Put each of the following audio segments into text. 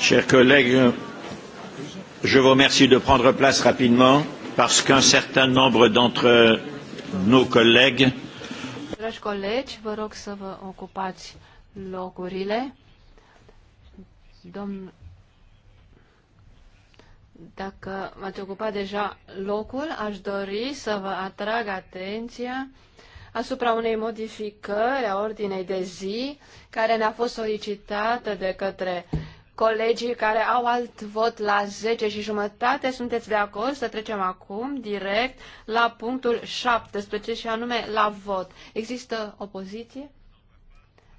Chers collègues, je vous remercie de prendre place rapidement parce qu'un certain nombre d'entre nos collègues Dragi colegi, vă rog să vă ocupați locurile. Domn... Dacă v-ați ocupat deja locul, aș dori să vă atrag atenția asupra unei modificări a ordinei de zi care ne-a fost solicitată de către uh, colegii care au alt vot la 10 și jumătate, sunteți de acord să trecem acum direct la punctul 17 și anume la vot. Există opoziție?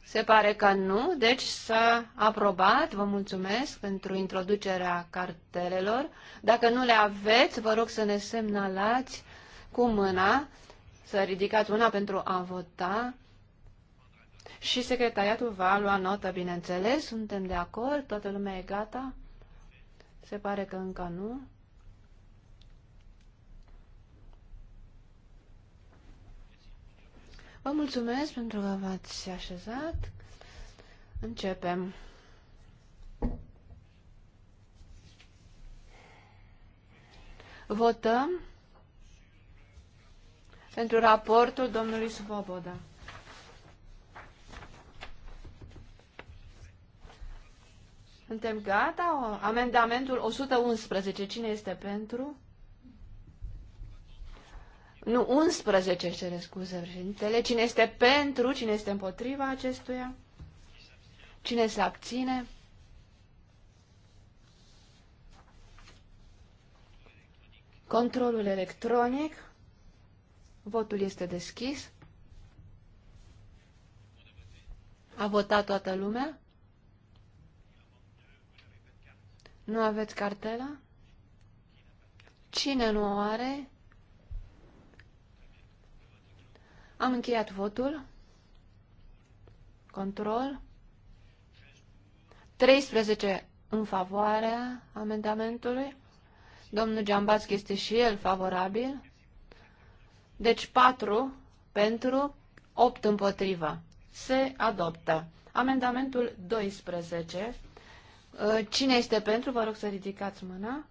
Se pare că nu, deci s-a aprobat. Vă mulțumesc pentru introducerea cartelelor. Dacă nu le aveți, vă rog să ne semnalați cu mâna, să ridicați una pentru a vota și secretariatul va lua notă, bineînțeles. Suntem de acord? Toată lumea e gata? Se pare că încă nu. Vă mulțumesc pentru că v-ați așezat. Începem. Votăm pentru raportul domnului Svoboda. Suntem gata? Amendamentul 111. Cine este pentru? Nu, 11, cere scuze, președintele. Cine este pentru? Cine este împotriva acestuia? Cine se abține? Controlul electronic. Votul este deschis. A votat toată lumea? Nu aveți cartela? Cine nu o are? Am încheiat votul. Control. 13 în favoarea amendamentului. Domnul Giambațchi este și el favorabil. Deci 4 pentru, 8 împotriva. Se adoptă. Amendamentul 12 Uh, cine este pentru? Vă rog să ridicați mâna.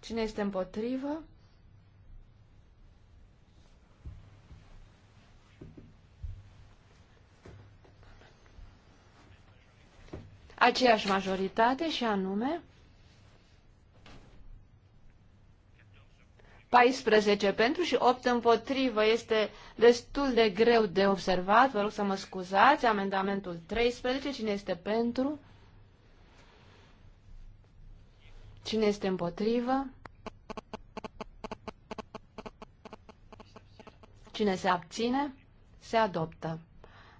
Cine este împotrivă? Aceeași majoritate și anume 14 pentru și 8 împotrivă. Este destul de greu de observat, vă rog să mă scuzați. Amendamentul 13, cine este pentru? Cine este împotrivă? Cine se abține? Se adoptă.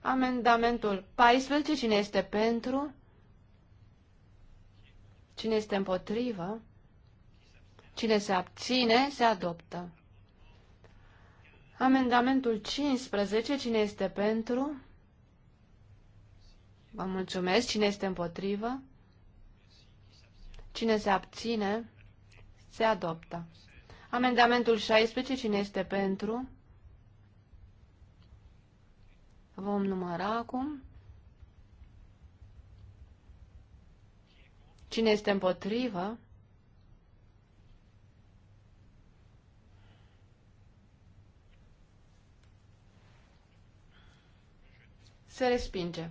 Amendamentul 14, cine este pentru? Cine este împotrivă? Cine se abține, se adoptă. Amendamentul 15, cine este pentru? Vă mulțumesc. Cine este împotrivă? Cine se abține, se adoptă. Amendamentul 16, cine este pentru? Vom număra acum. Cine este împotrivă? Se respinge.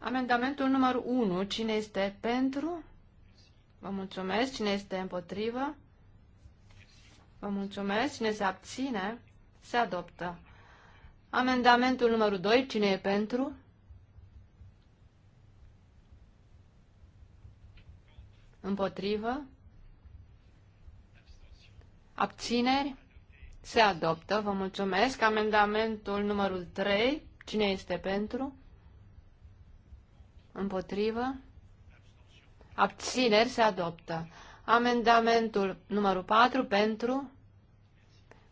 Amendamentul numărul 1. Cine este pentru? Vă mulțumesc. Cine este împotrivă? Vă mulțumesc. Cine se abține? Se adoptă. Amendamentul numărul 2. Cine e pentru? Împotrivă? Abțineri? Se adoptă, vă mulțumesc. Amendamentul numărul 3. Cine este pentru? Împotrivă? Abțineri se adoptă. Amendamentul numărul 4 pentru?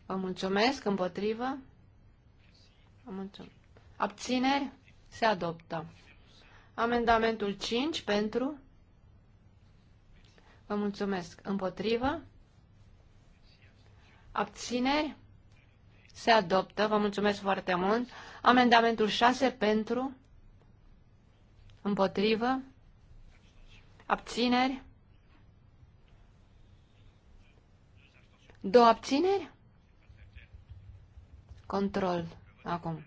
Vă mulțumesc. Împotrivă? Vă mulțumesc. Abțineri se adoptă. Amendamentul 5 pentru? Vă mulțumesc. Împotrivă? Abțineri? Se adoptă. Vă mulțumesc foarte mult. Amendamentul 6 pentru? Împotrivă? Abțineri? Două abțineri? Control. Acum.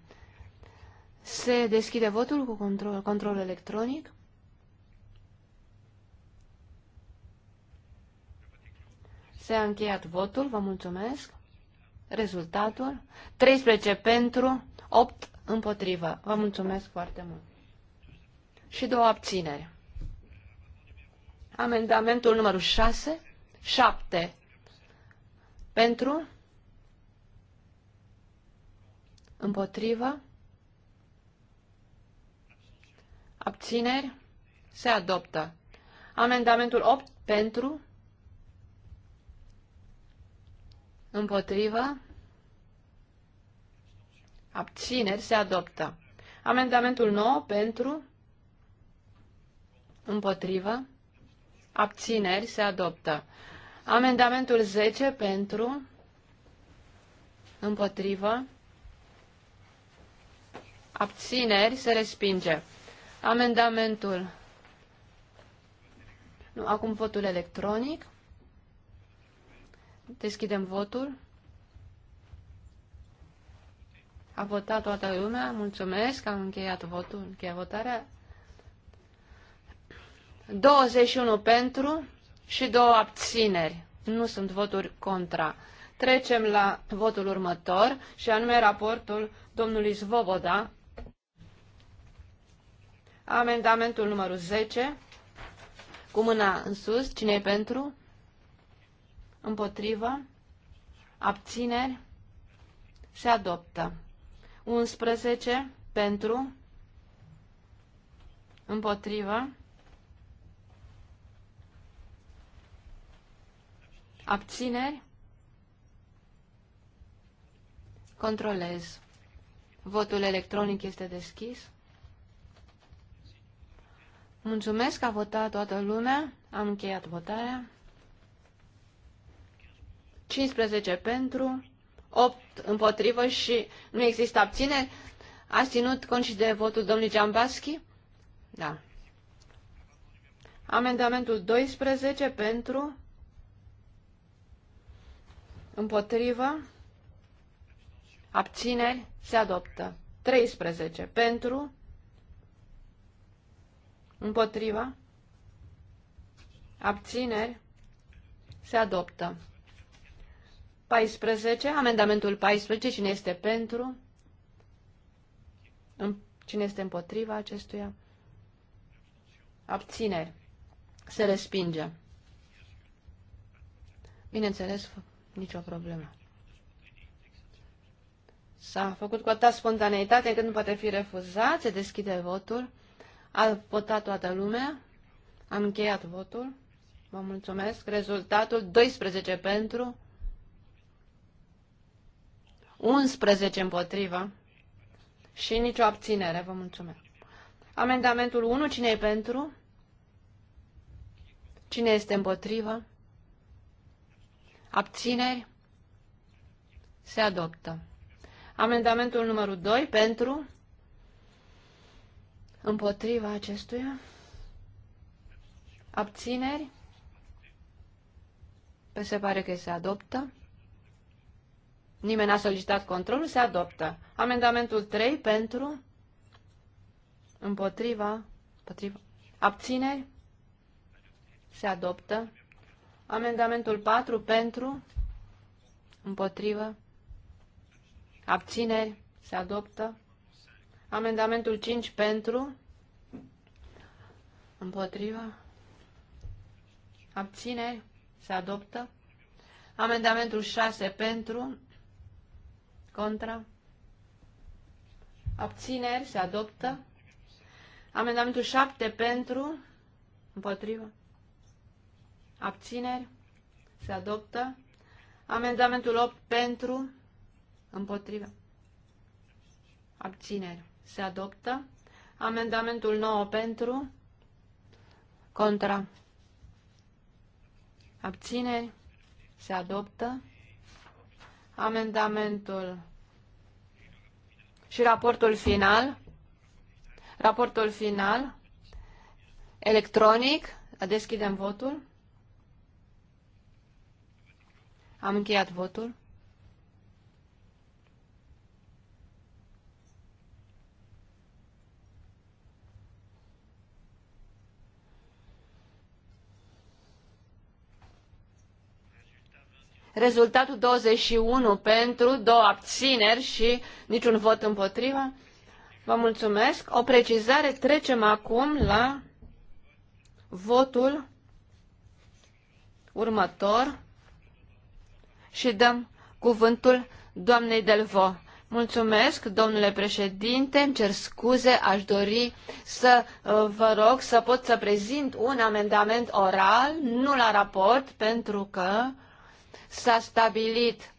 Se deschide votul cu control, control electronic. S-a încheiat votul, vă mulțumesc. Rezultatul? 13 pentru, 8 împotrivă. Vă mulțumesc foarte mult. Și două abțineri. Amendamentul numărul 6, 7 pentru, împotrivă, abțineri, se adoptă. Amendamentul 8 pentru, Împotrivă? Abțineri se adoptă. Amendamentul 9 pentru? Împotrivă? Abțineri se adoptă. Amendamentul 10 pentru? Împotrivă? Abțineri se respinge. Amendamentul. Nu, acum votul electronic. Deschidem votul. A votat toată lumea. Mulțumesc. Am încheiat votul. Încheia votarea. 21 pentru și două abțineri. Nu sunt voturi contra. Trecem la votul următor și anume raportul domnului Svoboda. Amendamentul numărul 10. Cu mâna în sus. Cine e pentru? împotrivă, abțineri, se adoptă. 11 pentru, împotrivă, abțineri, controlez. Votul electronic este deschis. Mulțumesc, a votat toată lumea. Am încheiat votarea. 15 pentru, 8 împotrivă și nu există abțineri. A ținut cont și de votul domnului Giambaschi? Da. Amendamentul 12 pentru, împotrivă, abțineri, se adoptă. 13 pentru, împotrivă, abțineri, se adoptă. 14, amendamentul 14, cine este pentru? Cine este împotriva acestuia? Abțineri. Se respinge. Bineînțeles, nicio problemă. S-a făcut cu atâta spontaneitate încât nu poate fi refuzat. Se deschide votul. A votat toată lumea. Am încheiat votul. Vă mulțumesc. Rezultatul 12 pentru, 11 împotrivă și nicio abținere. Vă mulțumesc. Amendamentul 1, cine e pentru? Cine este împotrivă? Abțineri? Se adoptă. Amendamentul numărul 2, pentru? Împotriva acestuia? Abțineri? se pare că se adoptă. Nimeni n-a solicitat controlul, se adoptă. Amendamentul 3 pentru, împotriva, împotriva, abțineri, se adoptă. Amendamentul 4 pentru, împotrivă, abțineri, se adoptă. Amendamentul 5 pentru, împotrivă, abțineri, se adoptă. Amendamentul 6 pentru, Contra. Abțineri. Se adoptă. Amendamentul 7 pentru. Împotrivă. Abțineri. Se adoptă. Amendamentul 8 pentru. Împotrivă. Abțineri. Se adoptă. Amendamentul 9 pentru. Contra. Abțineri. Se adoptă. Amendamentul și raportul final. Raportul final. Electronic. Deschidem votul. Am încheiat votul. rezultatul 21 pentru, două abțineri și niciun vot împotriva. Vă mulțumesc. O precizare, trecem acum la votul următor și dăm cuvântul doamnei Delvo. Mulțumesc, domnule președinte, îmi cer scuze, aș dori să uh, vă rog să pot să prezint un amendament oral, nu la raport, pentru că s-a stabilit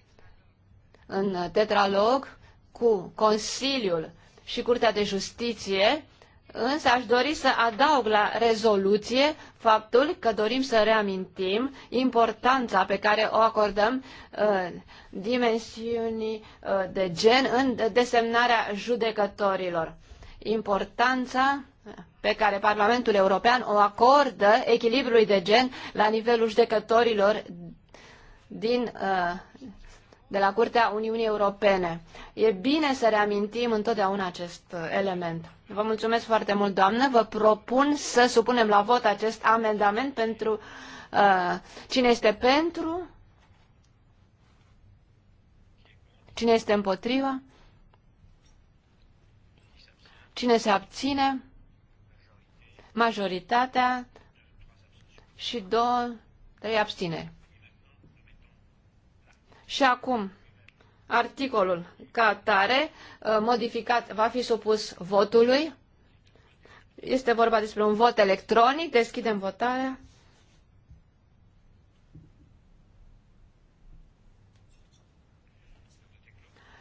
în tetralog cu Consiliul și Curtea de Justiție, însă aș dori să adaug la rezoluție faptul că dorim să reamintim importanța pe care o acordăm uh, dimensiunii uh, de gen în desemnarea judecătorilor. Importanța pe care Parlamentul European o acordă echilibrului de gen la nivelul judecătorilor din, uh, de la Curtea Uniunii Europene. E bine să reamintim întotdeauna acest uh, element. Vă mulțumesc foarte mult, doamnă. Vă propun să supunem la vot acest amendament pentru uh, cine este pentru, cine este împotriva, cine se abține, majoritatea și două, trei abțineri. Și acum, articolul ca atare, uh, modificat, va fi supus votului. Este vorba despre un vot electronic. Deschidem votarea.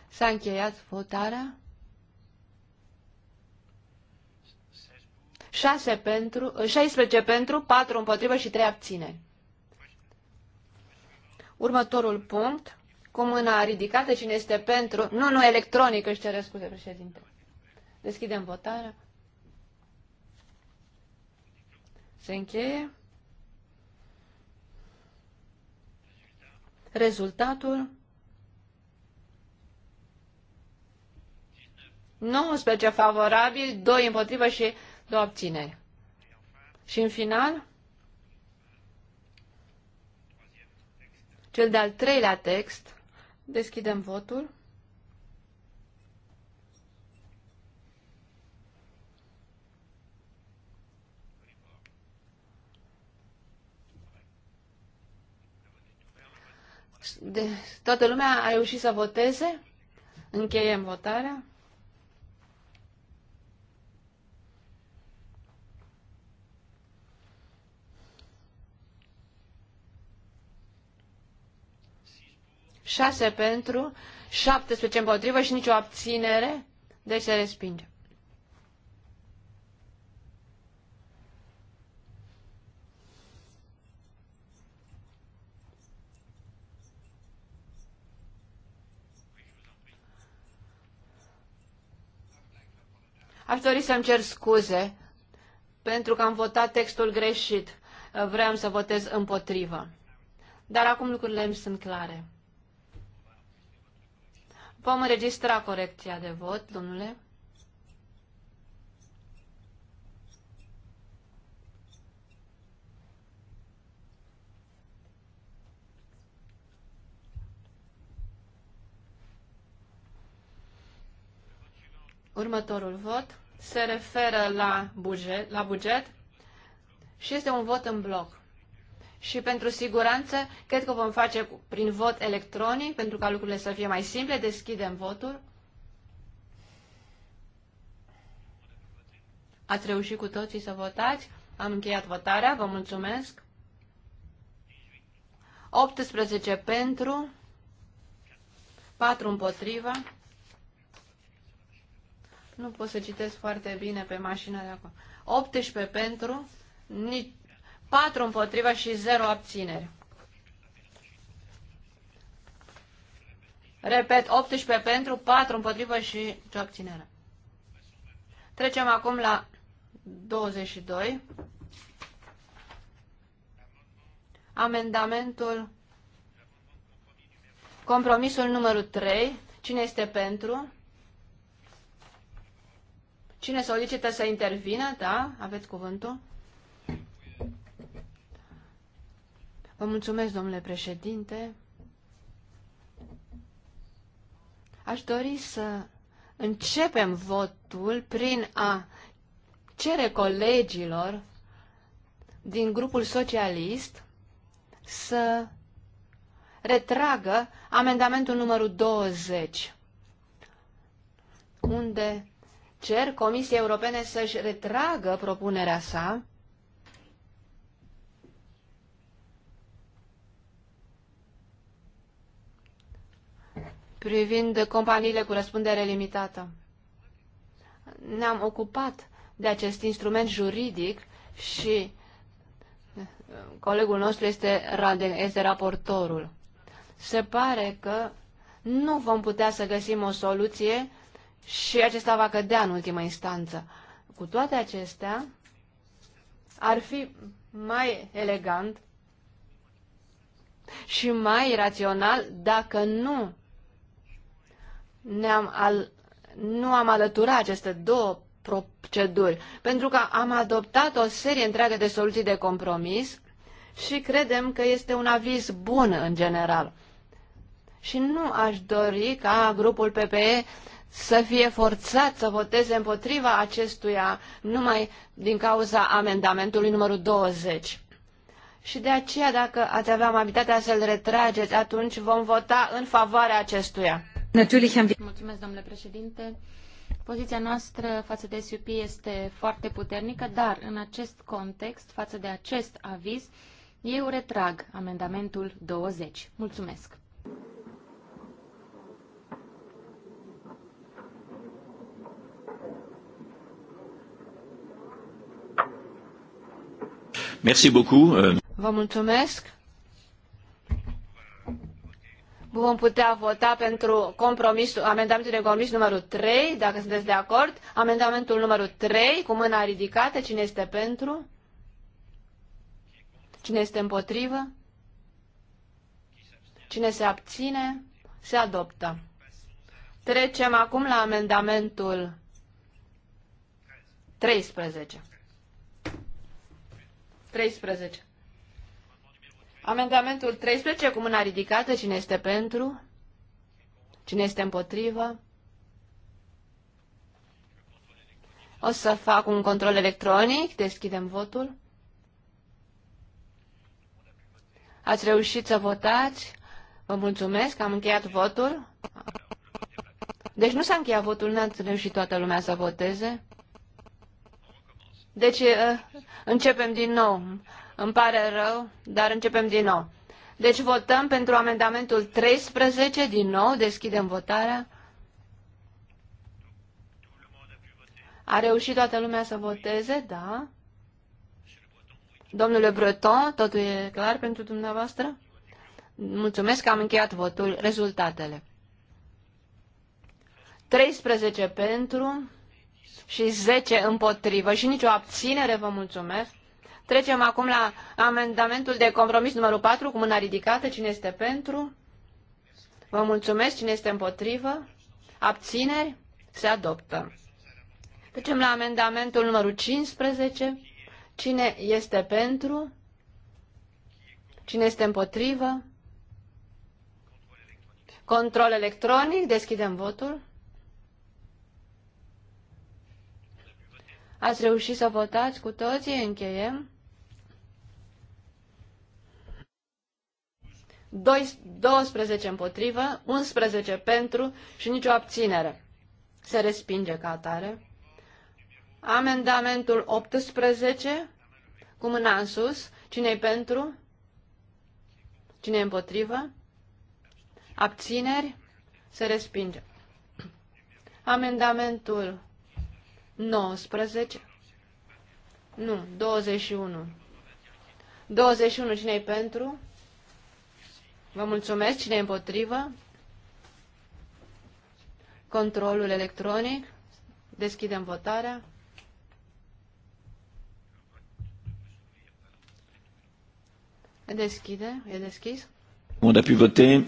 S-a încheiat votarea. 6 pentru, 16 uh, pentru, 4 împotrivă și 3 abțineri. Următorul punct cu mâna ridicată, cine este pentru? Nu, nu, electronic își cere scuze, președinte. Deschidem votarea. Se încheie. Rezultatul 19 favorabil, 2 împotrivă și 2 abțineri. Și în final, cel de-al treilea text Deschidem votul. De, deci, toată lumea a reușit să voteze? Încheiem votarea. 6 pentru, 17 împotrivă și nicio abținere, deci se respinge. Aș dori să-mi cer scuze pentru că am votat textul greșit. Vreau să votez împotrivă. Dar acum lucrurile îmi sunt clare. Vom înregistra corecția de vot, domnule. Următorul vot se referă la buget, la buget și este un vot în bloc și pentru siguranță cred că vom face prin vot electronic pentru ca lucrurile să fie mai simple. Deschidem votul. Ați reușit cu toții să votați? Am încheiat votarea, vă mulțumesc. 18 pentru, 4 împotriva. Nu pot să citesc foarte bine pe mașina de acolo. 18 pentru, nici 4 împotriva și 0 abțineri. Repet, 18 pentru, 4 împotrivă și ce obținere. Trecem acum la 22. Amendamentul, compromisul numărul 3. Cine este pentru? Cine solicită să intervină? Da, aveți cuvântul. Vă mulțumesc, domnule președinte. Aș dori să începem votul prin a cere colegilor din grupul socialist să retragă amendamentul numărul 20, unde cer Comisiei Europene să-și retragă propunerea sa privind companiile cu răspundere limitată. Ne-am ocupat de acest instrument juridic și eh, colegul nostru este, este raportorul. Se pare că nu vom putea să găsim o soluție și acesta va cădea în ultima instanță. Cu toate acestea, ar fi mai elegant și mai rațional dacă nu ne-am al, nu am alăturat aceste două proceduri, pentru că am adoptat o serie întreagă de soluții de compromis și credem că este un aviz bun în general. Și nu aș dori ca grupul PPE să fie forțat să voteze împotriva acestuia numai din cauza amendamentului numărul 20. Și de aceea, dacă ați avea amabilitatea să-l retrageți, atunci vom vota în favoarea acestuia. Mulțumesc, domnule președinte. Poziția noastră față de SUP este foarte puternică, dar în acest context, față de acest aviz, eu retrag amendamentul 20. Mulțumesc. Euh. Vă mulțumesc vom putea vota pentru compromisul, amendamentul de compromis numărul 3, dacă sunteți de acord. Amendamentul numărul 3, cu mâna ridicată, cine este pentru? Cine este împotrivă? Cine se abține? Se adoptă. Trecem acum la amendamentul 13. 13. Amendamentul 13 cu mâna ridicată. Cine este pentru? Cine este împotrivă? O să fac un control electronic. Deschidem votul. Ați reușit să votați? Vă mulțumesc, am încheiat votul. Deci nu s-a încheiat votul, n-ați reușit toată lumea să voteze. Deci uh, începem din nou. Îmi pare rău, dar începem din nou. Deci votăm pentru amendamentul 13, din nou, deschidem votarea. A reușit toată lumea să voteze, da? Domnule Breton, totul e clar pentru dumneavoastră? Mulțumesc că am încheiat votul. Rezultatele. 13 pentru și 10 împotrivă și nicio abținere, vă mulțumesc. Trecem acum la amendamentul de compromis numărul 4 cu mâna ridicată. Cine este pentru? Vă mulțumesc. Cine este împotrivă? Abțineri? Se adoptă. Trecem la amendamentul numărul 15. Cine este pentru? Cine este împotrivă? Control electronic. Deschidem votul. Ați reușit să votați cu toții? Încheiem. 12 împotrivă, 11 pentru și nicio abținere. Se respinge ca atare. Amendamentul 18, cu mâna în sus. cine pentru? cine împotrivă? Abțineri? Se respinge. Amendamentul 19. Nu, 21. 21 cine pentru? Vă mulțumesc. Cine e împotrivă? Controlul electronic. Deschidem votarea. E deschide, e deschis. On a pu voter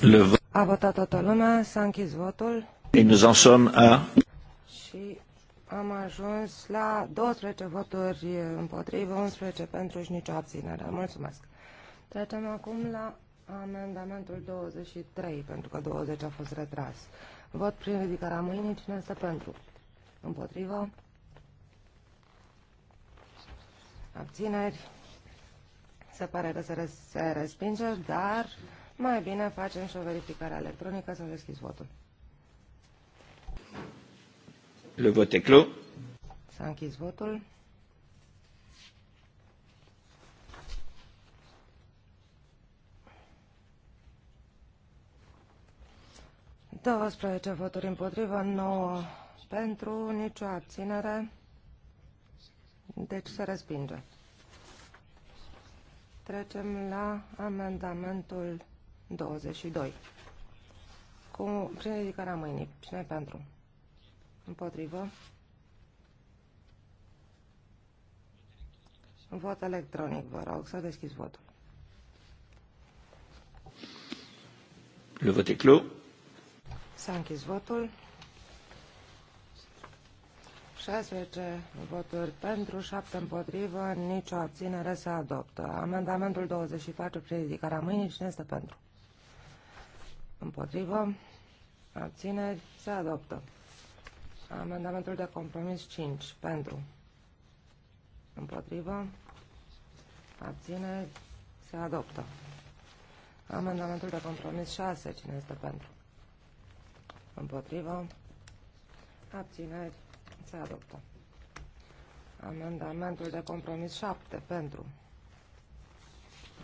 le vot. A votat toată lumea, s-a închis votul. Et nous en sommes à... Și am ajuns la 12 voturi împotrivă, 11 pentru și nicio abținere. Mulțumesc. Trecem acum la amendamentul 23, pentru că 20 a fost retras. Vot prin ridicarea mâinii. Cine este pentru? Împotrivă? Abțineri? Se pare că se, re se respinge, dar mai bine facem și o verificare electronică să deschizi votul. Le vot e clos. S-a închis votul. 12 voturi împotrivă, 9 pentru, nicio abținere. Deci se respinge. Trecem la amendamentul 22. Cu, prin ridicarea mâinii. Cine pentru? Împotrivă. Vot electronic, vă rog, să deschizi votul. Le vot est clos. S-a închis votul. 16 voturi pentru, 7 împotrivă, nicio abținere se adoptă. Amendamentul 24 prin ridicarea mâinii, cine este pentru? Împotrivă, abțineri, se adoptă. Amendamentul de compromis 5, pentru. Împotrivă, abțineri, se adoptă. Amendamentul de compromis 6, cine este pentru? Împotrivă. Abțineri. Se adoptă. Amendamentul de compromis 7 pentru.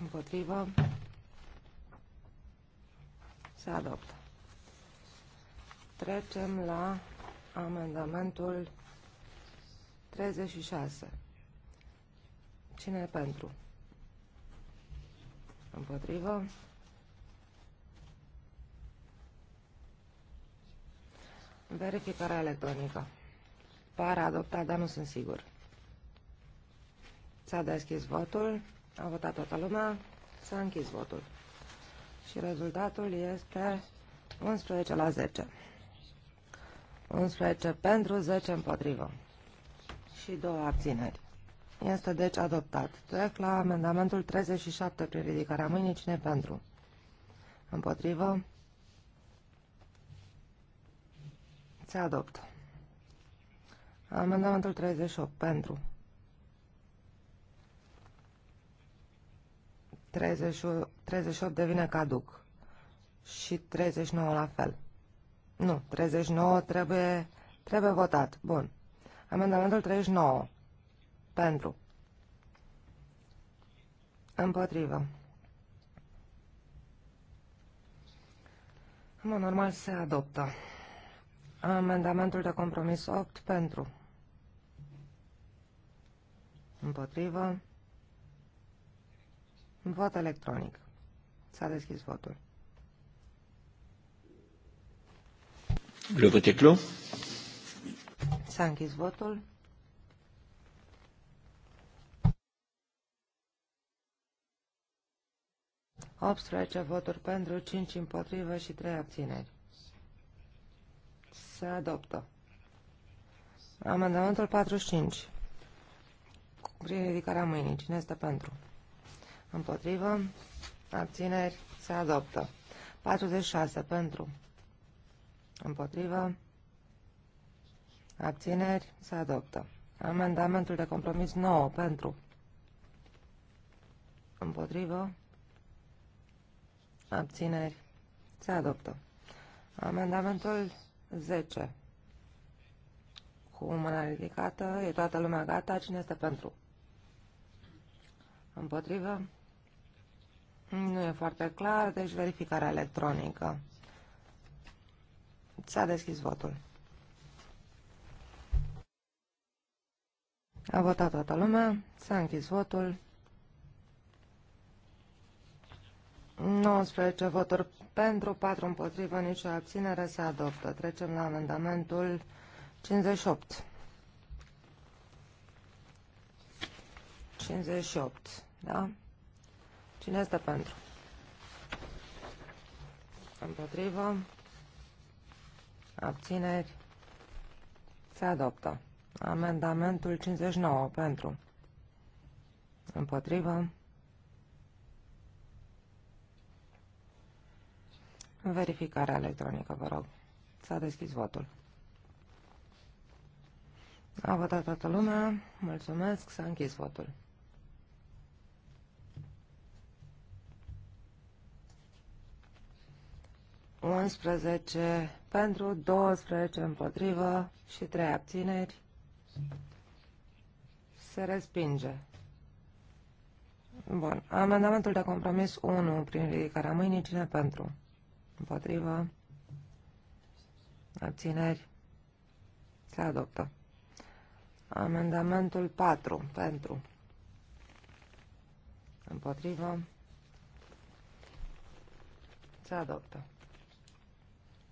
Împotrivă. Se adoptă. Trecem la amendamentul 36. Cine e pentru? Împotrivă. Verificarea electronică. Pare adoptat, dar nu sunt sigur. S-a deschis votul, a votat toată lumea, s-a închis votul. Și rezultatul este 11 la 10. 11 pentru, 10 împotrivă. Și două abțineri. Este deci adoptat. Trec la amendamentul 37 prin ridicarea mâinii. Cine pentru? Împotrivă? Se adoptă. Amendamentul 38. Pentru. 38, 38 devine caduc. Și 39 la fel. Nu, 39 trebuie, trebuie votat. Bun. Amendamentul 39. Pentru. Împotrivă. Mă, normal se adoptă. Amendamentul de compromis 8 pentru. Împotrivă. Vot electronic. S-a deschis votul. Le vot clos. S-a închis votul. Optsprezece voturi pentru, 5 împotrivă și 3 abțineri. Se adoptă. Amendamentul 45. Prin ridicarea mâinii. Cine este pentru? Împotrivă. Abțineri. Se adoptă. 46. Pentru. Împotrivă. Abțineri. Se adoptă. Amendamentul de compromis 9. Pentru. Împotrivă. Abțineri. Se adoptă. Amendamentul 10. Cu mâna ridicată, e toată lumea gata, cine este pentru? Împotrivă? Nu e foarte clar, deci verificarea electronică. S-a deschis votul. A votat toată lumea, s-a închis votul. 19 voturi pentru, 4 împotrivă, nicio abținere se adoptă. Trecem la amendamentul 58. 58, da? Cine este pentru? Împotrivă, abțineri, se adoptă. Amendamentul 59 pentru, împotrivă, Verificarea electronică, vă rog. S-a deschis votul. A votat toată lumea. Mulțumesc. S-a închis votul. Unsprezece pentru, 12 împotrivă și 3 abțineri. Se respinge. Bun. Amendamentul de compromis 1 prin ridicarea mâinii. Cine pentru? Împotrivă. Abțineri. Se adoptă. Amendamentul 4. Pentru. Împotrivă. Se adoptă.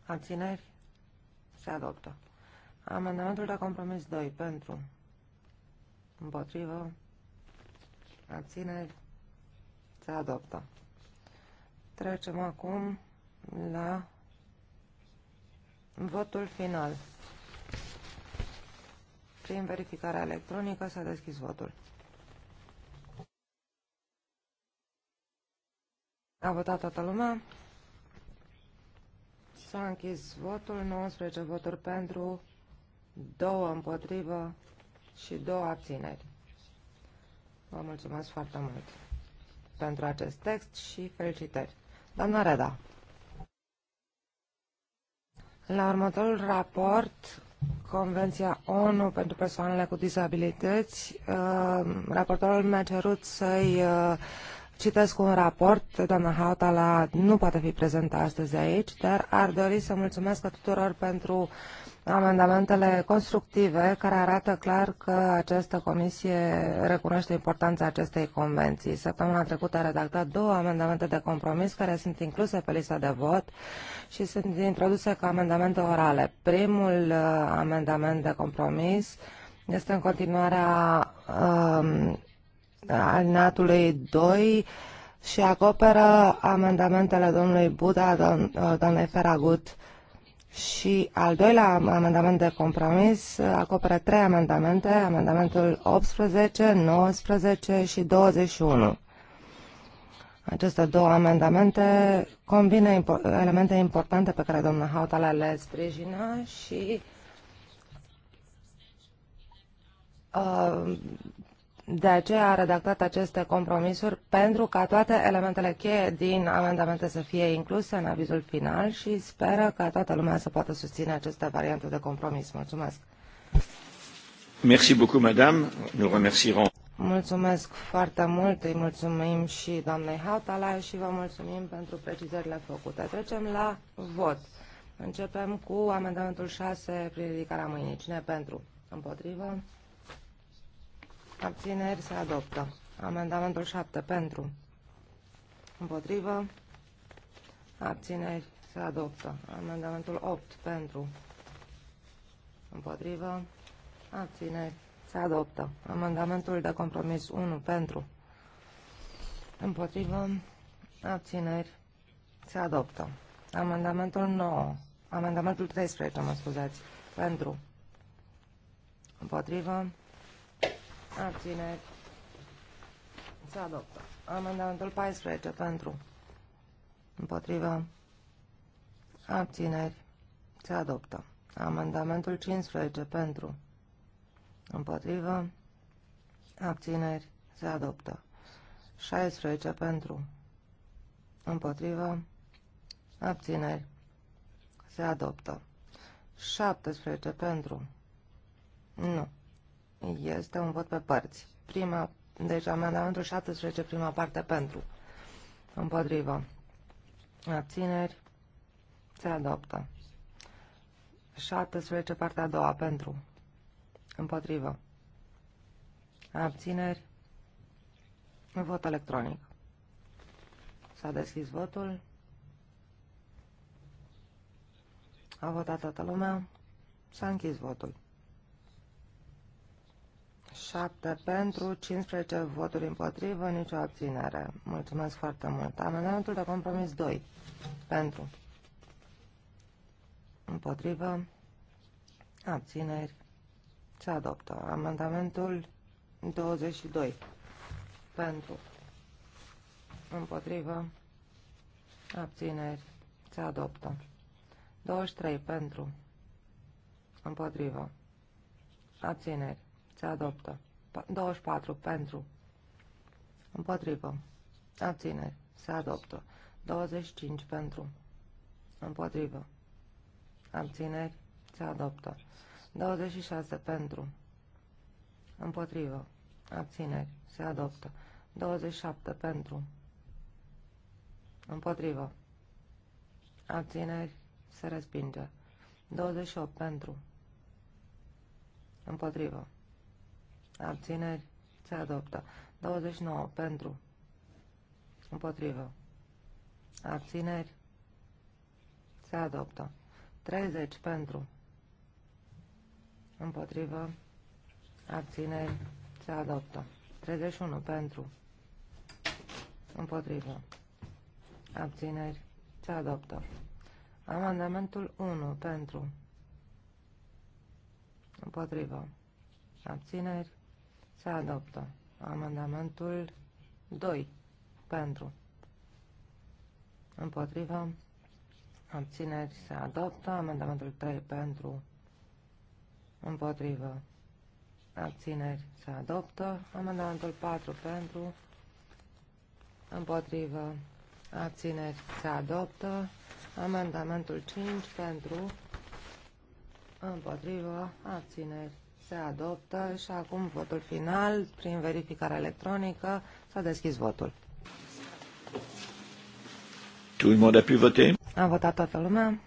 Abțineri. Se adoptă. Amendamentul de compromis 2. Pentru. Împotrivă. Abțineri. Se adoptă. Trecem acum la votul final. Prin verificarea electronică s-a deschis votul. A votat toată lumea. S-a închis votul, 19 voturi pentru, 2 împotrivă și 2 abțineri. Vă mulțumesc foarte mult pentru acest text și felicitări. Doamna Reda. La următorul raport, Convenția ONU pentru persoanele cu dizabilități, uh, raportorul mi-a cerut să-i uh, citesc un raport. Doamna Hautala nu poate fi prezentă astăzi aici, dar ar dori să mulțumesc tuturor pentru uh, amendamentele constructive care arată clar că această comisie recunoaște importanța acestei convenții. Săptămâna trecută a redactat două amendamente de compromis care sunt incluse pe lista de vot și sunt introduse ca amendamente orale. Primul uh, amendament de compromis este în continuarea um, alinatului 2 și acoperă amendamentele domnului Buda, uh, doamnei Feragut, și al doilea amendament de compromis uh, acoperă trei amendamente, amendamentul 18, 19 și 21. Aceste două amendamente combină elemente importante pe care domnul Hautala le sprijină și uh, de aceea a redactat aceste compromisuri pentru ca toate elementele cheie din amendamente să fie incluse în avizul final și speră ca toată lumea să poată susține aceste variante de compromis. Mulțumesc! Merci beaucoup, madame. Nous remercierons. Mulțumesc foarte mult, îi mulțumim și doamnei Hautala și vă mulțumim pentru precizările făcute. Trecem la vot. Începem cu amendamentul 6, prin ridicarea mâinii. Cine pentru? Împotrivă? Abțineri se adoptă. Amendamentul 7 pentru. Împotrivă. Abțineri se adoptă. Amendamentul 8 pentru. Împotrivă. Abțineri se adoptă. Amendamentul de compromis 1 pentru. Împotrivă. Abțineri se adoptă. Amendamentul 9. Amendamentul 13, mă scuzați. Pentru. Împotrivă. Abțineri. Se adoptă. Amendamentul 14 pentru. Împotriva. Abțineri. Se adoptă. Amendamentul 15 pentru. Împotrivă. Abțineri. Se adoptă. 16 pentru. Împotrivă. Abțineri. Se adoptă. 17 pentru. Nu. Este un vot pe părți. Prima, deci amendamentul 17, prima parte pentru. Împotrivă. Abțineri. Se adoptă. 17, partea a doua, pentru. Împotrivă. Abțineri. Vot electronic. S-a deschis votul. A votat toată lumea. S-a închis votul. 7 pentru, 15 voturi împotrivă, nicio abținere. Mulțumesc foarte mult. Amendamentul de compromis 2. Pentru. Împotrivă. Abțineri. Se adoptă. Amendamentul 22. Pentru. Împotrivă. Abțineri. Se adoptă. 23. Pentru. Împotrivă. Abțineri se adoptă. 24 pentru, împotrivă, abțineri, se adoptă. 25 pentru, împotrivă, abțineri, se adoptă. 26 pentru, împotrivă, abțineri, se adoptă. 27 pentru, împotrivă, abțineri, se respinge. 28 pentru, împotrivă abțineri, se adoptă. 29 pentru, împotrivă, abțineri, se adoptă. 30 pentru, împotrivă, abțineri, se adoptă. 31 pentru, împotrivă, abțineri, se adoptă. Amendamentul 1 pentru, împotrivă, abțineri, se adoptă. Amendamentul 2. Pentru. Împotrivă. Abțineri. Se adoptă. Amendamentul 3. Pentru. Împotrivă. Abțineri. Se adoptă. Amendamentul 4. Pentru. Împotrivă. Abțineri. Se adoptă. Amendamentul 5. Pentru. Împotrivă. Abțineri se adoptă și acum votul final, prin verificare electronică, s-a deschis votul. Tout le monde a pu voter? A votat toată lumea.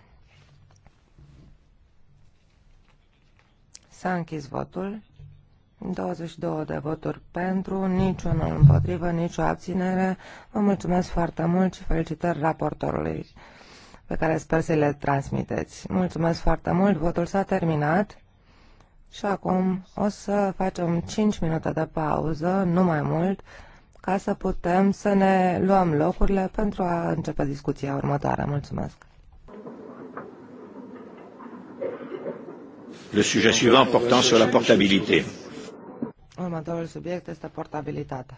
S-a închis votul. 22 de voturi pentru, niciunul împotrivă, nicio abținere. Vă mulțumesc foarte mult și felicitări raportorului pe care sper să le transmiteți. Mulțumesc foarte mult, votul s-a terminat. Și acum o să facem 5 minute de pauză, nu mai mult, ca să putem să ne luăm locurile pentru a începe discuția următoare. Mulțumesc! Le sujet suivant portant sur la portabilité. Următorul subiect este portabilitatea.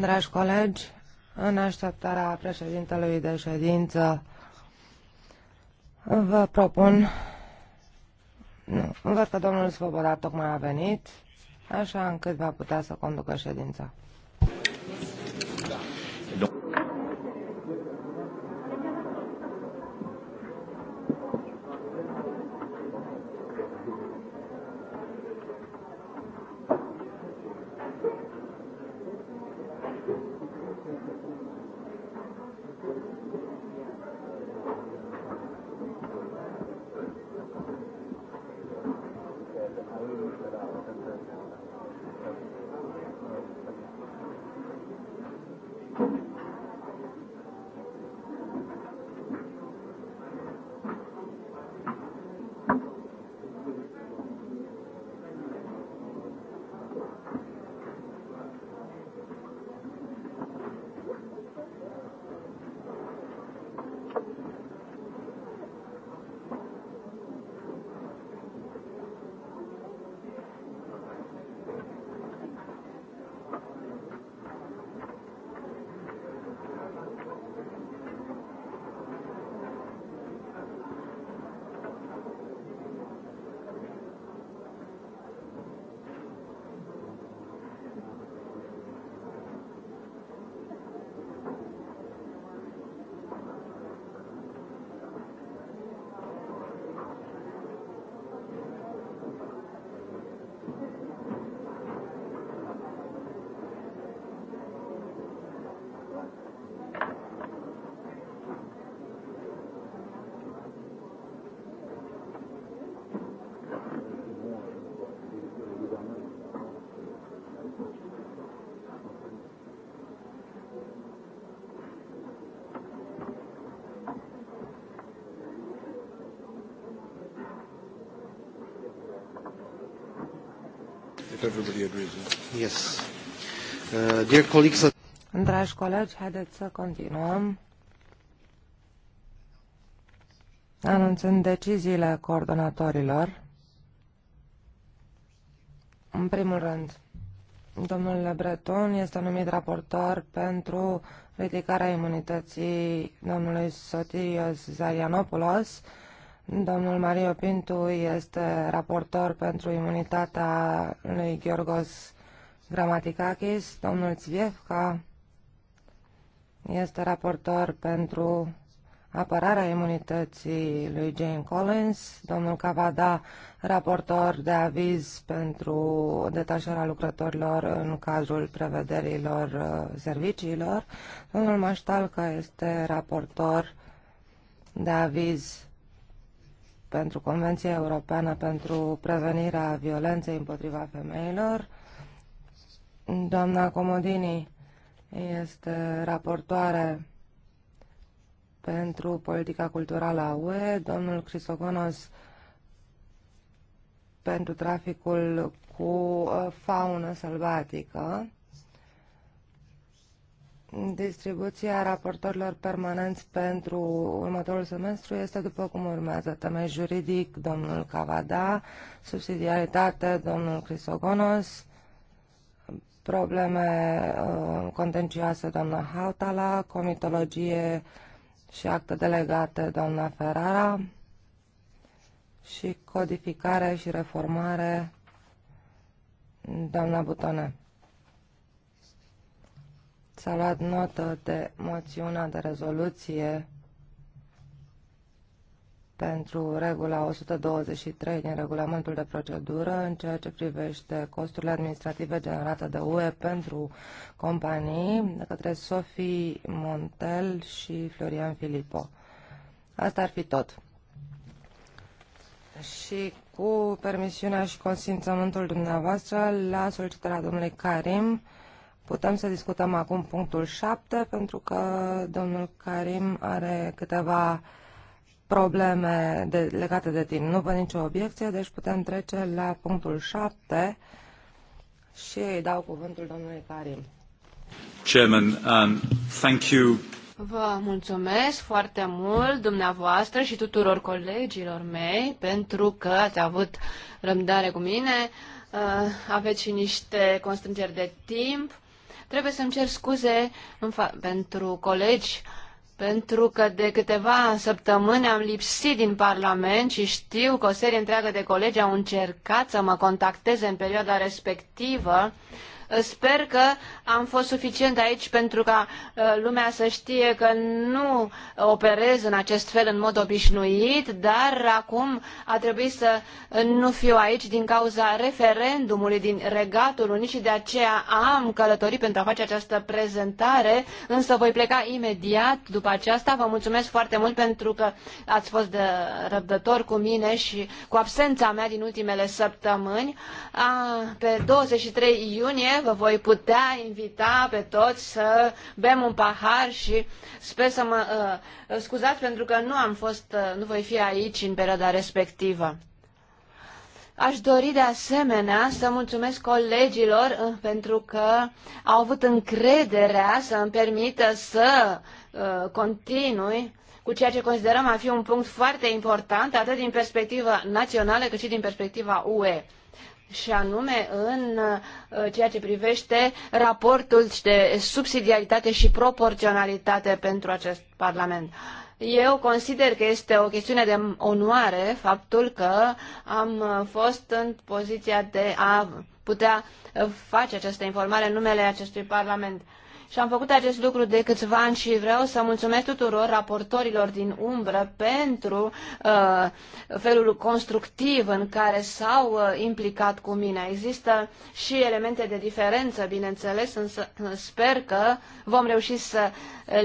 Dragi colegi, în așteptarea președintelui de ședință, vă propun... Nu, văd că domnul Svoboda tocmai a venit, așa încât va putea să conducă ședința. everybody agrees. Yes. Uh, dear colleagues, Dragi colegi, haideți să continuăm. Anunțând deciziile coordonatorilor, în primul rând, domnul Le Breton este numit raportor pentru ridicarea imunității domnului Sotirios Zarianopoulos, Domnul Mario Pintu este raportor pentru imunitatea lui Gheorgos Gramaticakis. Domnul Țviefca este raportor pentru apărarea imunității lui Jane Collins, domnul Cavada, raportor de aviz pentru detașarea lucrătorilor în cazul prevederilor uh, serviciilor, domnul Maștalca este raportor de aviz pentru Convenția Europeană pentru prevenirea violenței împotriva femeilor. Doamna Comodini este raportoare pentru politica culturală a UE, domnul Crisogonos pentru traficul cu uh, faună sălbatică Distribuția raportorilor permanenți pentru următorul semestru este după cum urmează. Temei juridic, domnul Cavada, subsidiaritate, domnul Crisogonos, probleme uh, contencioase, doamna Hautala, comitologie și acte delegate, doamna Ferrara, și codificare și reformare, doamna Butone. S-a luat notă de moțiunea de rezoluție pentru regula 123 din regulamentul de procedură în ceea ce privește costurile administrative generate de UE pentru companii de către Sofie Montel și Florian Filippo. Asta ar fi tot. Și cu permisiunea și consimțământul dumneavoastră, la solicitarea domnului Karim, Putem să discutăm acum punctul 7, pentru că domnul Karim are câteva probleme de, legate de timp. Nu văd nicio obiecție, deci putem trece la punctul 7 și îi dau cuvântul domnului Karim. Chairman, um, thank you. Vă mulțumesc foarte mult dumneavoastră și tuturor colegilor mei pentru că ați avut răbdare cu mine. Uh, aveți și niște constrângeri de timp. Trebuie să-mi cer scuze pentru colegi, pentru că de câteva săptămâni am lipsit din Parlament și știu că o serie întreagă de colegi au încercat să mă contacteze în perioada respectivă. Uh, Ă, sper că am fost suficient aici pentru ca ă, lumea să știe că nu operez în acest fel în mod obișnuit, dar acum a trebuit să nu fiu aici din cauza referendumului din Regatul Unit și de aceea am călătorit pentru a face această prezentare, însă voi pleca imediat după aceasta. Vă mulțumesc foarte mult pentru că ați fost de răbdător cu mine și cu absența mea din ultimele săptămâni. pe 23 iunie vă voi putea invita pe toți să bem un pahar și sper să mă uh, uh, scuzați pentru că nu am fost, uh, nu voi fi aici în perioada respectivă. Aș dori de asemenea să mulțumesc colegilor uh, pentru că au avut încrederea să îmi permită să uh, continui cu ceea ce considerăm a fi un punct foarte important, atât din perspectiva națională cât și din perspectiva UE și anume în uh, ceea ce privește raportul de subsidiaritate și proporționalitate pentru acest Parlament. Eu consider că este o chestiune de onoare faptul că am fost în poziția de a putea face această informare în numele acestui Parlament. Și am făcut acest lucru de câțiva ani și vreau să mulțumesc tuturor raportorilor din umbră pentru uh, felul constructiv în care s-au uh, implicat cu mine. Există și elemente de diferență, bineînțeles, însă uh, sper că vom reuși să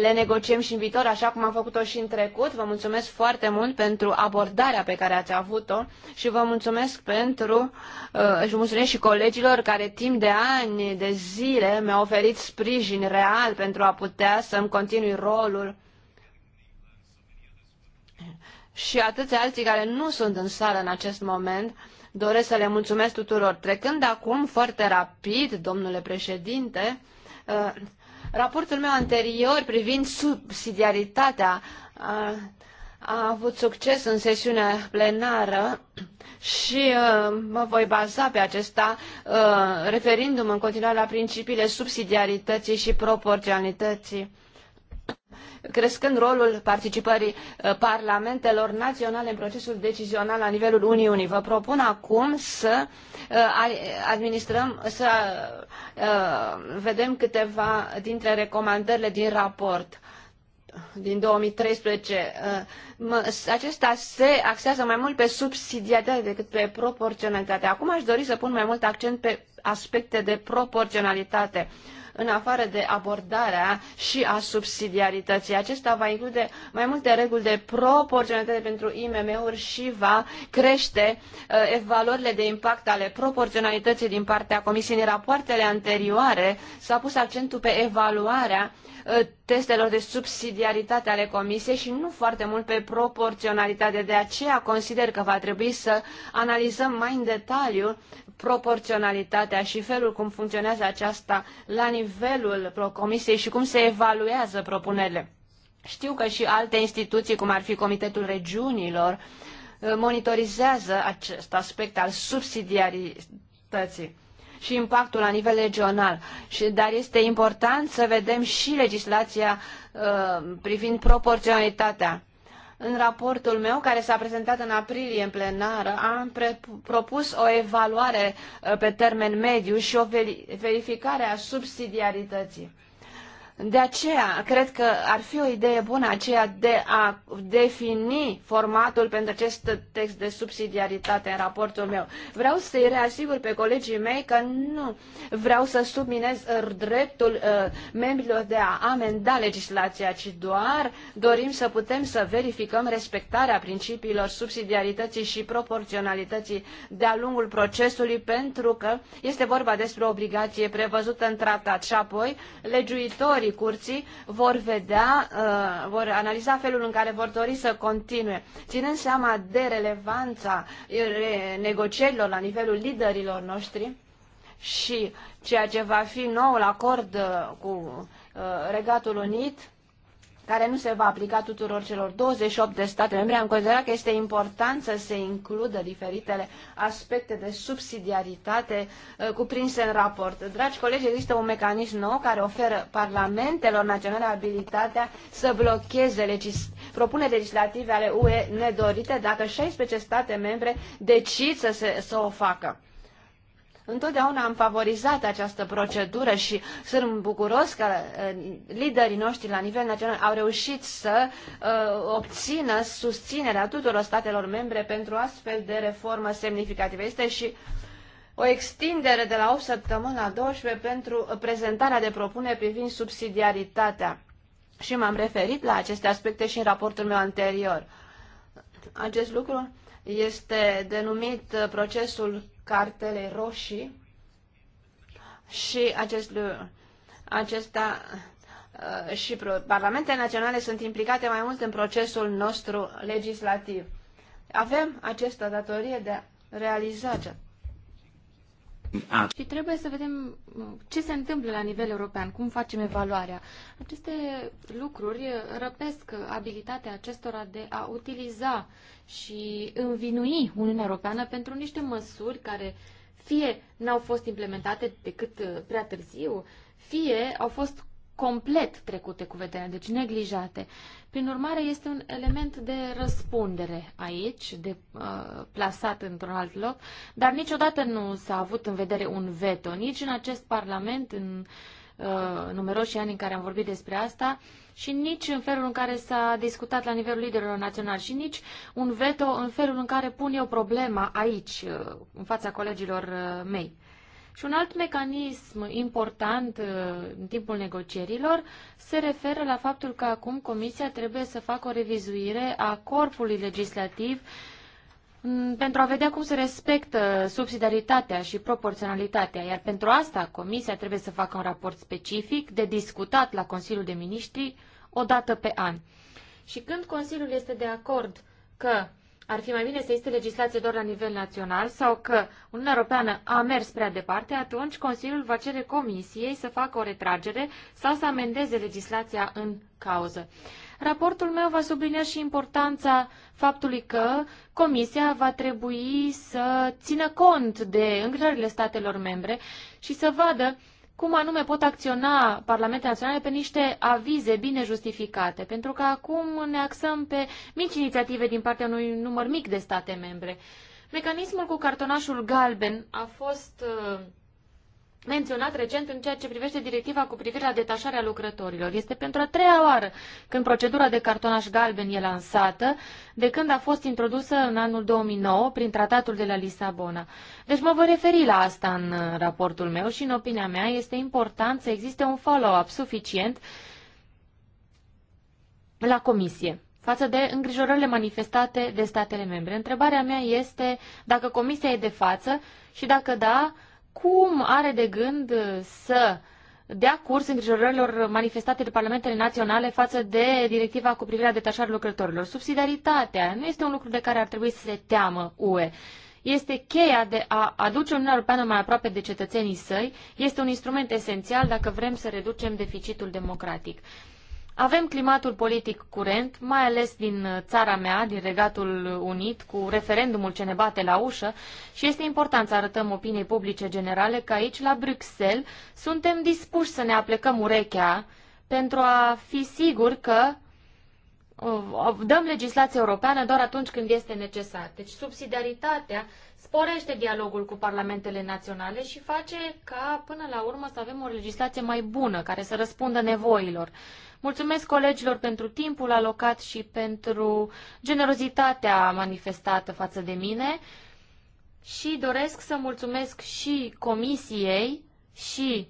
le negociem și în viitor, așa cum am făcut-o și în trecut. Vă mulțumesc foarte mult pentru abordarea pe care ați avut-o și vă mulțumesc pentru uh, și mulțumesc și colegilor care timp de ani, de zile mi-au oferit sprijin real pentru a putea să-mi continui rolul și atâția alții care nu sunt în sală în acest moment, doresc să le mulțumesc tuturor. Trecând acum foarte rapid, domnule președinte, uh, raportul meu anterior privind subsidiaritatea uh, a avut succes în sesiunea plenară și uh, mă voi baza pe acesta, uh, referindu-mă în continuare la principiile subsidiarității și proporționalității crescând rolul participării uh, parlamentelor naționale în procesul decizional la nivelul Uniunii. Vă propun acum să uh, administrăm, să uh, vedem câteva dintre recomandările din raport din 2013, uh, acesta se axează mai mult pe subsidiaritate decât pe proporționalitate. Acum aș dori să pun mai mult accent pe aspecte de proporționalitate. Uh, în afară de abordarea și a subsidiarității. Acesta va include mai multe reguli de proporționalitate pentru IMM-uri și va crește uh, valorile de impact ale proporționalității din partea Comisiei. În rapoartele anterioare s-a pus accentul pe evaluarea uh, testelor de subsidiaritate ale Comisiei și nu foarte mult pe proporționalitate. De aceea consider că va trebui să analizăm mai în detaliu proporționalitatea și felul cum funcționează aceasta la nivelul comisiei și cum se evaluează propunerile. Știu că și alte instituții, cum ar fi Comitetul Regiunilor, uh, monitorizează acest aspect al subsidiarității și impactul la nivel regional. Și, dar este important să vedem și legislația uh, privind proporționalitatea în raportul meu, care s-a prezentat în aprilie în plenară, am propus o evaluare uh, pe termen mediu și o verificare a subsidiarității. De aceea, cred că ar fi o idee bună aceea de a defini formatul pentru acest text de subsidiaritate în raportul meu. Vreau să-i reasigur pe colegii mei că nu vreau să subminez dreptul uh, membrilor de a amenda legislația, ci doar dorim să putem să verificăm respectarea principiilor subsidiarității și proporționalității de-a lungul procesului, pentru că este vorba despre o obligație prevăzută în tratat. Și apoi, legiuitori judecătorii curții vor vedea, uh, vor analiza felul în care vor dori să continue, ținând seama de relevanța negocierilor la nivelul liderilor noștri și ceea ce va fi noul acord uh, cu uh, Regatul Unit, care nu se va aplica tuturor celor 28 de state membre. Am considerat că este important să se includă diferitele aspecte de subsidiaritate uh, cuprinse în raport. Dragi colegi, există un mecanism nou care oferă parlamentelor naționale abilitatea să blocheze legis propuneri legislative ale UE nedorite dacă 16 state membre decid să, se, să o facă. Întotdeauna am favorizat această procedură și sunt bucuros că eh, liderii noștri la nivel național au reușit să eh, obțină susținerea tuturor statelor membre pentru astfel de reformă semnificativă. Este și o extindere de la 8 săptămâni la 12 pentru prezentarea de propuneri privind subsidiaritatea. Și m-am referit la aceste aspecte și în raportul meu anterior. Acest lucru este denumit eh, procesul cartele roșii și acest, acesta uh, și parlamentele naționale sunt implicate mai mult în procesul nostru legislativ. Avem această datorie de a realiza Ah. Și trebuie să vedem uh, ce se întâmplă la nivel european, cum facem evaluarea. Aceste lucruri răpesc abilitatea acestora de a utiliza și învinui Uniunea Europeană pentru niște măsuri care fie n-au fost implementate decât uh, prea târziu, fie au fost complet trecute cu vederea, deci neglijate. Prin urmare, este un element de răspundere aici, de uh, plasat într-un alt loc, dar niciodată nu s-a avut în vedere un veto, nici în acest Parlament, în uh, numeroși ani în care am vorbit despre asta, și nici în felul în care s-a discutat la nivelul liderilor naționali, și nici un veto în felul în care pun eu problema aici, uh, în fața colegilor uh, mei. Și un alt mecanism important uh, în timpul negocierilor se referă la faptul că acum Comisia trebuie să facă o revizuire a corpului legislativ mm, pentru a vedea cum se respectă subsidiaritatea și proporționalitatea, iar pentru asta Comisia trebuie să facă un raport specific de discutat la Consiliul de Miniștri o dată pe an. Și când Consiliul este de acord că ar fi mai bine să existe legislație doar la nivel național sau că Uniunea Europeană a mers prea departe, atunci Consiliul va cere Comisiei să facă o retragere sau să amendeze legislația în cauză. Raportul meu va sublinia și importanța faptului că Comisia va trebui să țină cont de îngrijorările statelor membre și să vadă cum anume pot acționa parlamentele naționale pe niște avize bine justificate, pentru că acum ne axăm pe mici inițiative din partea unui număr mic de state membre. Mecanismul cu cartonașul galben a fost uh, menționat recent în ceea ce privește directiva cu privire la detașarea lucrătorilor. Este pentru a treia oară când procedura de cartonaș galben e lansată, de când a fost introdusă în anul 2009 prin tratatul de la Lisabona. Deci mă voi referi la asta în uh, raportul meu și în opinia mea este important să existe un follow-up suficient la comisie față de îngrijorările manifestate de statele membre. Întrebarea mea este dacă comisia e de față și dacă da, cum are de gând uh, să dea curs îngrijorărilor manifestate de parlamentele naționale față de directiva cu privirea la detașarea lucrătorilor. Subsidiaritatea nu este un lucru de care ar trebui să se teamă UE. Este cheia de a aduce Uniunea Europeană mai aproape de cetățenii săi, este un instrument esențial dacă vrem să reducem deficitul democratic. Avem climatul politic curent, mai ales din țara mea, din Regatul Unit, cu referendumul ce ne bate la ușă și este important să arătăm opiniei publice generale că aici, la Bruxelles, suntem dispuși să ne aplecăm urechea pentru a fi siguri că uh, dăm legislație europeană doar atunci când este necesar. Deci subsidiaritatea sporește dialogul cu parlamentele naționale și face ca până la urmă să avem o legislație mai bună care să răspundă nevoilor. Mulțumesc colegilor pentru timpul alocat și pentru generozitatea manifestată față de mine și doresc să mulțumesc și comisiei și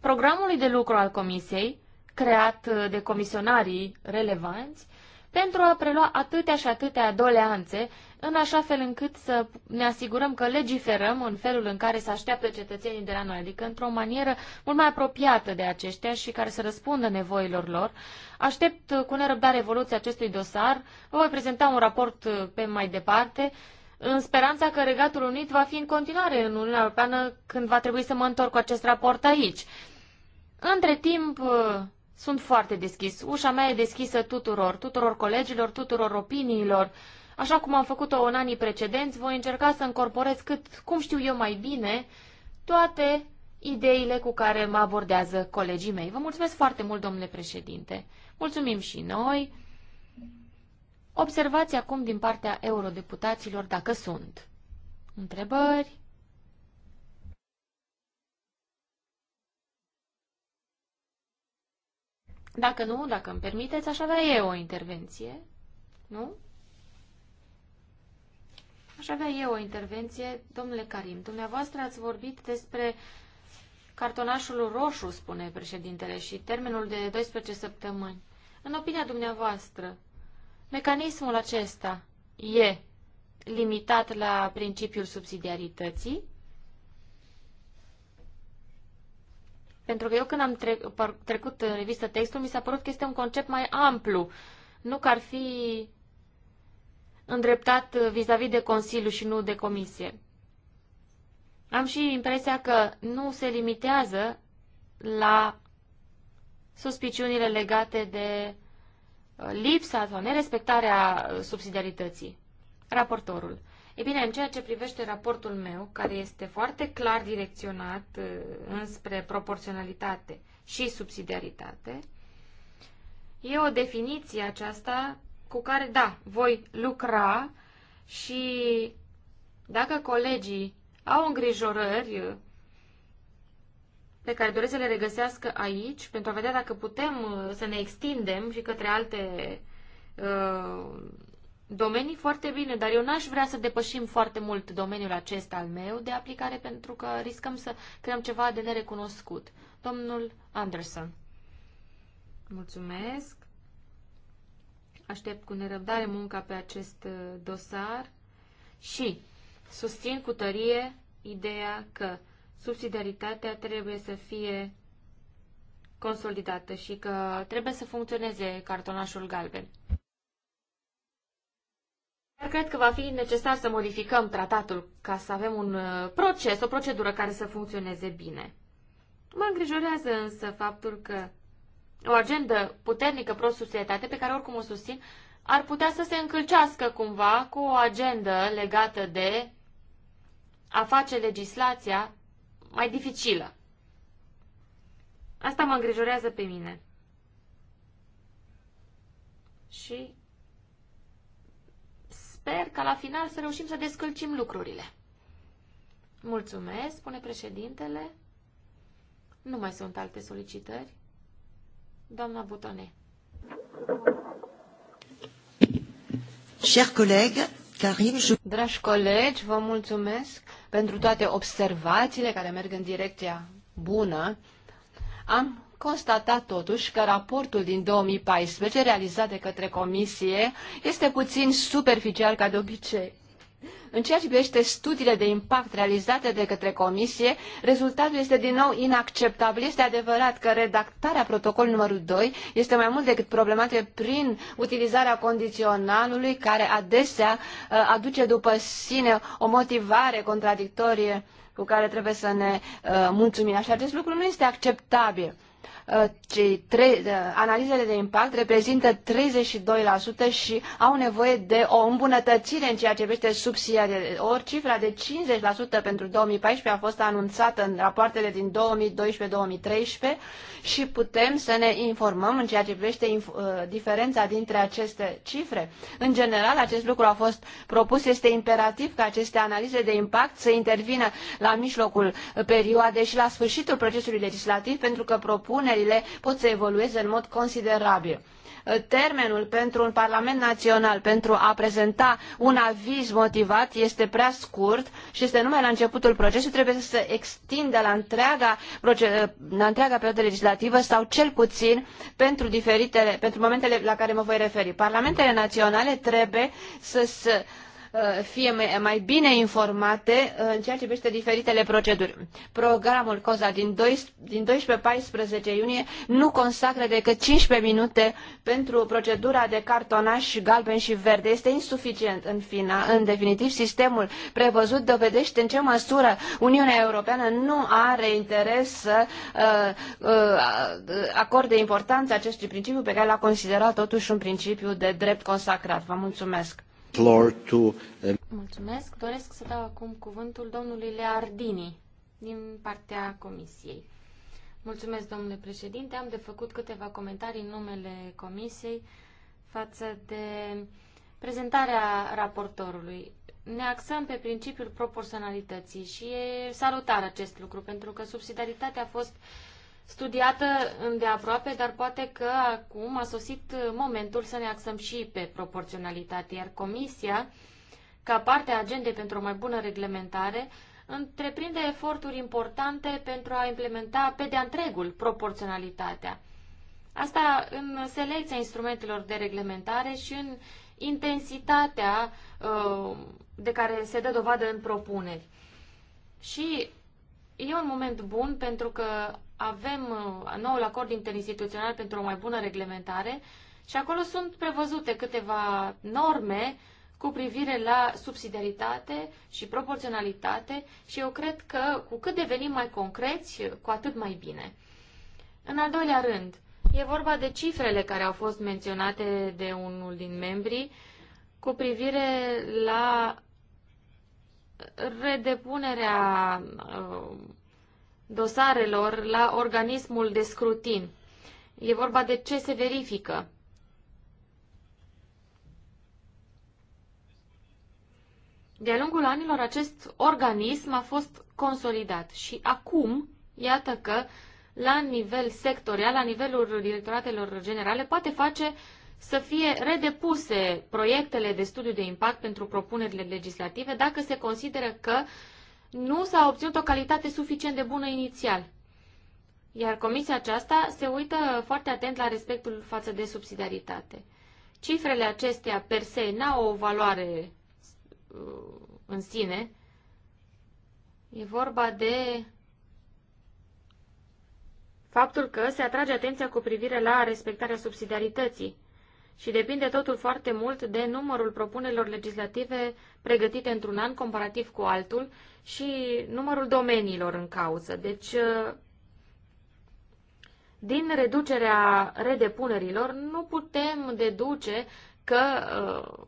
programului de lucru al comisiei, creat de comisionarii relevanți, pentru a prelua atâtea și atâtea doleanțe în așa fel încât să ne asigurăm că legiferăm în felul în care se așteaptă cetățenii de la noi, adică într-o manieră mult mai apropiată de aceștia și care să răspundă nevoilor lor. Aștept uh, cu nerăbdare evoluția acestui dosar, vă voi prezenta un raport uh, pe mai departe, în speranța că Regatul Unit va fi în continuare în Uniunea Europeană când va trebui să mă întorc cu acest raport aici. Între timp, uh, sunt foarte deschis. Ușa mea e deschisă tuturor, tuturor colegilor, tuturor opiniilor, Așa cum am făcut-o în anii precedenți, voi încerca să încorporez cât cum știu eu mai bine toate ideile cu care mă abordează colegii mei. Vă mulțumesc foarte mult, domnule președinte. Mulțumim și noi. Observați acum din partea eurodeputaților dacă sunt. Întrebări? Dacă nu, dacă îmi permiteți, aș avea eu o intervenție. Nu? Aș avea eu o intervenție, domnule Karim. Dumneavoastră ați vorbit despre cartonașul roșu, spune președintele, și termenul de 12 săptămâni. În opinia dumneavoastră, mecanismul acesta e limitat la principiul subsidiarității? Pentru că eu când am trecut în revistă textul, mi s-a părut că este un concept mai amplu. Nu că ar fi îndreptat vis-a-vis -vis de Consiliu și nu de Comisie. Am și impresia că nu se limitează la suspiciunile legate de uh, lipsa sau nerespectarea uh, subsidiarității. Raportorul. E bine, în ceea ce privește raportul meu, care este foarte clar direcționat uh, înspre proporționalitate și subsidiaritate, e o definiție aceasta cu care, da, voi lucra și dacă colegii au îngrijorări pe care doresc să le regăsească aici, pentru a vedea dacă putem uh, să ne extindem și către alte uh, domenii, foarte bine, dar eu n-aș vrea să depășim foarte mult domeniul acesta al meu de aplicare, pentru că riscăm să creăm ceva de nerecunoscut. Domnul Anderson. Mulțumesc. Aștept cu nerăbdare munca pe acest uh, dosar și susțin cu tărie ideea că subsidiaritatea trebuie să fie consolidată și că trebuie să funcționeze cartonașul galben. Dar cred că va fi necesar să modificăm tratatul ca să avem un uh, proces, o procedură care să funcționeze bine. Mă îngrijorează însă faptul că o agendă puternică pro-societate, pe care oricum o susțin, ar putea să se încălcească cumva cu o agendă legată de a face legislația mai dificilă. Asta mă îngrijorează pe mine. Și sper ca la final să reușim să descălcim lucrurile. Mulțumesc, spune președintele. Nu mai sunt alte solicitări. Doamna Butone. Chers collègues, Karim, je... Dragi colegi, vă mulțumesc pentru toate observațiile care merg în direcția bună. Am constatat totuși că raportul din 2014 realizat de către comisie este puțin superficial ca de obicei. În ceea ce privește studiile de impact realizate de către Comisie, rezultatul este din nou inacceptabil. Este adevărat că redactarea protocolului numărul doi este mai mult decât problematică prin utilizarea condiționalului, care adesea uh, aduce după sine o motivare contradictorie cu care trebuie să ne uh, mulțumim. Și acest lucru nu este acceptabil cei uh, tre- uh, analizele de impact reprezintă 32% și au nevoie de o îmbunătățire în ceea ce privește subsidiile. Ori cifra de 50% pentru 2014 a fost anunțată în rapoartele din 2012-2013 și putem să ne informăm în ceea ce privește uh, diferența dintre aceste cifre. În general, acest lucru a fost propus. Este imperativ ca aceste analize de impact să intervină la mijlocul perioadei și la sfârșitul procesului legislativ pentru că propune propunerile pot să evolueze în mod considerabil uh, termenul pentru un Parlament Național pentru a prezenta un aviz motivat este prea scurt și este numai la începutul procesului, trebuie să se extindă la întreaga, uh, la întreaga perioadă legislativă sau cel puțin pentru, diferitele, pentru momentele la care mă voi referi. Parlamentele Naționale trebuie să, să Uh, fie mai bine informate uh, în ceea ce privește diferitele proceduri. Programul COSA din, 12, din 14 iunie nu consacră decât 15 minute pentru procedura de cartonaș galben și verde. Este insuficient în fina. În definitiv, sistemul prevăzut dovedește în ce măsură Uniunea Europeană nu are interes să uh, uh, acorde importanță acestui principiu pe care l-a considerat totuși un principiu de drept consacrat. Vă mulțumesc! Uh, Mulțumesc. Doresc să dau acum cuvântul domnului Leardini din partea Comisiei. Mulțumesc, domnule președinte. Am de făcut câteva comentarii în numele Comisiei față de prezentarea raportorului. Ne axăm pe principiul proporționalității și e salutar acest lucru, pentru că subsidiaritatea a fost uh, studiată îndeaproape, dar poate că acum a sosit momentul să ne axăm și pe proporționalitate, iar Comisia, ca parte a agendei pentru o mai bună reglementare, întreprinde eforturi importante pentru a implementa pe de-a întregul proporționalitatea. Asta în selecția instrumentelor de reglementare și în intensitatea uh, de care se dă dovadă în propuneri. Și e un moment bun pentru că avem uh, noul acord interinstituțional pentru o mai bună reglementare și acolo sunt prevăzute câteva norme cu privire la subsidiaritate și proporționalitate și eu cred că cu cât devenim mai concreți, cu atât mai bine. În al doilea rând, e vorba de cifrele care au fost menționate de unul din membrii cu privire la redepunerea uh, dosarelor la organismul de scrutin. E vorba de ce se verifică. De-a lungul anilor, acest organism a fost consolidat și acum, iată că, la nivel sectorial, la nivelul directoratelor generale, poate face să fie redepuse proiectele de studiu de impact pentru propunerile legislative dacă se consideră că uh, nu s-a obținut o calitate suficient de bună inițial. Iar comisia aceasta se uită foarte atent la respectul față de subsidiaritate. Cifrele acestea per se n-au o valoare uh, în sine. E vorba de faptul că se atrage atenția cu privire la respectarea subsidiarității și depinde totul foarte mult de numărul propunerilor legislative pregătite într-un an comparativ cu altul și numărul domeniilor în cauză. Deci, ă, din reducerea redepunerilor nu putem deduce că ă,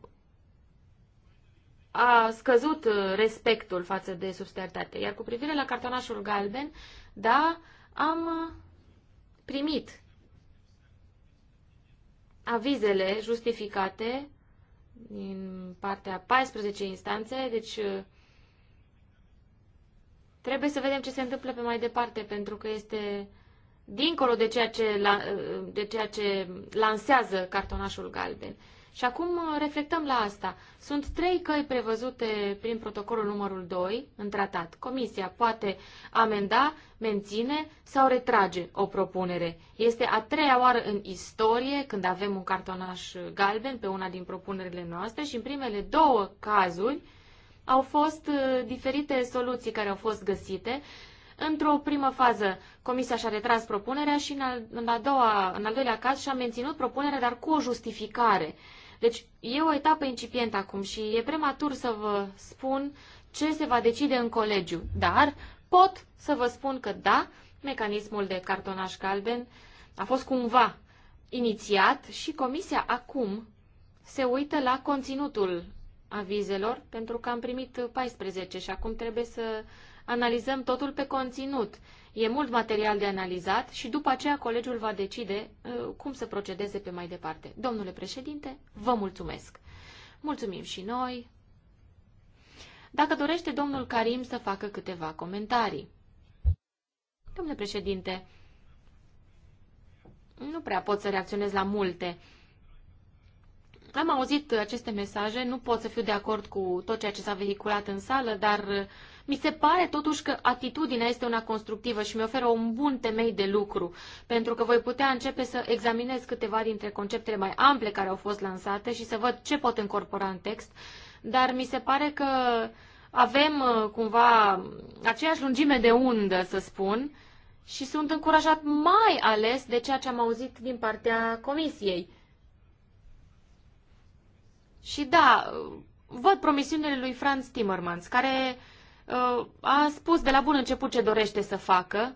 a scăzut respectul față de subsidiaritate. Iar cu privire la cartonașul galben, da, am primit avizele justificate din partea 14 instanțe, deci uh, trebuie să vedem ce se întâmplă pe mai departe, pentru că este dincolo de ceea ce, uh, de ceea ce lansează cartonașul galben. Și acum uh, reflectăm la asta. Sunt trei căi prevăzute prin protocolul numărul 2 în tratat. Comisia poate amenda, menține sau retrage o propunere. Este a treia oară în istorie când avem un cartonaș galben pe una din propunerile noastre și în primele două cazuri au fost uh, diferite soluții care au fost găsite. Într-o primă fază, Comisia și-a retras propunerea și în al, în, a doua, în al doilea caz și-a menținut propunerea, dar cu o justificare. Deci e o etapă incipientă acum și e prematur să vă spun ce se va decide în colegiu, dar pot să vă spun că da, mecanismul de cartonaș galben a fost cumva inițiat și comisia acum se uită la conținutul avizelor, pentru că am primit 14 și acum trebuie să analizăm totul pe conținut. E mult material de analizat și după aceea colegiul va decide uh, cum să procedeze pe mai departe. Domnule președinte, vă mulțumesc. Mulțumim și noi. Dacă dorește domnul Karim să facă câteva comentarii. Domnule președinte, nu prea pot să reacționez la multe. Am auzit aceste mesaje, nu pot să fiu de acord cu tot ceea ce s-a vehiculat în sală, dar uh, mi se pare totuși că atitudinea este una constructivă și mi oferă un bun temei de lucru, pentru că voi putea începe să examinez câteva dintre conceptele mai ample care au fost lansate și să văd ce pot încorpora în text, dar mi se pare că avem uh, cumva aceeași lungime de undă, să spun, și sunt încurajat mai ales de ceea ce am auzit din partea comisiei. Și da, văd promisiunile lui Franz Timmermans, care uh, a spus de la bun început ce dorește să facă,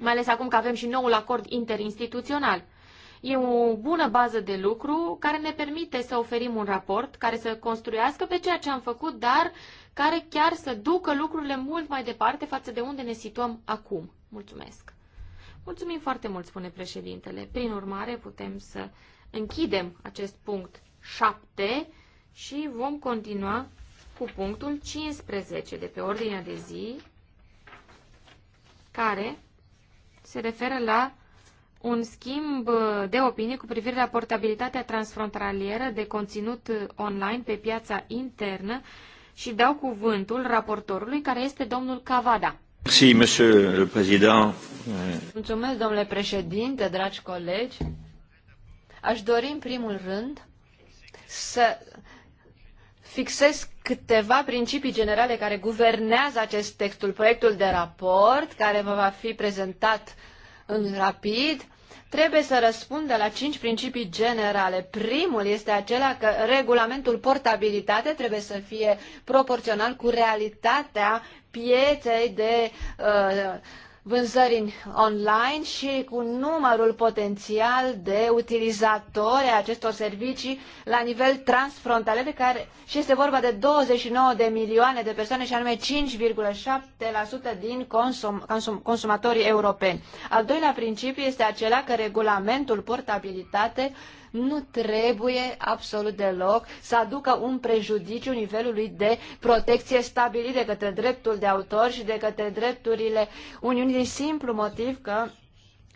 mai ales acum că avem și noul acord interinstituțional. E o bună bază de lucru care ne permite să oferim un raport care să construiască pe ceea ce am făcut, dar care chiar să ducă lucrurile mult mai departe față de unde ne situăm acum. Mulțumesc! Mulțumim foarte mult, spune președintele. Prin urmare, putem să închidem acest punct 7 și vom continua cu punctul 15 de pe ordinea de zi, care se referă la un schimb de opinie cu privire la portabilitatea transfrontalieră de conținut online pe piața internă și dau cuvântul raportorului, care este domnul Cavada. Merci, monsieur le président. Mulțumesc, domnule președinte, dragi colegi. Aș dori în primul rând să fixez câteva principii generale care guvernează acest textul, proiectul de raport care vă va fi prezentat în rapid trebuie să răspundă la cinci principii generale. Primul este acela că regulamentul portabilitate trebuie să fie proporțional cu realitatea pieței de uh, vânzări online și cu numărul potențial de utilizatori a acestor servicii la nivel transfrontalier, de care și este vorba de 29 de milioane de persoane și anume 5,7% din consum, consum, consumatorii europeni. Al doilea principiu este acela că regulamentul portabilitate nu trebuie absolut deloc să aducă un prejudiciu nivelului de protecție stabilit de către dreptul de autor și de către drepturile Uniunii din simplu motiv că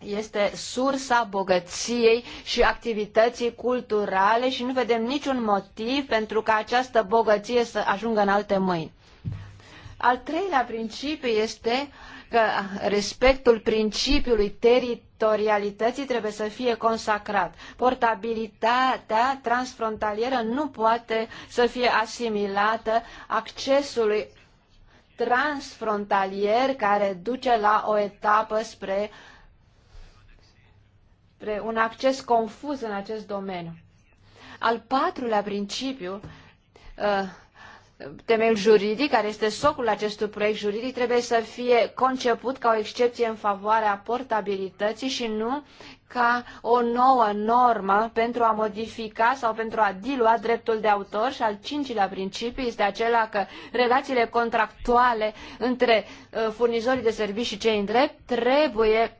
este sursa bogăției și activității culturale și nu vedem niciun motiv pentru ca această bogăție să ajungă în alte mâini. Al treilea principiu este că respectul principiului teritoriului teritorialității trebuie să fie consacrat. Portabilitatea transfrontalieră nu poate să fie asimilată accesului transfrontalier care duce la o etapă spre, spre un acces confuz în acest domeniu. Al patrulea principiu uh, temeiul juridic, care este socul acestui proiect juridic, trebuie să fie conceput ca o excepție în favoarea portabilității și nu ca o nouă normă pentru a modifica sau pentru a dilua dreptul de autor și al cincilea principiu este acela că relațiile contractuale între uh, furnizorii de servicii și cei în drept trebuie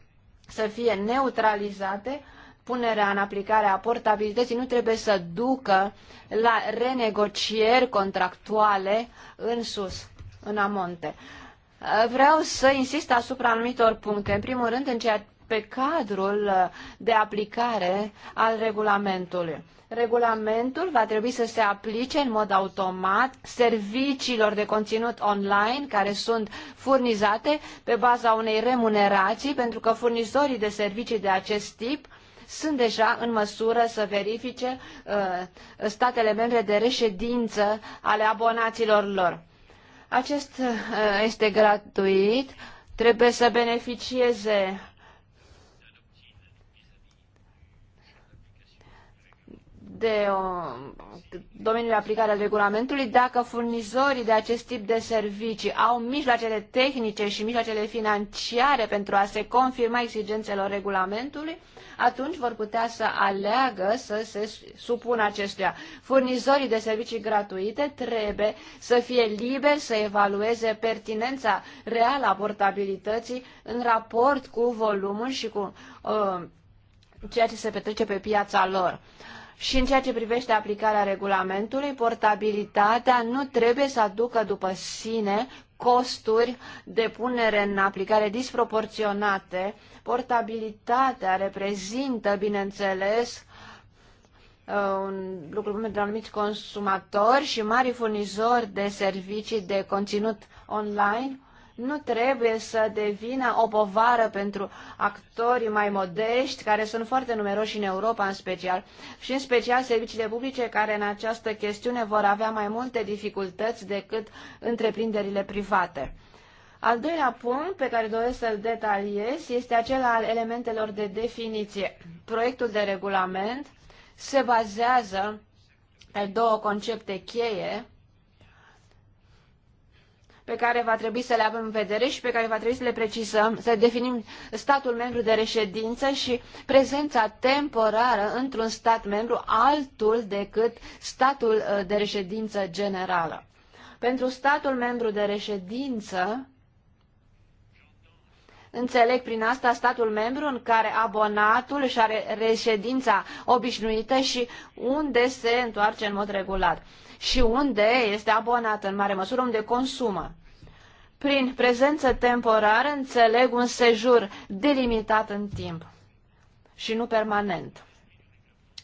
să fie neutralizate punerea în aplicare a portabilității nu trebuie să ducă la renegocieri contractuale în sus, în amonte. Vreau să insist asupra anumitor puncte. În primul rând, în ceea pe cadrul de aplicare al regulamentului. Regulamentul va trebui să se aplice în mod automat serviciilor de conținut online care sunt furnizate pe baza unei remunerații, pentru că furnizorii de servicii de acest tip sunt deja în măsură să verifice uh, statele membre de reședință ale abonaților lor. Acest uh, este gratuit, trebuie să beneficieze de domeniul de aplicare al regulamentului dacă furnizorii de acest tip de servicii au mijloacele tehnice și mijloacele financiare pentru a se confirma exigențelor regulamentului, atunci vor putea să aleagă să se supună acestuia. Furnizorii de servicii gratuite trebuie să fie liberi să evalueze pertinența reală a portabilității în raport cu volumul și cu uh, ceea ce se petrece pe piața lor. Uh, și în ceea ce privește aplicarea regulamentului, portabilitatea nu trebuie să aducă după sine costuri de punere în aplicare disproporționate. Portabilitatea reprezintă, bineînțeles, uh, un lucru pentru anumiți consumatori și mari furnizori de servicii de conținut online nu trebuie să devină o povară pentru actorii mai modești, care sunt foarte numeroși în Europa în special, și în special serviciile publice care în această chestiune vor avea mai multe dificultăți decât întreprinderile private. Al doilea punct pe care doresc să-l detaliez este acela al elementelor de definiție. Proiectul de regulament se bazează pe două concepte cheie pe care va trebui să le avem în vedere și pe care va trebui să le precizăm, să definim statul membru de reședință și prezența temporară într-un stat membru altul decât statul uh, de reședință generală. Pentru statul membru de reședință, Înțeleg prin asta statul membru în care abonatul își are reședința obișnuită și unde se întoarce în mod regulat și unde este abonat în mare măsură, unde consumă. Prin prezență temporară înțeleg un sejur delimitat în timp și nu permanent.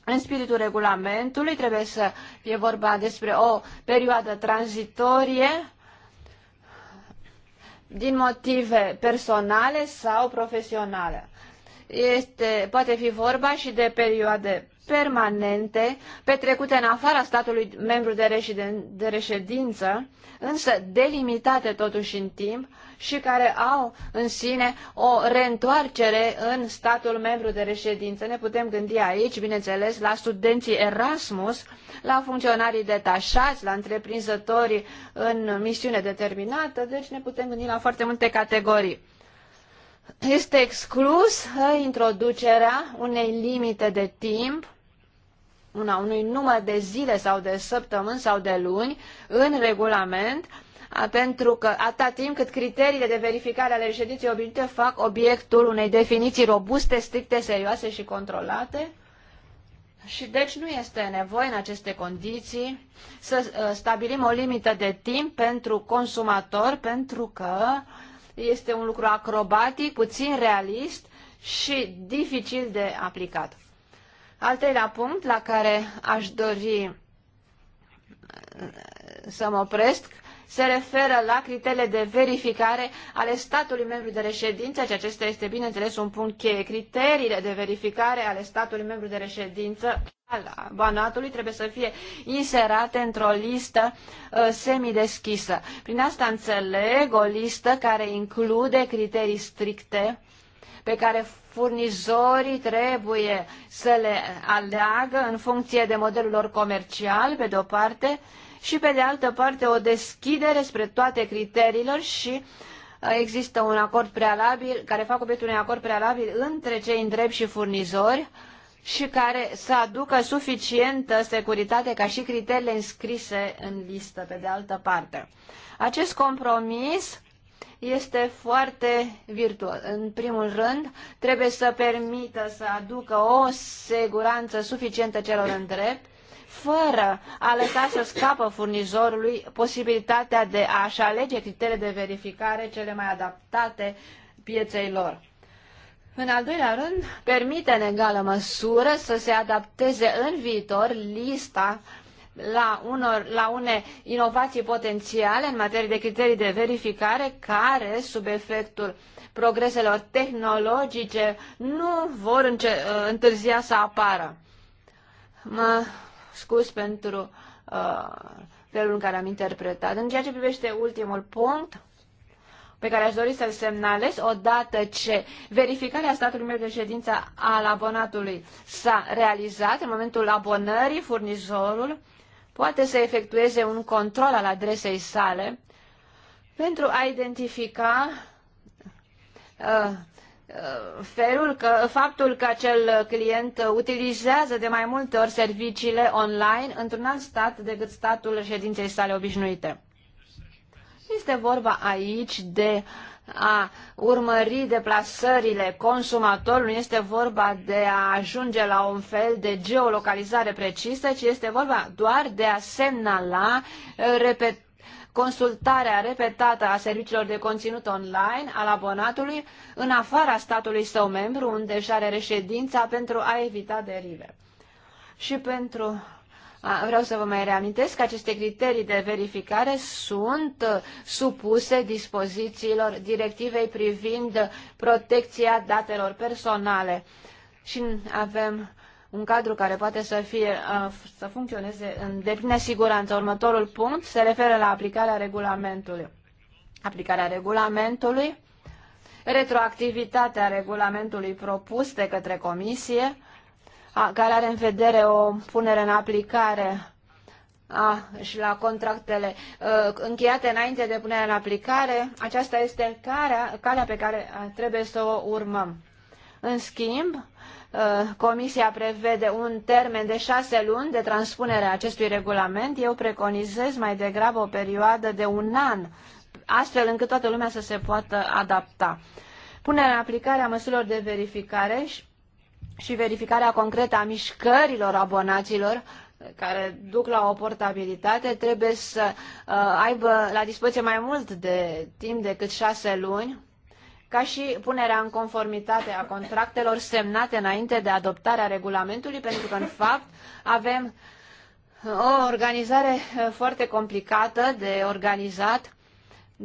În spiritul regulamentului trebuie să fie vorba despre o perioadă tranzitorie din motive personale sau profesionale. Este, poate fi vorba și de perioade permanente petrecute în afara statului membru de, reședin, de reședință, însă delimitate totuși în timp și care au în sine o reîntoarcere în statul membru de reședință. Ne putem gândi aici, bineînțeles, la studenții Erasmus, la funcționarii detașați, la întreprinzători în misiune determinată, deci ne putem gândi la foarte multe categorii. Este exclus ă, introducerea unei limite de timp una unui număr de zile sau de săptămâni sau de luni în regulament, pentru că atâta timp cât criteriile de verificare ale reședinței obișnuite fac obiectul unei definiții robuste, stricte, serioase și controlate, și deci nu este nevoie în aceste condiții să ă, stabilim o limită de timp pentru consumator, pentru că este un lucru acrobatic, puțin realist și dificil de aplicat. Al treilea punct la care aș dori uh, să mă opresc se referă la criteriile de verificare ale statului membru de reședință ce acesta este, bineînțeles, un punct cheie. Criteriile de verificare ale statului membru de reședință al banatului trebuie să fie inserate într-o listă uh, semideschisă. Prin asta înțeleg o listă care include criterii stricte uh, pe care furnizorii trebuie să le aleagă în funcție de modelul lor comercial, pe de-o parte, și pe de altă parte o deschidere spre toate criteriilor și uh, există un acord prealabil, care fac obiectul unui acord prealabil între cei îndrebi și furnizori și care să aducă suficientă securitate ca și criteriile înscrise în listă, pe de altă parte. Acest compromis este foarte virtuos. În primul rând, trebuie să permită să aducă o siguranță suficientă celor în drept, fără a lăsa să scapă furnizorului posibilitatea de a-și alege criterii de verificare cele mai adaptate pieței lor. În al doilea rând, permite în egală măsură să se adapteze în viitor lista la, unor, la une inovații potențiale în materie de criterii de verificare care, sub efectul progreselor tehnologice, nu vor înce- uh, întârzia să apară. Mă scuz pentru uh, felul în care am interpretat. În ceea ce privește ultimul punct, pe care aș dori să-l semnalez odată ce verificarea statului meu de ședință al abonatului s-a realizat. În momentul abonării, furnizorul poate să efectueze un control al adresei sale pentru a identifica uh, uh, felul că, faptul că acel client utilizează de mai multe ori serviciile online într-un alt stat decât statul ședinței sale obișnuite. Este vorba aici de a urmări deplasările consumatorului, nu este vorba de a ajunge la un fel de geolocalizare precisă, ci este vorba doar de a semnala uh, repet, consultarea repetată a serviciilor de conținut online al abonatului în afara statului său membru unde își are reședința pentru a evita derive. Și pentru Vreau să vă mai reamintesc că aceste criterii de verificare sunt uh, supuse dispozițiilor directivei privind protecția datelor personale și avem un cadru care poate să, fie, uh, să funcționeze în deplină siguranță. Următorul punct se referă la aplicarea regulamentului. Aplicarea regulamentului, retroactivitatea regulamentului propus de către comisie, care are în vedere o punere în aplicare a, și la contractele uh, încheiate înainte de punerea în aplicare, aceasta este calea, calea pe care uh, trebuie să o urmăm. În schimb, uh, Comisia prevede un termen de șase luni de transpunere a acestui regulament. Eu preconizez mai degrabă o perioadă de un an, astfel încât toată lumea să se poată adapta. Punerea în aplicare a măsurilor de verificare și și verificarea concretă a mișcărilor abonaților care duc la o portabilitate trebuie să uh, aibă la dispoziție mai mult de timp decât șase luni ca și punerea în conformitate a contractelor semnate înainte de adoptarea regulamentului, pentru că, în fapt, avem uh, o organizare uh, foarte complicată de organizat.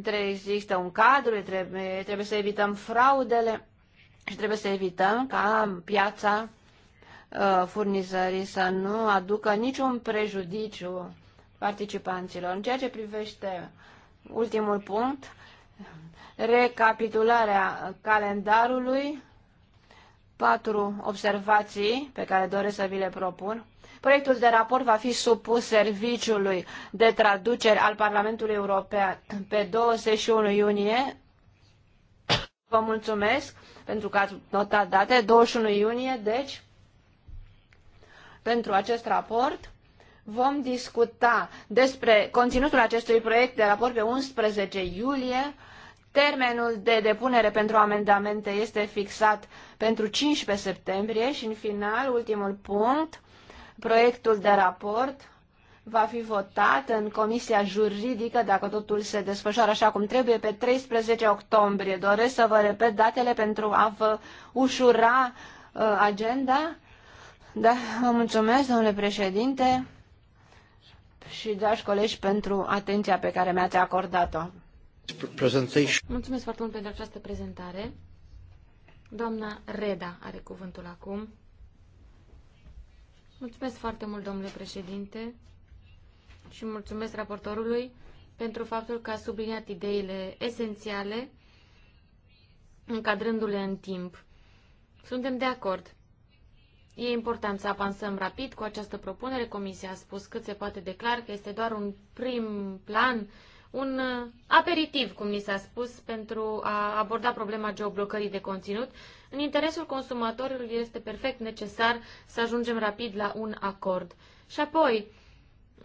Trebuie există un cadru, trebuie, trebuie să evităm fraudele și trebuie să evităm ca piața uh, furnizării să nu aducă niciun prejudiciu participanților. În ceea ce privește ultimul punct, recapitularea calendarului, patru observații pe care doresc să vi le propun. Proiectul de raport va fi supus serviciului de traducere al Parlamentului European pe 21 iunie. Vă mulțumesc! pentru că ați notat date, 21 iunie, deci, pentru acest raport. Vom discuta despre conținutul acestui proiect de raport pe 11 iulie. Termenul de depunere pentru amendamente este fixat pentru 15 septembrie și, în final, ultimul punct, proiectul de raport va fi votat în Comisia Juridică, dacă totul se desfășoară așa cum trebuie, pe 13 octombrie. Doresc să vă repet datele pentru a vă ușura uh, agenda. Da, vă mulțumesc, domnule președinte, și dragi colegi, pentru atenția pe care mi-ați acordat-o. Mulțumesc foarte mult pentru această prezentare. Doamna Reda are cuvântul acum. Mulțumesc foarte mult, domnule președinte și mulțumesc raportorului pentru faptul că a subliniat ideile esențiale, încadrându-le în timp. Suntem de acord. E important să avansăm rapid cu această propunere. Comisia a spus cât se poate declar că este doar un prim plan, un uh, aperitiv, cum ni s-a spus, pentru a aborda problema geoblocării de conținut. În interesul consumatorului este perfect necesar să ajungem rapid la un acord. Și apoi,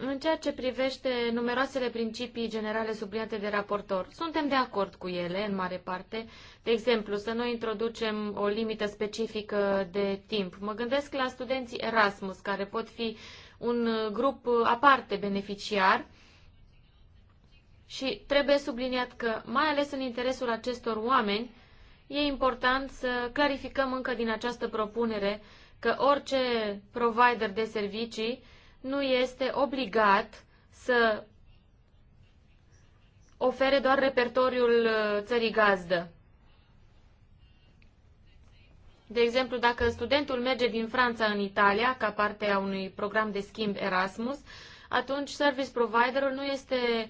în ceea ce privește numeroasele principii generale subliniate de raportor, suntem de acord cu ele, în mare parte. De exemplu, să noi introducem o limită specifică de timp. Mă gândesc la studenții Erasmus, care pot fi un grup aparte beneficiar și trebuie subliniat că, mai ales în interesul acestor oameni, e important să clarificăm încă din această propunere că orice provider de servicii nu este obligat să ofere doar repertoriul uh, țării gazdă. De exemplu, dacă studentul merge din Franța în Italia ca parte a unui program de schimb Erasmus, atunci service providerul nu este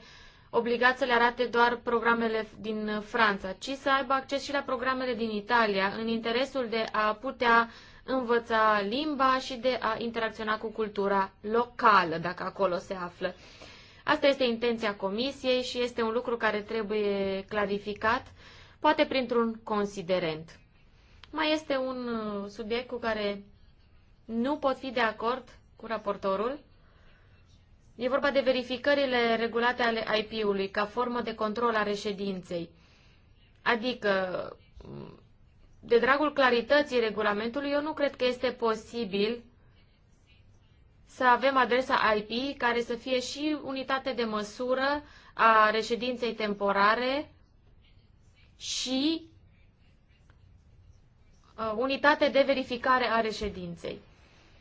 obligat să le arate doar programele din Franța, ci să aibă acces și la programele din Italia, în interesul de a putea uh, învăța limba și de a interacționa cu cultura locală, dacă acolo se află. Asta este intenția comisiei și este un lucru care trebuie clarificat, poate printr-un considerent. Mai este un uh, subiect cu care nu pot fi de acord cu raportorul. E vorba de verificările regulate ale IP-ului ca formă de control a reședinței. Adică de dragul clarității regulamentului, eu nu cred că este posibil să avem adresa IP care să fie și unitate de măsură a reședinței temporare și uh, unitate de verificare a reședinței.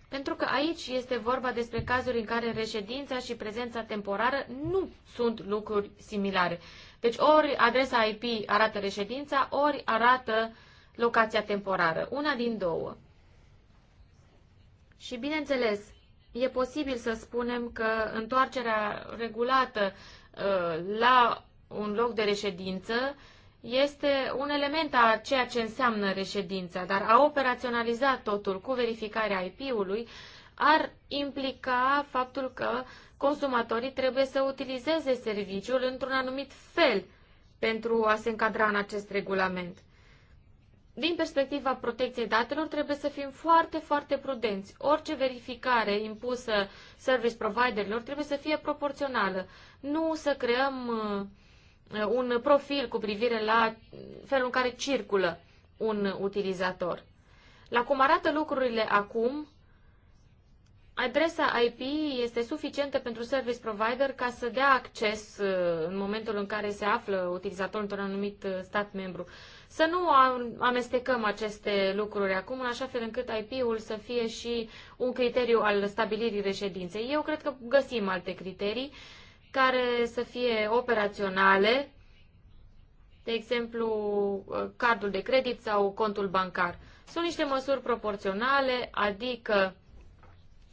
Pentru că aici este vorba despre cazuri în care reședința și prezența temporară nu sunt lucruri similare. Deci ori adresa IP arată reședința, ori arată uh, locația temporară, una din două. Și bineînțeles, e posibil să spunem că întoarcerea regulată uh, la un loc de reședință este un element a ceea ce înseamnă reședința, dar a operaționaliza totul cu verificarea IP-ului ar implica faptul că consumatorii trebuie să utilizeze serviciul într-un anumit fel pentru a se încadra în acest regulament din perspectiva protecției datelor, trebuie să fim foarte, foarte prudenți. Orice verificare impusă service providerilor trebuie să fie proporțională. Nu să creăm uh, un profil cu privire la felul în care circulă un utilizator. La cum arată lucrurile acum, adresa IP este suficientă pentru service provider ca să dea acces uh, în momentul în care se află utilizatorul într-un anumit uh, stat membru. Să nu amestecăm aceste lucruri acum, în așa fel încât IP-ul să fie și un criteriu al stabilirii reședinței. Eu cred că găsim alte criterii care să fie operaționale, de exemplu, cardul de credit sau contul bancar. Sunt niște măsuri proporționale, adică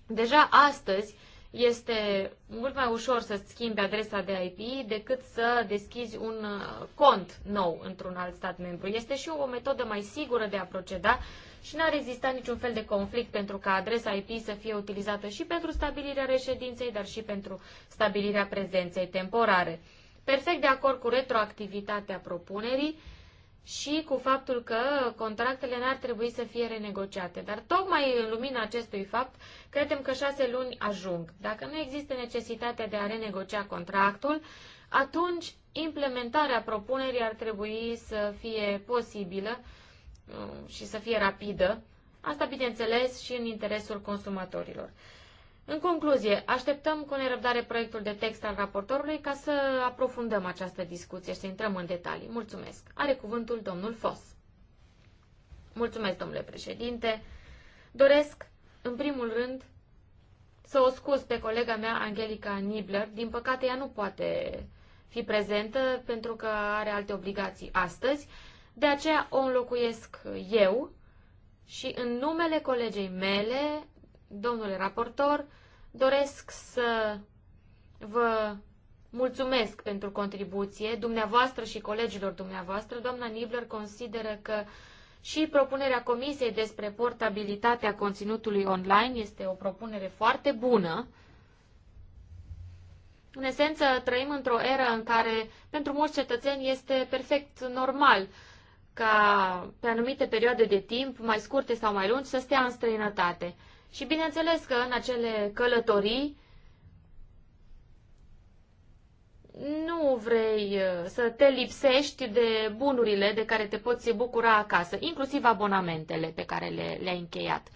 deja astăzi este mult mai ușor să-ți schimbi adresa de IP decât să deschizi un uh, cont nou într-un alt stat membru. Este și o metodă mai sigură de a proceda și n ar exista niciun fel de conflict pentru ca adresa IP să fie utilizată și pentru stabilirea reședinței, dar și pentru stabilirea prezenței temporare. Perfect de acord cu retroactivitatea propunerii, și cu faptul că contractele n-ar trebui să fie renegociate. Dar tocmai în lumina acestui fapt, credem că șase luni ajung. Dacă nu există necesitatea de a renegocia contractul, atunci implementarea propunerii ar trebui să fie posibilă uh, și să fie rapidă. Asta, bineînțeles, și în interesul consumatorilor. În concluzie, așteptăm cu nerăbdare proiectul de text al raportorului ca să aprofundăm această discuție și să intrăm în detalii. Mulțumesc. Are cuvântul domnul Fos. Mulțumesc, domnule președinte. Doresc, în primul rând, să o scuz pe colega mea, Angelica Nibler. Din păcate, ea nu poate fi prezentă pentru că are alte obligații astăzi. De aceea o înlocuiesc eu și în numele colegei mele domnule raportor, doresc să vă mulțumesc pentru contribuție. Dumneavoastră și colegilor dumneavoastră, doamna Nibler consideră că și propunerea Comisiei despre portabilitatea conținutului online este o propunere foarte bună. În esență, trăim într-o eră în care pentru mulți cetățeni este perfect normal ca pe anumite perioade de timp, mai scurte sau mai lungi, să stea în străinătate. Și bineînțeles că în acele călătorii nu vrei uh, să te lipsești de bunurile de care te poți bucura acasă, inclusiv abonamentele pe care le, le-ai încheiat.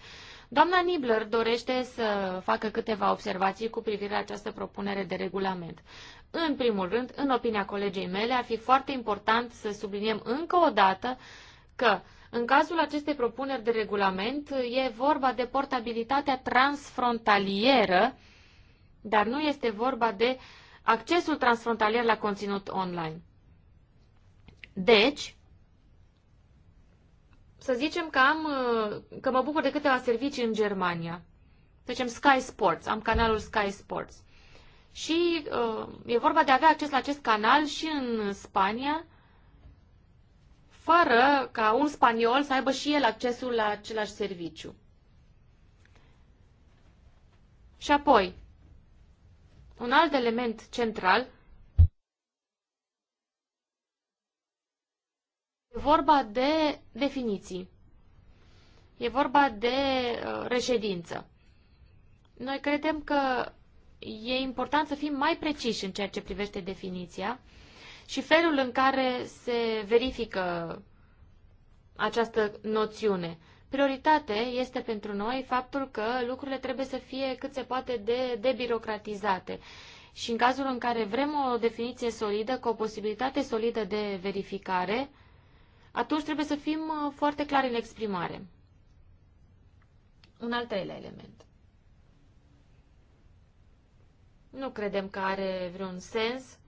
Doamna Nibler dorește să facă câteva observații cu privire la această propunere de regulament. În primul rând, în opinia colegei mele, ar fi foarte important să subliniem încă o dată că uh, în cazul acestei propuneri de regulament e vorba de portabilitatea transfrontalieră, dar nu este vorba de accesul transfrontalier la conținut online. Deci, să zicem că, am, că mă bucur de câteva servicii în Germania. Să zicem Sky Sports, am canalul Sky Sports. Și uh, e vorba de a avea acces la acest canal și în Spania, fără ca un spaniol să aibă și el accesul la același serviciu. Și apoi, un alt element central E vorba de definiții. E vorba de uh, reședință. Noi credem că e important să fim mai preciși în ceea ce privește definiția și felul în care se verifică această noțiune. Prioritate este pentru noi faptul că lucrurile trebuie să fie cât se poate de debirocratizate. Și în cazul în care vrem o definiție solidă, cu o posibilitate solidă de verificare, atunci trebuie să fim uh, foarte clari în exprimare. Un al treilea element. Nu credem că are vreun sens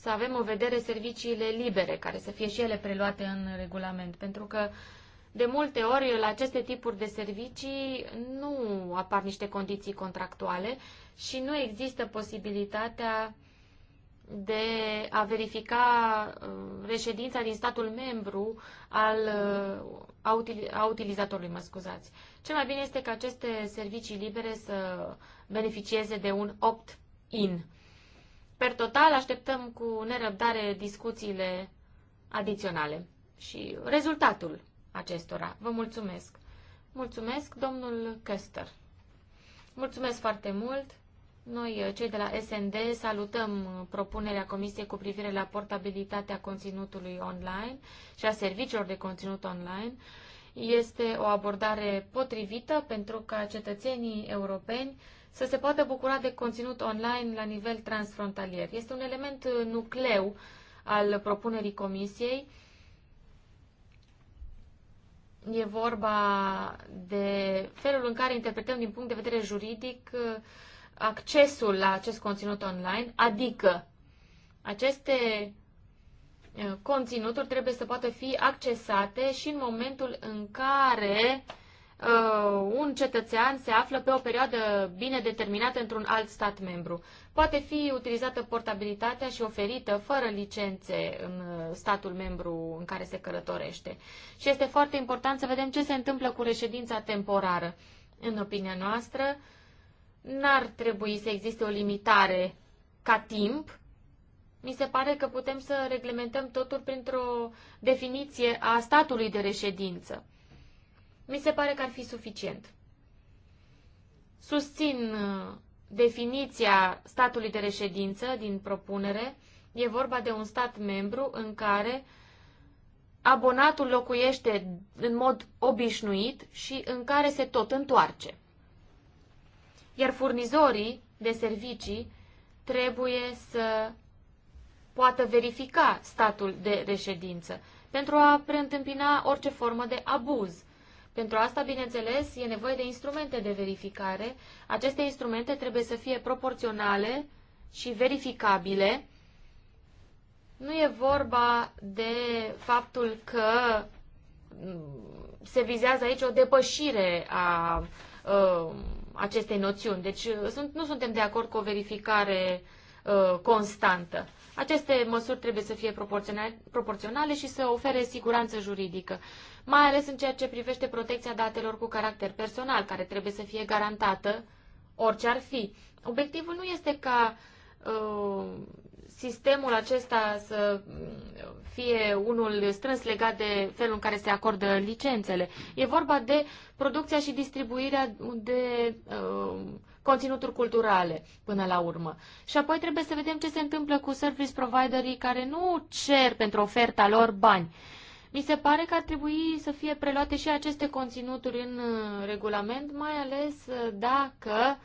să avem o vedere serviciile libere, care să fie și ele preluate în regulament, pentru că de multe ori la aceste tipuri de servicii nu apar niște condiții contractuale și nu există posibilitatea de a verifica uh, reședința din statul membru al uh, a, utilizatorului, mă scuzați. Cel mai bine este ca aceste servicii libere să beneficieze de un opt-in. Per total, așteptăm cu nerăbdare discuțiile adiționale și rezultatul acestora. Vă mulțumesc! Mulțumesc, domnul Căster! Mulțumesc foarte mult! Noi, eh, cei de la SND, salutăm eh, propunerea Comisiei cu privire la portabilitatea conținutului online și a serviciilor de conținut online. Este o abordare potrivită pentru ca cetățenii europeni să se poată bucura de conținut online la nivel transfrontalier. Este un element uh, nucleu al propunerii comisiei. E vorba de felul în care interpretăm din punct de vedere juridic uh, accesul la acest conținut online, adică aceste uh, conținuturi trebuie să poată fi accesate și în momentul în care uh, uh, un cetățean se află pe o perioadă bine determinată într-un alt stat membru. Poate fi utilizată portabilitatea și oferită fără licențe în uh, statul membru în care se călătorește. Și este foarte important să vedem ce se întâmplă cu reședința temporară. În opinia noastră, n-ar trebui să existe o limitare ca timp. Mi se pare că putem să reglementăm totul printr-o definiție a statului de reședință mi se pare că ar fi suficient. Susțin uh, definiția statului de reședință din propunere. E vorba de un stat membru în care abonatul locuiește în mod obișnuit și în care se tot întoarce. Iar furnizorii de servicii trebuie să poată verifica statul de reședință pentru a preîntâmpina orice formă de abuz pentru asta, bineînțeles, e nevoie de instrumente de verificare. Aceste instrumente trebuie să fie proporționale și verificabile. Nu e vorba de faptul că mm, se vizează aici o depășire a a uh, acestei noțiuni. Deci uh, sunt, nu suntem de acord cu o verificare a, uh, constantă. Aceste măsuri trebuie să fie proporționale, proporționale și să ofere siguranță juridică mai ales în ceea ce privește protecția datelor cu caracter personal, care trebuie să fie garantată orice ar fi. Obiectivul nu este ca uh, sistemul acesta să fie unul strâns legat de felul în care se acordă licențele. E vorba de producția și distribuirea de uh, conținuturi culturale până la urmă. Și apoi trebuie să vedem ce se întâmplă cu service providerii care nu cer pentru oferta lor bani. Uh, mi se pare că ar trebui să fie preluate și aceste conținuturi în uh, regulament, mai ales uh, dacă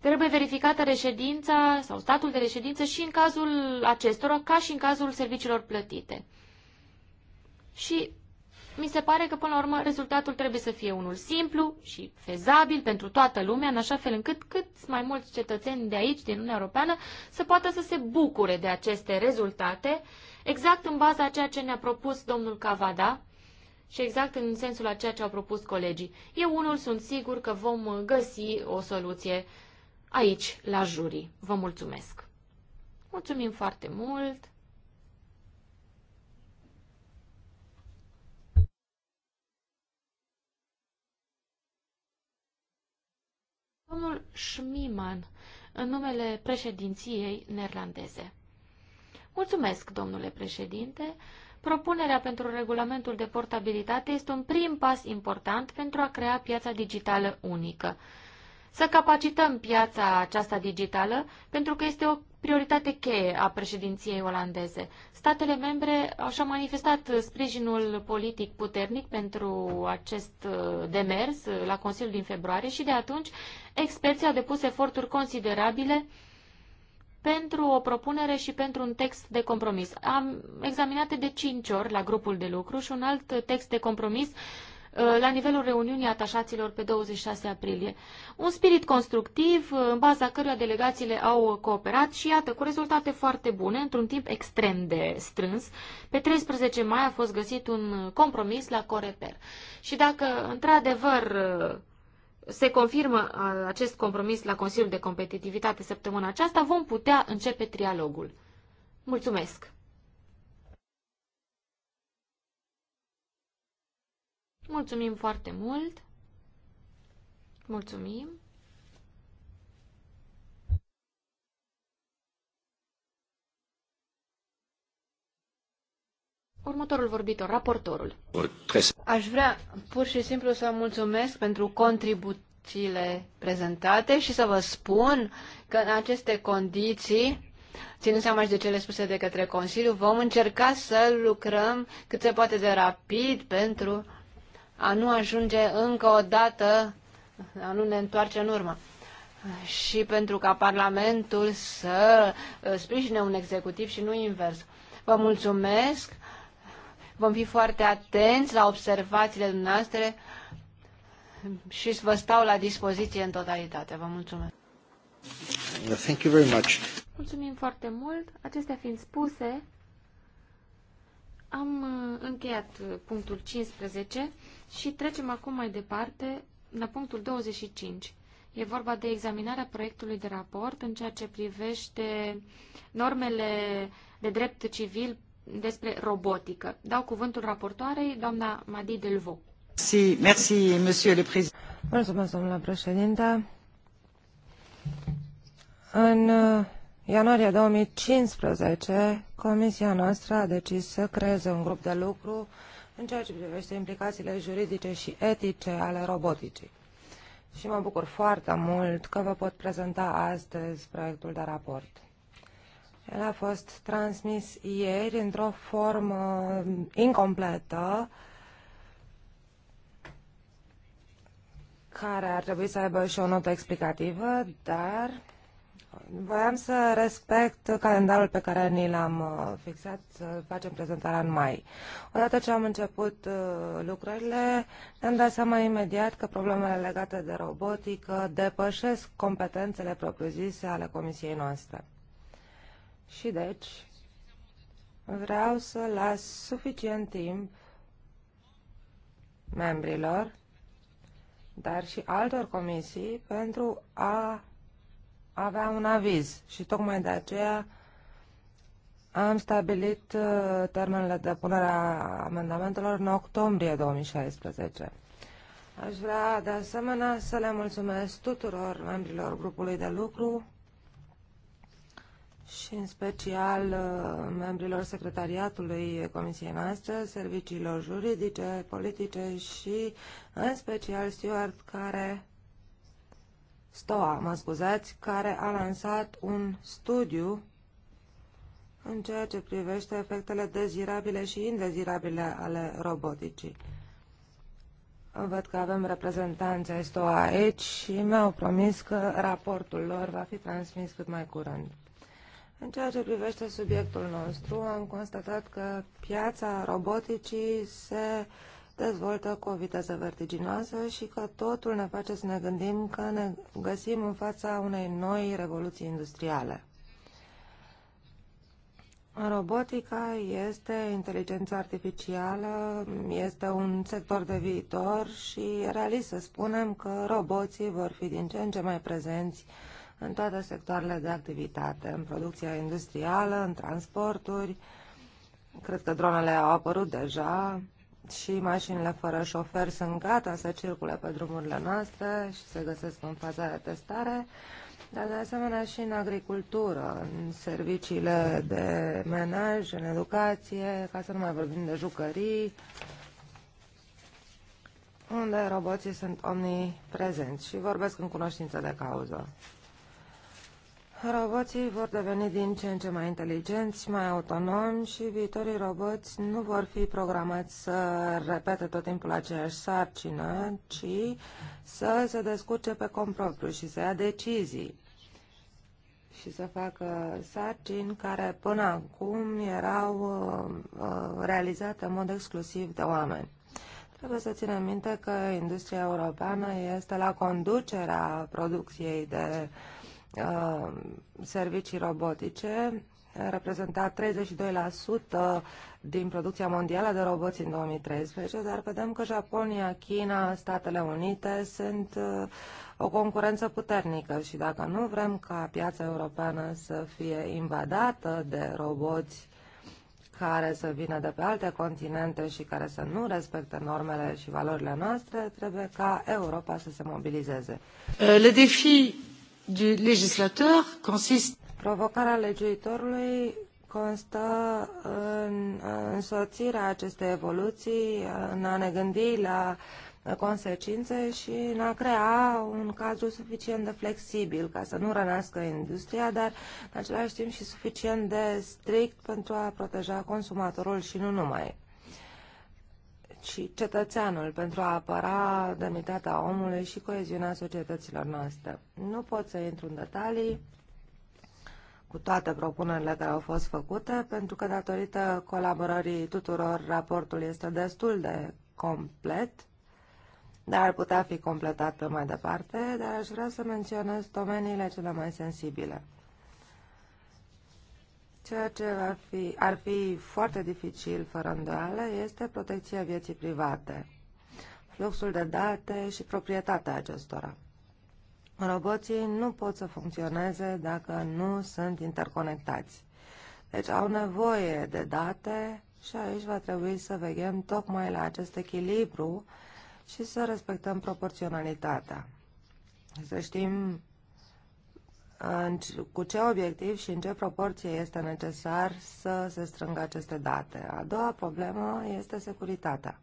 trebuie verificată reședința sau statul de reședință și în cazul acestora, ca și în cazul serviciilor plătite. Și mi se pare că, până la urmă, rezultatul trebuie să fie unul simplu și fezabil pentru toată lumea, în așa fel încât cât mai mulți cetățeni de aici, din Uniunea Europeană, să poată să se bucure de aceste rezultate exact în baza a ceea ce ne-a propus domnul Cavada și exact în sensul a ceea ce au propus colegii. Eu unul sunt sigur că vom găsi o soluție aici, la jurii. Vă mulțumesc! Mulțumim foarte mult! Domnul Schmiman, în numele președinției neerlandeze. Mulțumesc, domnule președinte. Propunerea pentru regulamentul de portabilitate este un prim pas important pentru a crea piața digitală unică. Să capacităm piața aceasta digitală pentru că este o prioritate cheie a președinției olandeze. Statele membre și-au manifestat sprijinul politic puternic pentru acest uh, demers uh, la Consiliul din februarie și de atunci experții au depus eforturi considerabile pentru o propunere și pentru un text de compromis. Am examinat de cinci ori la grupul de lucru și un alt text de compromis uh, la nivelul reuniunii atașaților pe 26 aprilie. Un spirit constructiv uh, în baza căruia delegațiile au cooperat și iată cu rezultate foarte bune într-un timp extrem de strâns. Pe 13 mai a fost găsit un compromis la Coreper. Și dacă într-adevăr uh, se confirmă acest compromis la Consiliul de Competitivitate săptămâna aceasta, vom putea începe trialogul. Mulțumesc! Mulțumim foarte mult! Mulțumim! Următorul vorbitor, raportorul. Aș vrea pur și simplu să mulțumesc pentru contribuțiile prezentate și să vă spun că în aceste condiții, ținând seama și de cele spuse de către Consiliu, vom încerca să lucrăm cât se poate de rapid pentru a nu ajunge încă o dată, a nu ne întoarce în urmă și pentru ca Parlamentul să uh, sprijine un executiv și nu invers. Vă mulțumesc Vom fi foarte atenți la observațiile dumneavoastră și vă stau la dispoziție în totalitate. Vă mulțumesc. Thank you very much. Mulțumim foarte mult. Acestea fiind spuse, am uh, încheiat uh, punctul 15 și trecem acum mai departe la punctul 25. E vorba de examinarea proiectului de raport în ceea ce privește normele de drept civil despre robotică. Dau cuvântul raportoarei, doamna Madi Delvaux. Mulțumesc, domnule președinte. În uh, ianuarie 2015, Comisia noastră a decis să creeze un grup de lucru în ceea ce privește implicațiile juridice și etice ale roboticii. Și mă bucur foarte mult că vă pot prezenta astăzi proiectul de raport. El a fost transmis ieri într-o formă incompletă care ar trebui să aibă și o notă explicativă, dar voiam să respect calendarul pe care ni l-am uh, fixat, să facem prezentarea în mai. Odată ce am început uh, lucrările, ne-am dat seama imediat că problemele legate de robotică depășesc competențele propriu-zise ale comisiei noastre. Și deci vreau să las suficient timp membrilor, dar și altor comisii pentru a avea un aviz. Și tocmai de aceea am stabilit uh, termenele de punere a amendamentelor în octombrie 2016. Aș vrea de asemenea să le mulțumesc tuturor membrilor grupului de lucru și în special uh, membrilor secretariatului Comisiei noastre, serviciilor juridice, politice și în special Stuart care Stoa, mă scuzați, care a lansat un studiu în ceea ce privește efectele dezirabile și indezirabile ale roboticii. Văd că avem reprezentanța STOA aici și mi-au promis că raportul lor va fi transmis cât mai curând. În ceea ce privește subiectul nostru, am constatat că piața roboticii se dezvoltă cu o viteză vertiginoasă și că totul ne face să ne gândim că ne găsim în fața unei noi revoluții industriale. Robotica este inteligența artificială, este un sector de viitor și realist să spunem că roboții vor fi din ce în ce mai prezenți în toate sectoarele de activitate, în producția industrială, în transporturi, cred că dronele au apărut deja și mașinile fără șofer sunt gata să circule pe drumurile noastre și se găsesc în faza de testare, dar de asemenea și în agricultură, în serviciile de menaj, în educație, ca să nu mai vorbim de jucării, unde roboții sunt omniprezenți și vorbesc în cunoștință de cauză. Roboții vor deveni din ce în ce mai inteligenți, mai autonomi și viitorii roboți nu vor fi programați să repete tot timpul aceeași sarcină, ci să se descurce pe compropriu și să ia decizii și să facă sarcini care până acum erau uh, uh, realizate în mod exclusiv de oameni. Trebuie să ținem minte că industria europeană este la conducerea producției de uh, Uh, servicii robotice reprezenta 32% din producția mondială de roboți în 2013, dar vedem că Japonia, China, Statele Unite sunt uh, o concurență puternică și dacă nu vrem ca piața europeană să fie invadată de roboți care să vină de pe alte continente și care să nu respecte normele și valorile noastre, trebuie ca Europa să se mobilizeze. Uh, le defi du législateur consiste Provocarea legiuitorului constă în însoțirea acestei evoluții, în a ne gândi la consecințe și în a crea un cadru suficient de flexibil ca să nu rănească industria, dar în același timp și suficient de strict pentru a proteja consumatorul și nu numai ci cetățeanul pentru a apăra demnitatea omului și coeziunea societăților noastre. Nu pot să intru în detalii cu toate propunerile care au fost făcute, pentru că datorită colaborării tuturor raportul este destul de complet, dar ar putea fi completat pe mai departe, dar aș vrea să menționez domeniile cele mai sensibile. Ceea ce ar fi, ar fi foarte dificil, fără îndoială, este protecția vieții private, fluxul de date și proprietatea acestora. Roboții nu pot să funcționeze dacă nu sunt interconectați. Deci au nevoie de date și aici va trebui să veghem tocmai la acest echilibru și să respectăm proporționalitatea. Să știm cu ce obiectiv și în ce proporție este necesar să se strângă aceste date. A doua problemă este securitatea.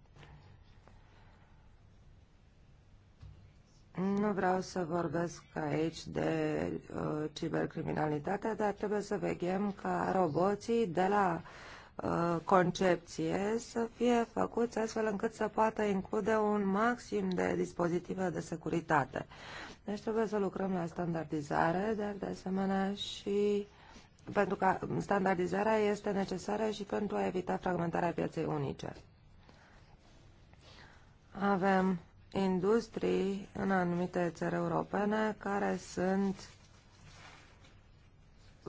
Nu vreau să vorbesc aici de uh, cibercriminalitate, dar trebuie să veghem ca roboții de la uh, concepție să fie făcuți astfel încât să poată include un maxim de dispozitive de securitate. Uh, deci trebuie să lucrăm la standardizare, dar de asemenea și pentru că standardizarea este necesară și pentru a evita fragmentarea pieței unice. Avem industrii în anumite țări europene care sunt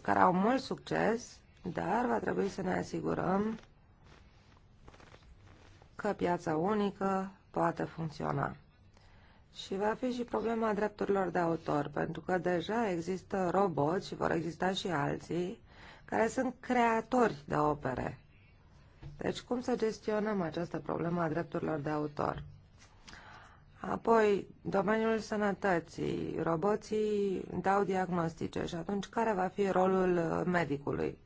care au mult succes, dar va trebui să ne asigurăm că piața unică poate funcționa. Și va fi și problema drepturilor de autor, pentru că deja există roboți și vor exista și alții care sunt creatori de opere. Deci cum să gestionăm această problemă a drepturilor de autor? Apoi, domeniul sănătății. Roboții dau diagnostice și atunci care va fi rolul medicului?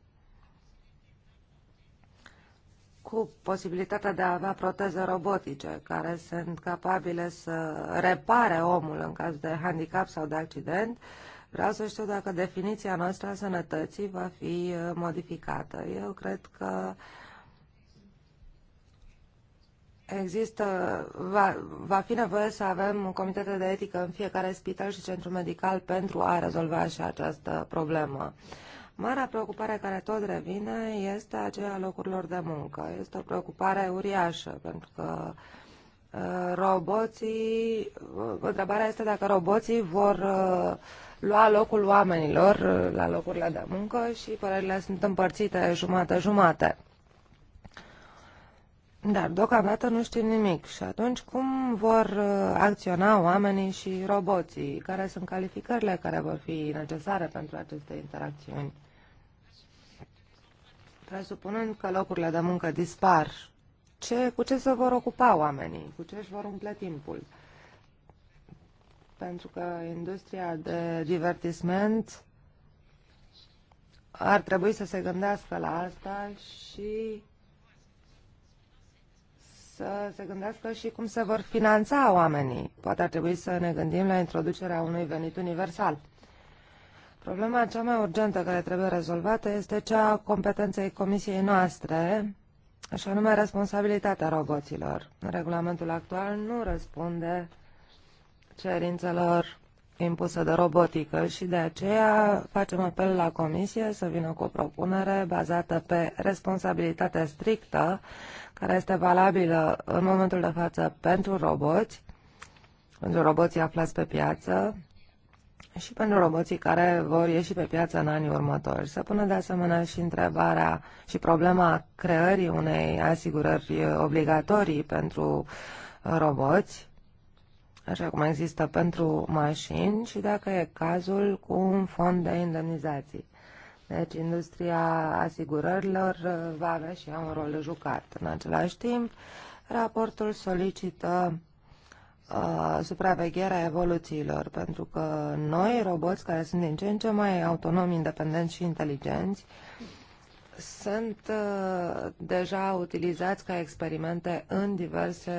cu posibilitatea de a avea proteze robotice care sunt capabile să repare omul în caz de handicap sau de accident, vreau să știu dacă definiția noastră a sănătății va fi uh, modificată. Eu cred că Există, va, va fi nevoie să avem comitete de etică în fiecare spital și centru medical pentru a rezolva și această problemă. Uh, Marea preocupare care tot revine este aceea locurilor de muncă. Este o preocupare uriașă, pentru că uh, roboții, uh, întrebarea este dacă roboții vor uh, lua locul oamenilor la locurile de muncă și părerile sunt împărțite jumate-jumate. Dar deocamdată nu știu nimic și atunci cum vor acționa oamenii și roboții? Care sunt calificările care vor fi necesare pentru aceste interacțiuni? Presupunând că locurile de muncă dispar, ce, cu ce se vor ocupa oamenii? Cu ce își vor umple timpul? Pentru că industria de divertisment ar trebui să se gândească la asta și să se gândească și cum se vor finanța oamenii. Poate ar trebui să ne gândim la introducerea unui venit universal. Problema cea mai urgentă care trebuie rezolvată este cea a competenței comisiei noastre, și anume responsabilitatea roboților. Regulamentul actual nu răspunde cerințelor impuse de robotică și de aceea facem apel la Comisie să vină cu o propunere bazată pe responsabilitate strictă, care este valabilă în momentul de față pentru roboți, pentru roboții aflați pe piață și pentru roboții care vor ieși pe piață în anii următori. Se pune de asemenea și întrebarea și problema creării unei asigurări obligatorii pentru uh, roboți, așa cum există pentru mașini și dacă e cazul cu un fond de indemnizații. Deci industria asigurărilor uh, va avea și ea un rol jucat. În același timp, raportul solicită Uh, supravegherea evoluțiilor, pentru că noi, roboți care sunt din ce în ce mai autonomi, independenți și inteligenți, sunt uh, deja utilizați ca experimente în diverse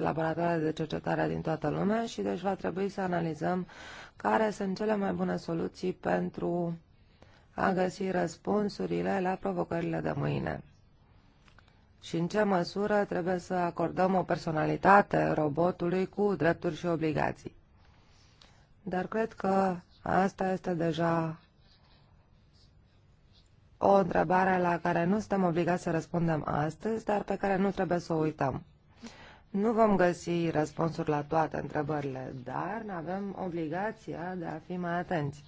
laboratoare de cercetare din toată lumea și deci va trebui să analizăm care sunt cele mai bune soluții pentru a găsi răspunsurile la provocările de mâine și în ce măsură trebuie să acordăm o personalitate robotului cu drepturi și obligații. Dar cred că asta este deja o întrebare la care nu suntem obligați să răspundem astăzi, dar pe care nu trebuie să o uităm. Nu vom găsi răspunsuri la toate întrebările, dar avem obligația de a fi mai atenți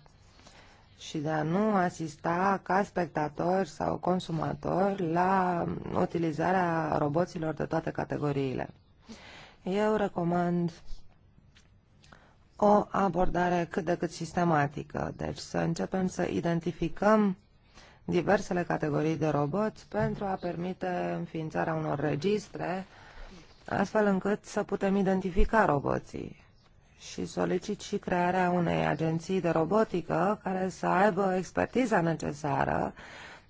și de a nu asista ca spectator sau consumator la utilizarea roboților de toate categoriile. Eu recomand o abordare cât de cât sistematică, deci să începem să identificăm diversele categorii de roboți pentru a permite înființarea unor registre, astfel încât să putem identifica roboții și solicit și crearea unei agenții de robotică care să aibă expertiza necesară,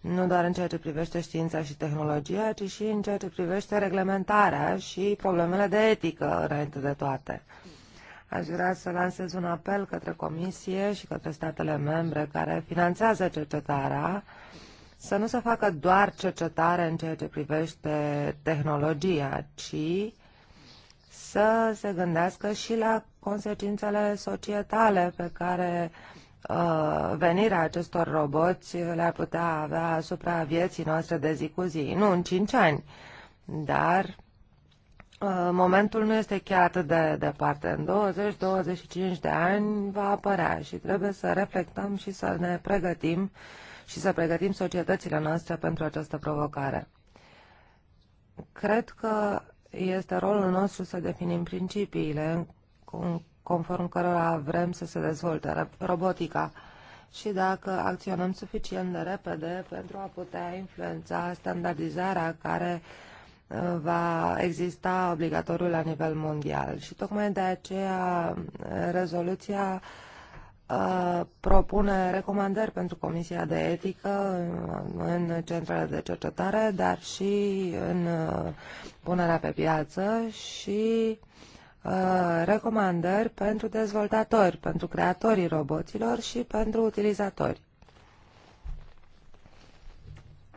nu doar în ceea ce privește știința și tehnologia, ci și în ceea ce privește reglementarea și problemele de etică înainte de toate. Aș vrea să lansez un apel către Comisie și către statele membre care finanțează cercetarea să nu se facă doar cercetare în ceea ce privește tehnologia, ci să se gândească și la consecințele societale pe care uh, venirea acestor roboți le-ar putea avea asupra vieții noastre de zi cu zi. Nu în 5 ani, dar uh, momentul nu este chiar atât de departe. În 20-25 de ani va apărea și trebuie să reflectăm și să ne pregătim și să pregătim societățile noastre pentru această provocare. Cred că este rolul nostru să definim principiile conform cărora vrem să se dezvolte robotica și dacă acționăm suficient de repede pentru a putea influența standardizarea care uh, va exista obligatoriu la nivel mondial. Și tocmai de aceea uh, rezoluția Uh, propune recomandări pentru Comisia de Etică în centrele de cercetare, dar și în uh, punerea pe piață și uh, recomandări pentru dezvoltatori, pentru creatorii roboților și pentru utilizatori.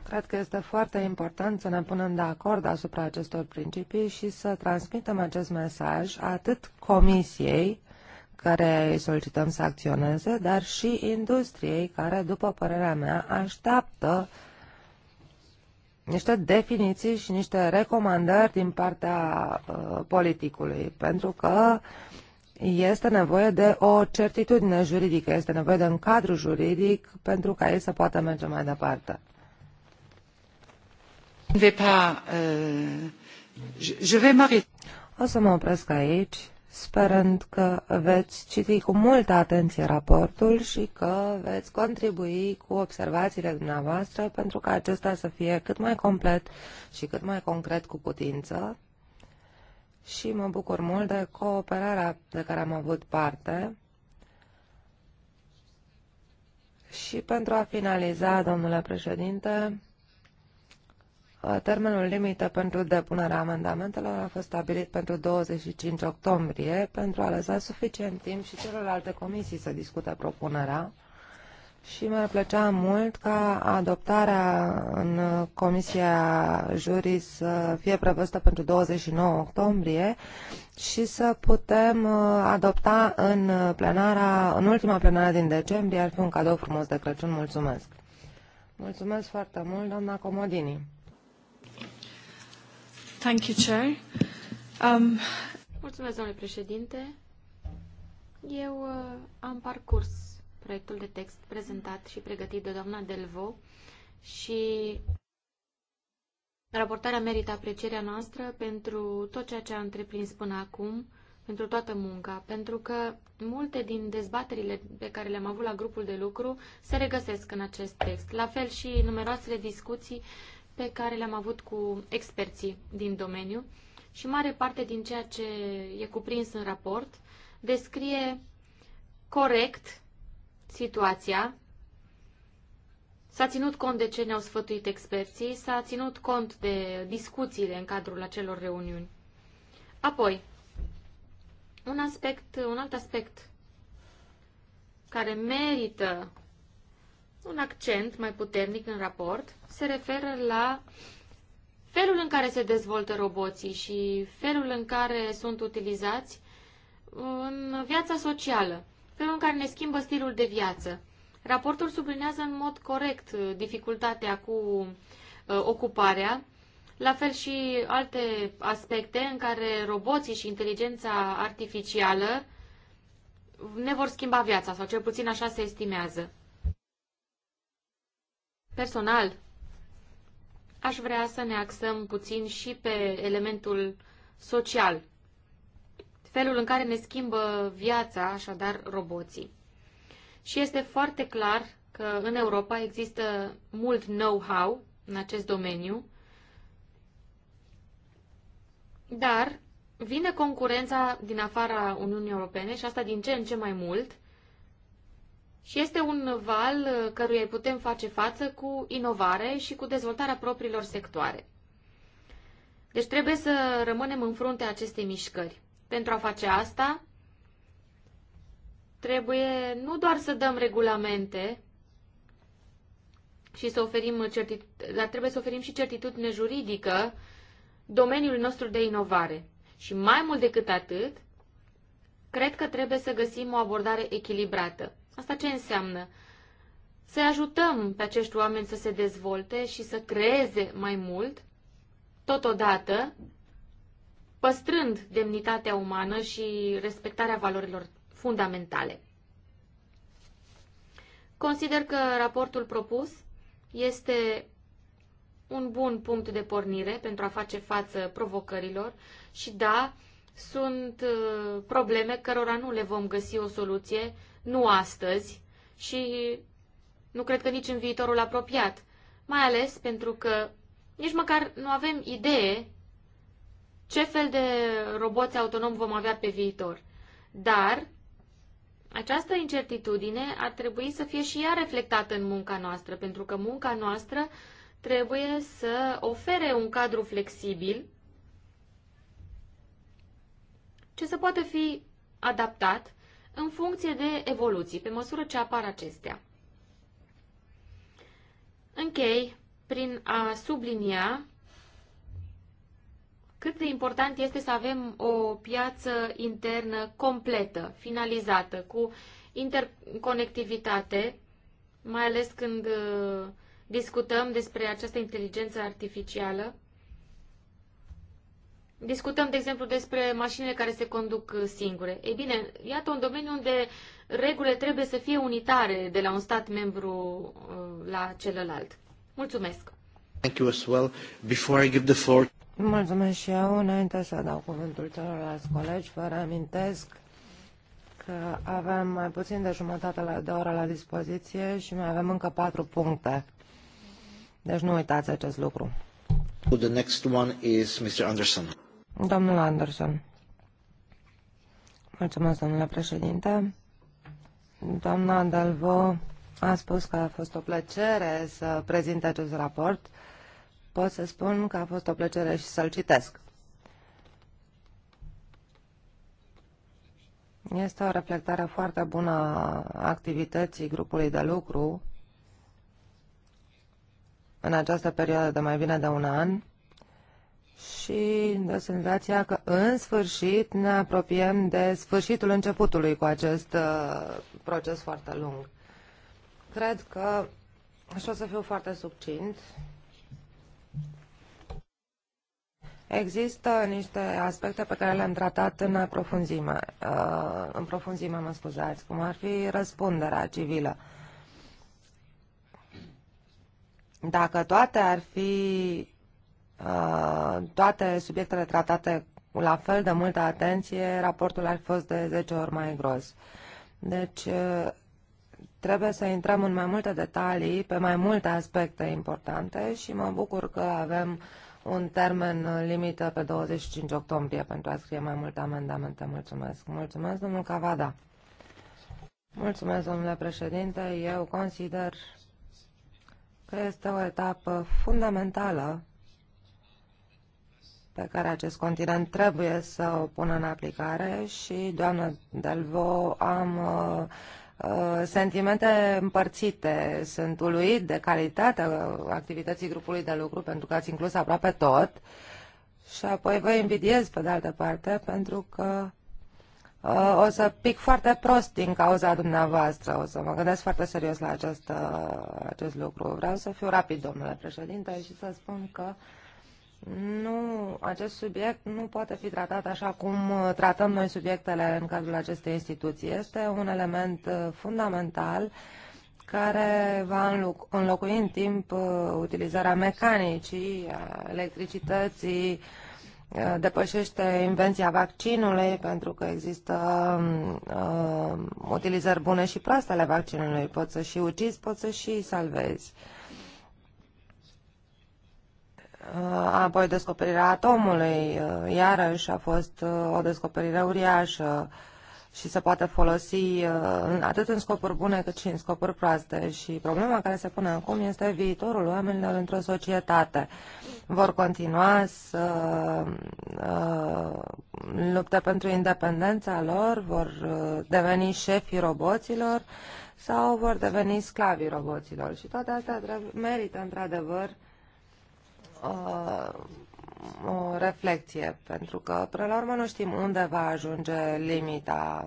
Cred că este foarte important să ne punem de acord asupra acestor principii și să transmitem acest mesaj atât Comisiei, care îi solicităm să acționeze, dar și industriei care, după părerea mea, așteaptă niște definiții și niște recomandări din partea uh, politicului, pentru că este nevoie de o certitudine juridică, este nevoie de un cadru juridic pentru ca ei să poată merge mai departe. Uh, o să mă opresc aici sperând că veți citi cu multă atenție raportul și că veți contribui cu observațiile dumneavoastră pentru ca acesta să fie cât mai complet și cât mai concret cu putință. Și mă bucur mult de cooperarea de care am avut parte. Și pentru a finaliza, domnule președinte, Termenul limită pentru depunerea amendamentelor a fost stabilit pentru 25 octombrie pentru a lăsa suficient timp și celorlalte comisii să discute propunerea și mi-ar plăcea mult ca adoptarea în Comisia Jurii să fie prevăzută pentru 29 octombrie și să putem uh, adopta în, plenara, în ultima plenară din decembrie. Ar fi un cadou frumos de Crăciun. Mulțumesc! Mulțumesc foarte mult, doamna Comodini! Thank you, Chair. Um... Mulțumesc, domnule președinte. Eu uh, am parcurs proiectul de text prezentat și pregătit de doamna Delvo și raportarea merită aprecierea noastră pentru tot ceea ce a întreprins până acum, pentru toată munca, pentru că multe din dezbaterile pe care le-am avut la grupul de lucru se regăsesc în acest text. La fel și numeroasele discuții pe care le-am avut cu experții din domeniu și mare parte din ceea ce e cuprins în raport descrie corect situația, s-a ținut cont de ce ne-au sfătuit experții, s-a ținut cont de discuțiile în cadrul acelor reuniuni. Apoi, un aspect, un alt aspect care merită un accent mai puternic în raport se referă la felul în care se dezvoltă roboții și felul în care sunt utilizați în viața socială, felul în care ne schimbă stilul de viață. Raportul sublinează în mod corect dificultatea cu uh, ocuparea, la fel și alte aspecte în care roboții și inteligența artificială ne vor schimba viața, sau cel puțin așa se estimează. Personal, aș vrea să ne axăm puțin și pe elementul social, felul în care ne schimbă viața, așadar, roboții. Și este foarte clar că în Europa există mult know-how în acest domeniu, dar vine concurența din afara Uniunii Europene și asta din ce în ce mai mult – și este un val uh, căruia îi putem face față cu inovare și cu dezvoltarea propriilor sectoare. Deci trebuie să rămânem în fruntea acestei mișcări. Pentru a face asta, trebuie nu doar să dăm regulamente și să oferim certit- dar trebuie să oferim și certitudine juridică domeniului nostru de inovare. Și mai mult decât atât, cred că trebuie să găsim o abordare echilibrată. Asta ce înseamnă? Să ajutăm pe acești oameni să se dezvolte și să creeze mai mult, totodată păstrând demnitatea umană și respectarea valorilor fundamentale. Consider că raportul propus este un bun punct de pornire pentru a face față provocărilor și da, sunt uh, probleme cărora nu le vom găsi o soluție nu astăzi și nu cred că nici în viitorul apropiat, mai ales pentru că nici măcar nu avem idee ce fel de roboți autonom vom avea pe viitor. Dar această incertitudine ar trebui să fie și ea reflectată în munca noastră, pentru că munca noastră trebuie să ofere un cadru flexibil ce să poată fi adaptat în funcție de evoluții, pe măsură ce apar acestea. Închei prin a sublinia cât de important este să avem o piață internă completă, finalizată, cu interconectivitate, mai ales când uh, discutăm despre această inteligență artificială. Discutăm, de exemplu, despre mașinile care se conduc singure. Ei bine, iată un domeniu unde regulile trebuie să fie unitare de la un stat membru uh, la celălalt. Mulțumesc! Thank you as well. Before I give the floor... Mulțumesc și eu. Înainte să dau cuvântul celorlalți colegi, vă reamintesc că avem mai puțin de jumătate de oră la dispoziție și mai avem încă patru puncte. Deci nu uitați acest lucru. The next one is Mr. Anderson. Domnul Anderson. Mulțumesc, domnule președinte. Doamna Dalvo a spus că a fost o plăcere să prezinte acest raport. Pot să spun că a fost o plăcere și să-l citesc. Este o reflectare foarte bună a activității grupului de lucru în această perioadă de mai bine de un an și dă senzația că în sfârșit ne apropiem de sfârșitul începutului cu acest uh, proces foarte lung. Cred că, așa o să fiu foarte succint, Există niște aspecte pe care le-am tratat în profunzime, uh, în profunzime, mă scuzați, cum ar fi răspunderea civilă. Dacă toate ar fi Uh, toate subiectele tratate cu la fel de multă atenție, raportul ar fi fost de 10 ori mai gros. Deci uh, trebuie să intrăm în mai multe detalii pe mai multe aspecte importante și mă bucur că avem un termen limită pe 25 octombrie pentru a scrie mai multe amendamente. Mulțumesc. Mulțumesc, domnul Cavada. Mulțumesc, domnule președinte. Eu consider că este o etapă fundamentală pe care acest continent trebuie să o pună în aplicare și, doamnă Delvo, am uh, uh, sentimente împărțite. Sunt uluit de calitatea activității grupului de lucru pentru că ați inclus aproape tot și apoi vă invidiez pe de altă parte pentru că uh, o să pic foarte prost din cauza dumneavoastră. O să mă gândesc foarte serios la acest, acest lucru. Vreau să fiu rapid, domnule președinte, și să spun că nu, acest subiect nu poate fi tratat așa cum uh, tratăm noi subiectele în cadrul acestei instituții. Este un element uh, fundamental care va înlocui în timp uh, utilizarea mecanicii, electricității, depășește invenția vaccinului, pentru că există um, uh, utilizări bune și proaste ale vaccinului. Poți să și ucizi, poți să și salvezi. Uh, Uh, apoi descoperirea atomului, uh, iarăși a fost uh, o descoperire uriașă și se poate folosi atât în scopuri bune cât și în scopuri proaste. Și problema care se pune acum este viitorul oamenilor într-o societate. Vor continua să lupte pentru independența lor, vor deveni șefii roboților sau vor deveni sclavii roboților. Și toate astea merită într-adevăr uh, o reflecție, pentru că, până la urmă, nu știm unde va ajunge limita.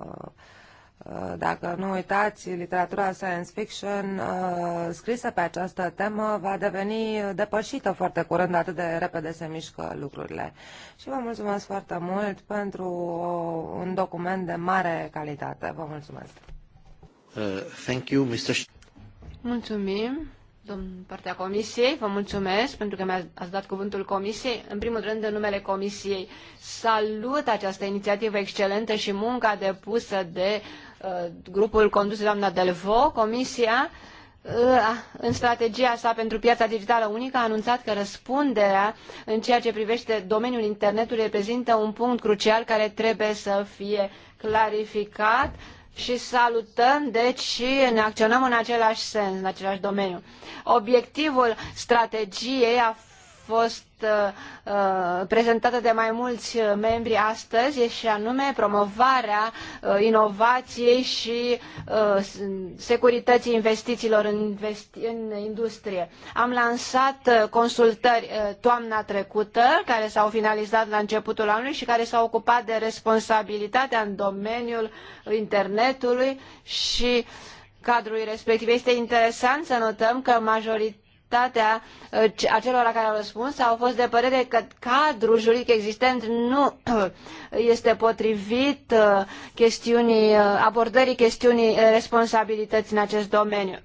Uh, dacă nu uitați, literatura science fiction uh, scrisă pe această temă va deveni depășită foarte curând, atât de repede se mișcă lucrurile. Și vă mulțumesc foarte mult pentru un document de mare calitate. Vă mulțumesc. Uh, thank you, Mr. Mulțumim partea Comisiei. Vă mulțumesc pentru că mi-ați dat cuvântul Comisiei. În primul rând, în numele Comisiei, salut această inițiativă excelentă și munca depusă de uh, grupul condus de doamna Delvo. Comisia, uh, în strategia sa pentru piața digitală unică, a anunțat că răspunderea în ceea ce privește domeniul internetului reprezintă un punct crucial care trebuie să fie clarificat uh, și salutăm, deci, și ne acționăm în același sens, în același domeniu. Obiectivul strategiei a fost uh, uh, prezentată de mai mulți membri astăzi, și anume promovarea uh, inovației și uh, securității investițiilor în, investi în, industrie. Am lansat uh, consultări uh, toamna trecută, care s-au finalizat la începutul anului și care s-au ocupat de responsabilitatea în domeniul internetului și cadrului respectiv. Este interesant să notăm că majoritatea majoritatea uh, la care au răspuns au fost de părere că cadrul juridic existent nu este potrivit uh, chestiunii, uh, abordării chestiunii responsabilității în acest domeniu.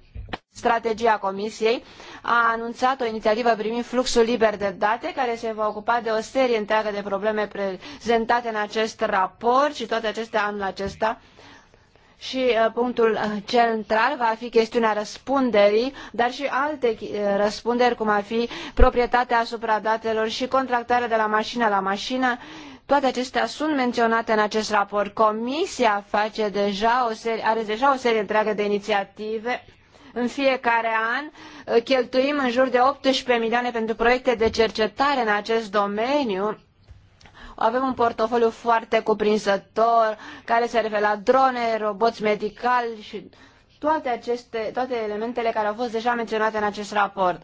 Strategia Comisiei a anunțat o inițiativă privind fluxul liber de date, care se va ocupa de o serie întreagă de probleme prezentate în acest raport și toate acestea anul acesta și uh, punctul uh, central va fi chestiunea răspunderii, dar și alte uh, răspunderi, cum ar fi proprietatea asupra datelor și contractarea de la mașină la mașină. Toate acestea sunt menționate în acest raport. Comisia face deja o serie, are deja o serie întreagă de inițiative în fiecare an cheltuim în jur de 18 milioane pentru proiecte de cercetare în acest domeniu avem un portofoliu foarte cuprinzător care se referă la drone, roboți medicali și toate, aceste, toate elementele care au fost deja menționate în acest raport.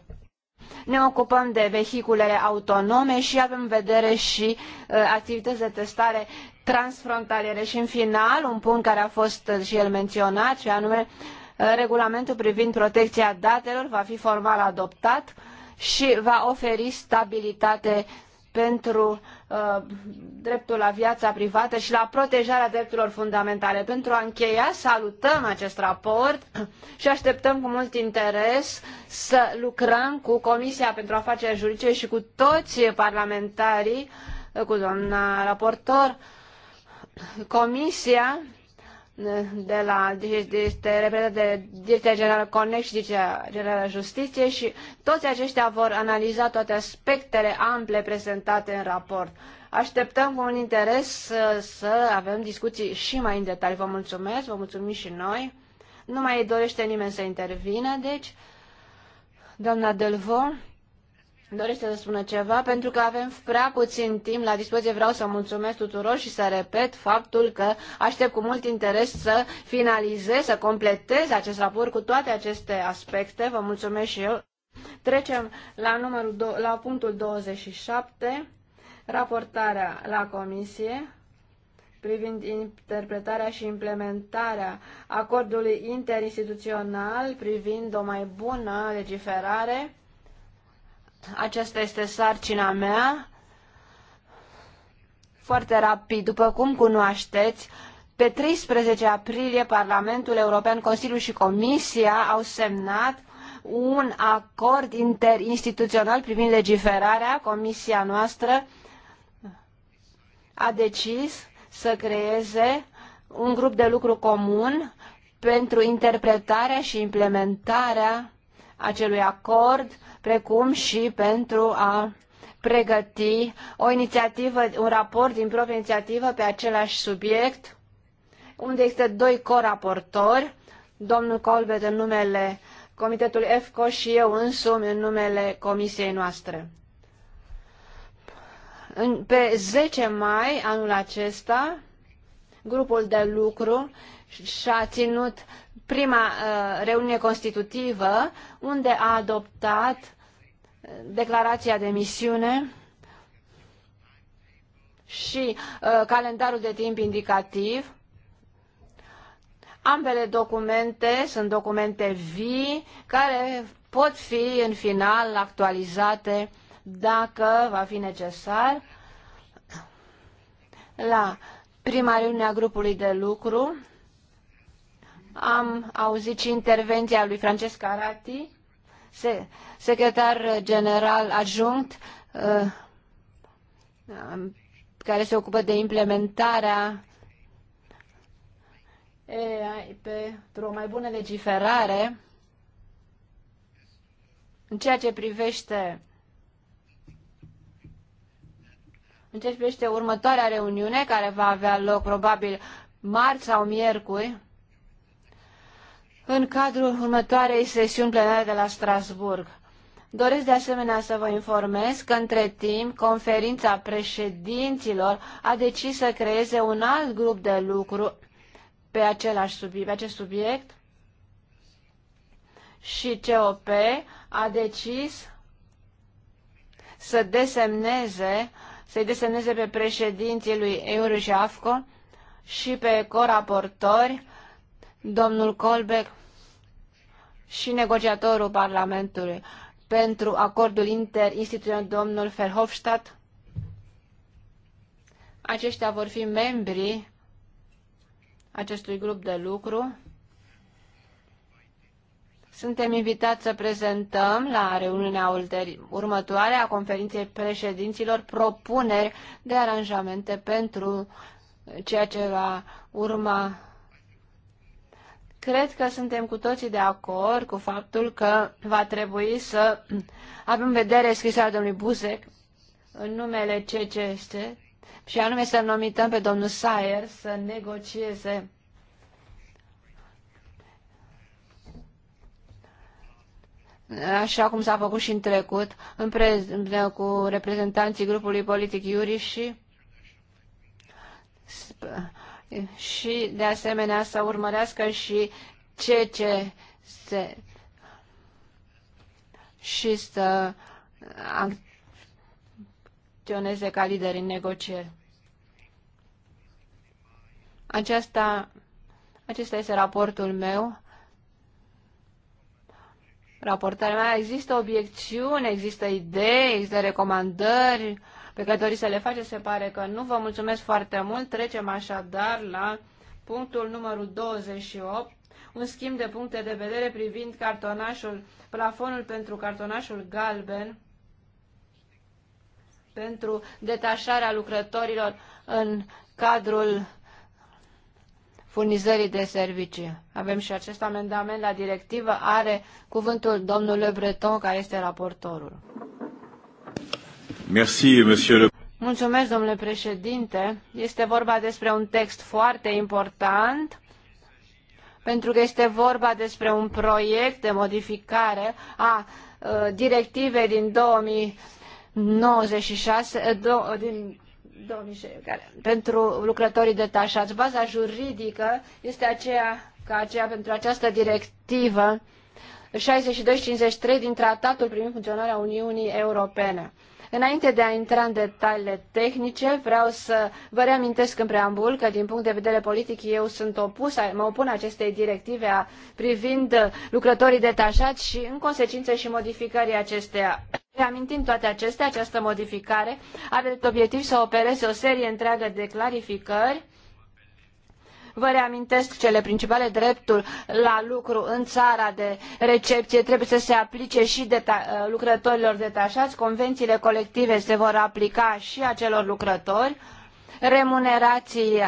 Ne ocupăm de vehiculele autonome și avem în vedere și uh, activități de testare transfrontaliere. Și în final, un punct care a fost uh, și el menționat, și anume uh, regulamentul privind protecția datelor va fi formal adoptat și va oferi stabilitate pentru uh, Uh, dreptul la viața privată și la protejarea drepturilor fundamentale. Pentru a încheia, salutăm acest raport și așteptăm cu mult interes să lucrăm cu Comisia pentru Afaceri Juridice și cu toți parlamentarii, uh, cu doamna raportor, Comisia de la este reprezentat de Direcția Generală conex și Direcția Generală Justiție și toți aceștia vor analiza toate aspectele ample prezentate în raport. Așteptăm cu un interes să, să avem discuții și mai în detaliu. Vă mulțumesc, vă mulțumim și noi. Nu mai dorește nimeni să intervină, deci, doamna Delvaux, dorește să spună ceva, pentru că avem prea puțin timp la dispoziție. Vreau să mulțumesc tuturor și să repet faptul că aștept cu mult interes să finalizez, să completez acest raport cu toate aceste aspecte. Vă mulțumesc și eu. Trecem la, numărul do- la punctul 27, raportarea la comisie privind interpretarea și implementarea acordului interinstituțional privind o mai bună legiferare aceasta este sarcina mea. Foarte rapid, după cum cunoașteți, pe 13 aprilie Parlamentul European, Consiliul și Comisia au semnat un acord interinstituțional privind legiferarea. Comisia noastră a decis să creeze un grup de lucru comun pentru interpretarea și implementarea acelui acord precum și pentru a pregăti o inițiativă, un raport din proprie inițiativă pe același subiect, unde există doi coraportori, domnul Colbet în numele Comitetului EFCO și eu însumi în numele comisiei noastre. Pe 10 mai anul acesta, grupul de lucru și-a ținut prima uh, reuniune constitutivă, unde a adoptat uh, declarația de misiune și uh, calendarul de timp indicativ. Ambele documente sunt documente vii care pot fi în final actualizate dacă va fi necesar la prima reuniune a grupului de lucru am auzit și intervenția lui Francesc Arati, secretar general adjunct, uh, care se ocupă de implementarea pentru o mai bună legiferare în ceea ce privește în ceea ce privește următoarea reuniune care va avea loc probabil marți sau miercuri în cadrul următoarei sesiuni plenare de la Strasburg. Doresc de asemenea să vă informez că între timp conferința președinților a decis să creeze un alt grup de lucru pe, același subiect, pe acest subiect și COP a decis să desemneze, să-i desemneze pe președinții lui Euro și și pe coraportori, domnul Colbeck și negociatorul Parlamentului pentru acordul interinstituțional, domnul Verhofstadt. Aceștia vor fi membri acestui grup de lucru. Suntem invitați să prezentăm la reuniunea următoare a conferinței președinților propuneri de aranjamente pentru ceea ce va urma Cred că suntem cu toții de acord cu faptul că va trebui să avem vedere scrisoarea domnului Buzek în numele CCS și anume să nomităm pe domnul Sayer să negocieze așa cum s-a făcut și în trecut, împreună cu reprezentanții grupului politic Iuri și și de asemenea să urmărească și ce ce se și să acționeze ca lideri în negocieri. Aceasta, acesta este raportul meu. Raportarea mea există obiecțiuni, există idei, există recomandări, pe care doriți să le faceți. Se pare că nu. Vă mulțumesc foarte mult. Trecem așadar la punctul numărul 28 un schimb de puncte de vedere privind cartonașul, plafonul pentru cartonașul galben pentru detașarea lucrătorilor în cadrul furnizării de servicii. Avem și acest amendament la directivă. Are cuvântul domnul Le Breton, care este raportorul domnule președinte. Este vorba despre un text foarte important pentru că este vorba despre un proiect de modificare a uh, directivei din 2096 uh, do, uh, din 2006, care, pentru lucrătorii detașați. Baza juridică este aceea ca aceea pentru această directivă 62-53 din Tratatul privind funcționarea Uniunii Europene. Înainte de a intra în detaliile tehnice, vreau să vă reamintesc în preambul că din punct de vedere politic eu sunt opus, mă opun acestei directive a, privind lucrătorii detașați și în consecință și modificării acesteia. Reamintind toate acestea, această modificare are drept obiectiv să opereze o serie întreagă de clarificări Vă reamintesc cele principale drepturi la lucru în ara de recepție trebuie să se aplice și lucrătorilor detaai convențiile colective se vor aplica și acelor lucrători.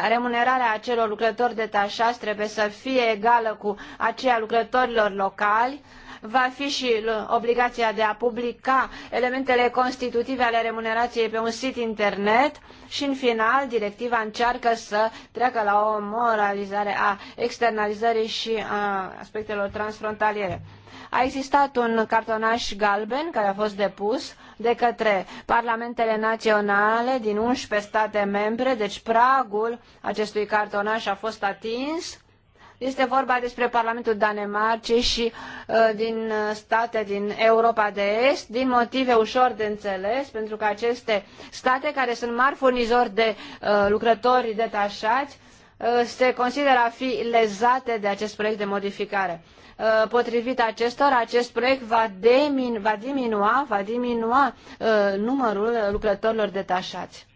Remunerarea acelor lucrători detașați trebuie să fie egală cu aceea lucrătorilor locali va fi și obligația de a publica elementele constitutive ale remunerației pe un sit internet și, în final, directiva încearcă să treacă la o moralizare a externalizării și a aspectelor transfrontaliere. A existat un cartonaș galben care a fost depus de către parlamentele naționale din 11 state membre, deci pragul acestui cartonaș a fost atins este vorba despre Parlamentul Danemarcei și uh, din uh, state din Europa de Est, din motive ușor de înțeles, pentru că aceste state, care sunt mari furnizori de uh, lucrători detașați, uh, se consideră a fi lezate de acest proiect de modificare. Uh, potrivit acestora, acest proiect va, demin, va diminua, va diminua numărul lucrătorilor detașați.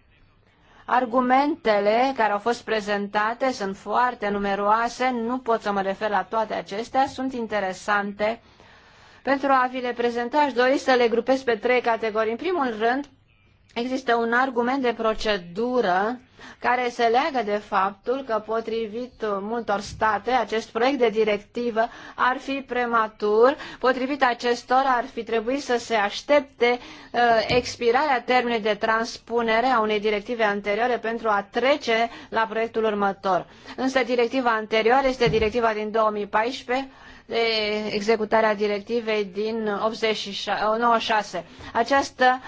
Argumentele care au fost prezentate sunt foarte numeroase, nu pot să mă refer la toate acestea, sunt interesante. Pentru a vi le prezenta, aș dori să le grupez pe trei categorii. În primul rând, Există un argument de procedură care se leagă de faptul că, potrivit multor state, acest proiect de directivă ar fi prematur, potrivit acestor ar fi trebuit să se aștepte uh, expirarea termenului de transpunere a unei directive anterioare pentru a trece la proiectul următor. Însă directiva anterioară este directiva din 2014 de executarea directivei din 96. Aceasta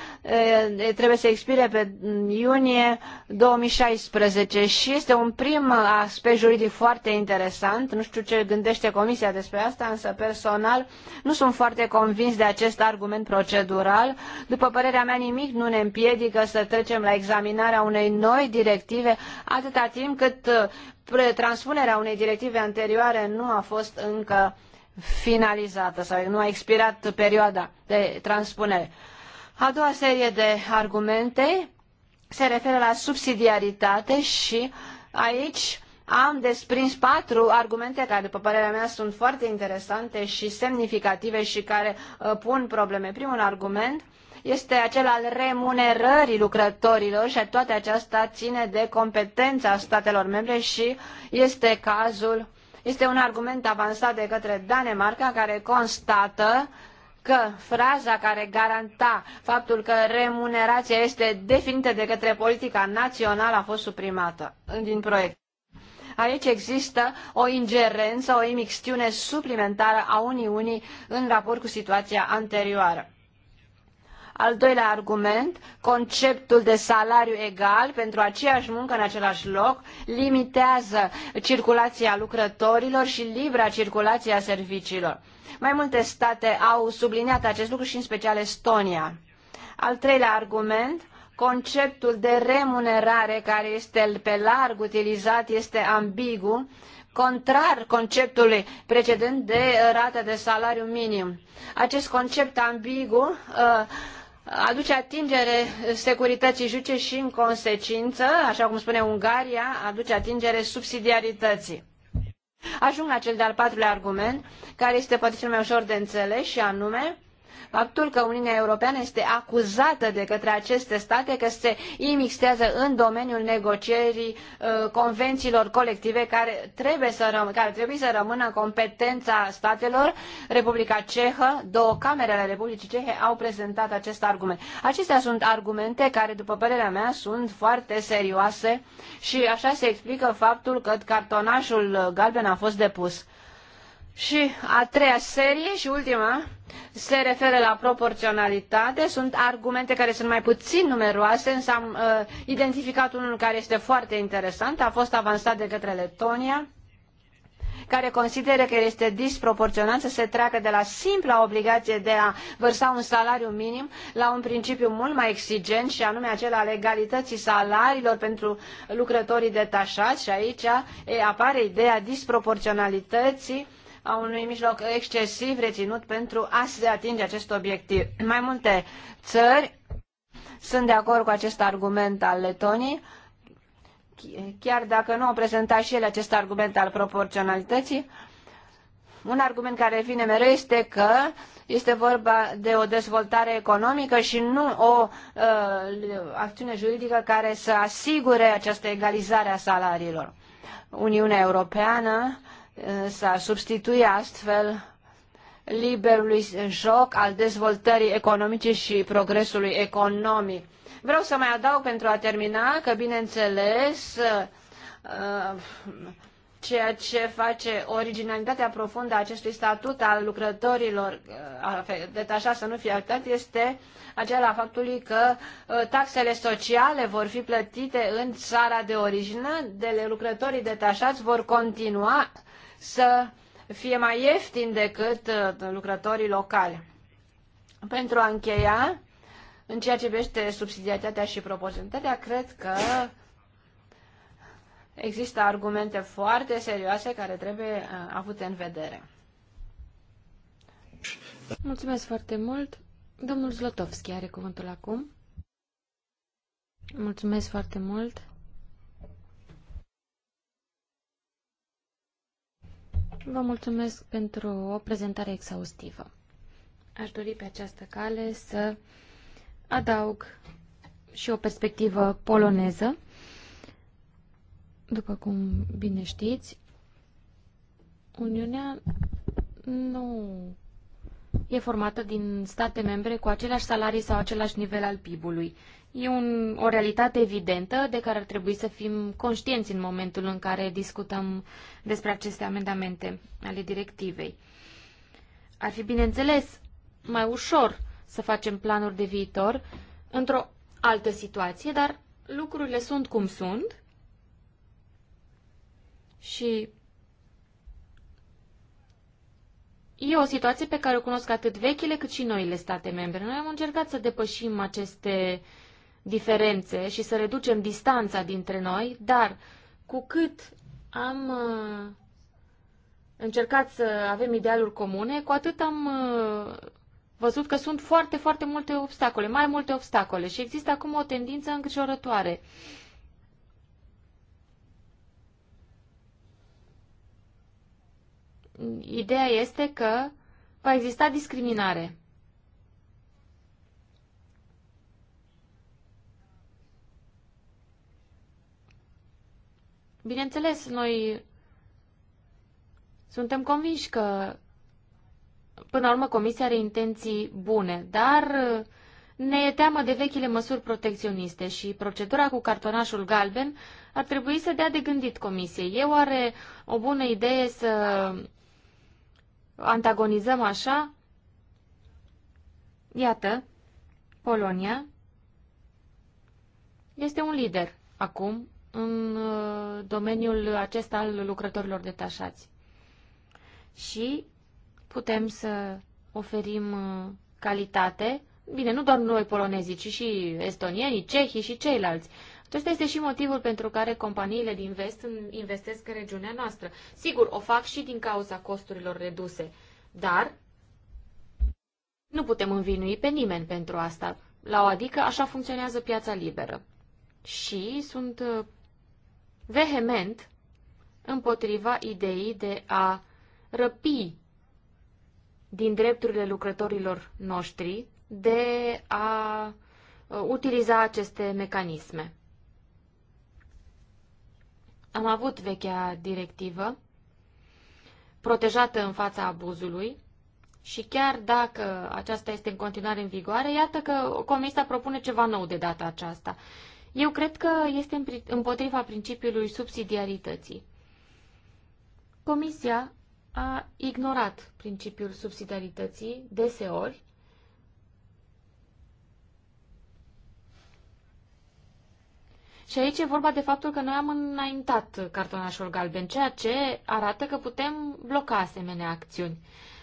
trebuie să expire pe iunie 2016 și este un prim aspect juridic foarte interesant. Nu știu ce gândește Comisia despre asta, însă personal nu sunt foarte convins de acest argument procedural. După părerea mea, nimic nu ne împiedică să trecem la examinarea unei noi directive atâta timp cât transpunerea unei directive anterioare nu a fost încă finalizată sau nu a expirat perioada de transpunere. A doua serie de argumente se referă la subsidiaritate și aici am desprins patru argumente care, după părerea mea, sunt foarte interesante și semnificative și care uh, pun probleme. Primul argument este acela al remunerării lucrătorilor și toate aceasta ține de competența statelor membre și este cazul este un argument avansat de către Danemarca care constată că fraza care garanta faptul că remunerația este definită de către politica națională a fost suprimată din proiect. Aici există o ingerență, o imixtiune suplimentară a Uniunii în raport cu situația anterioară. Al doilea argument, conceptul de salariu egal pentru aceeași muncă în același loc limitează circulația lucrătorilor și libera circulația a serviciilor. Mai multe state au subliniat acest lucru și în special Estonia. Al treilea argument, conceptul de remunerare care este pe larg utilizat este ambigu, contrar conceptului precedent de rată de salariu minim. Acest concept ambigu uh, aduce atingere securității juce și, în consecință, așa cum spune Ungaria, aduce atingere subsidiarității. Ajung la cel de-al patrulea argument, care este poate cel mai ușor de înțeles și anume faptul că Uniunea Europeană este acuzată de către aceste state că se imixtează în domeniul negocierii uh, convențiilor colective care trebuie, să răm- care trebuie să rămână în competența statelor. Republica Cehă, două camere ale Republicii Cehe au prezentat acest argument. Acestea sunt argumente care, după părerea mea, sunt foarte serioase și așa se explică faptul că cartonașul galben a fost depus. Și a treia serie și ultima se referă la proporționalitate. Sunt argumente care sunt mai puțin numeroase, însă am uh, identificat unul care este foarte interesant. A fost avansat de către Letonia, care consideră că este disproporționat să se treacă de la simpla obligație de a vărsa un salariu minim la un principiu mult mai exigent și anume acela al egalității salariilor pentru lucrătorii detașați și aici apare ideea disproporționalității uh, a unui mijloc excesiv reținut pentru a se atinge acest obiectiv. Mai multe țări sunt de acord cu acest argument al Letoniei, chiar dacă nu au prezentat și ele acest argument al proporționalității, un argument care vine mereu este că este vorba de o dezvoltare economică și nu o uh, acțiune juridică care să asigure această egalizare a salariilor. Uniunea Europeană s-ar substitui astfel liberului joc al dezvoltării economice și progresului economic. Vreau să mai adaug pentru a termina că, bineînțeles, uh, ceea ce face originalitatea profundă a acestui statut al lucrătorilor uh, detașați să nu fie afectat este acela faptului că uh, taxele sociale vor fi plătite în țara de origine, de lucrătorii detașați vor continua să fie mai ieftin decât uh, lucrătorii locali. Pentru a încheia, în ceea ce privește subsidiaritatea și proporționalitatea, cred că există argumente foarte serioase care trebuie uh, avute în vedere. Mulțumesc foarte mult. Domnul Zlotovski are cuvântul acum. Mulțumesc foarte mult. Vă mulțumesc pentru o prezentare exhaustivă. Aș dori pe această cale să adaug și o perspectivă poloneză. După cum bine știți, Uniunea nu e formată din state membre cu aceleași salarii sau același nivel al PIB-ului. E un, o realitate evidentă de care ar trebui să fim conștienți în momentul în care discutăm despre aceste amendamente ale directivei. Ar fi, bineînțeles, mai ușor să facem planuri de viitor într-o altă situație, dar lucrurile sunt cum sunt și E o situație pe care o cunosc atât vechile cât și noile state membre. Noi am încercat să depășim aceste diferențe și să reducem distanța dintre noi, dar cu cât am uh, încercat să avem idealuri comune, cu atât am uh, văzut că sunt foarte, foarte multe obstacole, mai multe obstacole și există acum o tendință îngrijorătoare. Ideea este că va exista discriminare. Bineînțeles, noi suntem convinși că, până la urmă, Comisia are intenții bune, dar uh, ne e teamă de vechile măsuri protecționiste și procedura cu cartonașul galben ar trebui să dea de gândit Comisiei. Eu are o bună idee să antagonizăm așa? Iată, Polonia este un lider acum în uh, domeniul acesta al lucrătorilor detașați. Și putem să oferim uh, calitate, bine, nu doar noi polonezii, ci și estonienii, cehii și ceilalți. Acesta este și motivul pentru care companiile din vest investesc în regiunea noastră. Sigur, o fac și din cauza costurilor reduse, dar nu putem învinui pe nimeni pentru asta. La o adică așa funcționează piața liberă. Și sunt uh, vehement împotriva ideii de a răpi din drepturile lucrătorilor noștri de a uh, utiliza aceste mecanisme. Am avut vechea directivă protejată în fața abuzului și chiar dacă aceasta este în continuare în vigoare, iată că Comisia propune ceva nou de data aceasta. Eu cred că este împotriva principiului subsidiarității. Comisia a ignorat principiul subsidiarității deseori Și aici e vorba de faptul că noi am înaintat cartonașul galben, ceea ce arată că putem bloca asemenea acțiuni.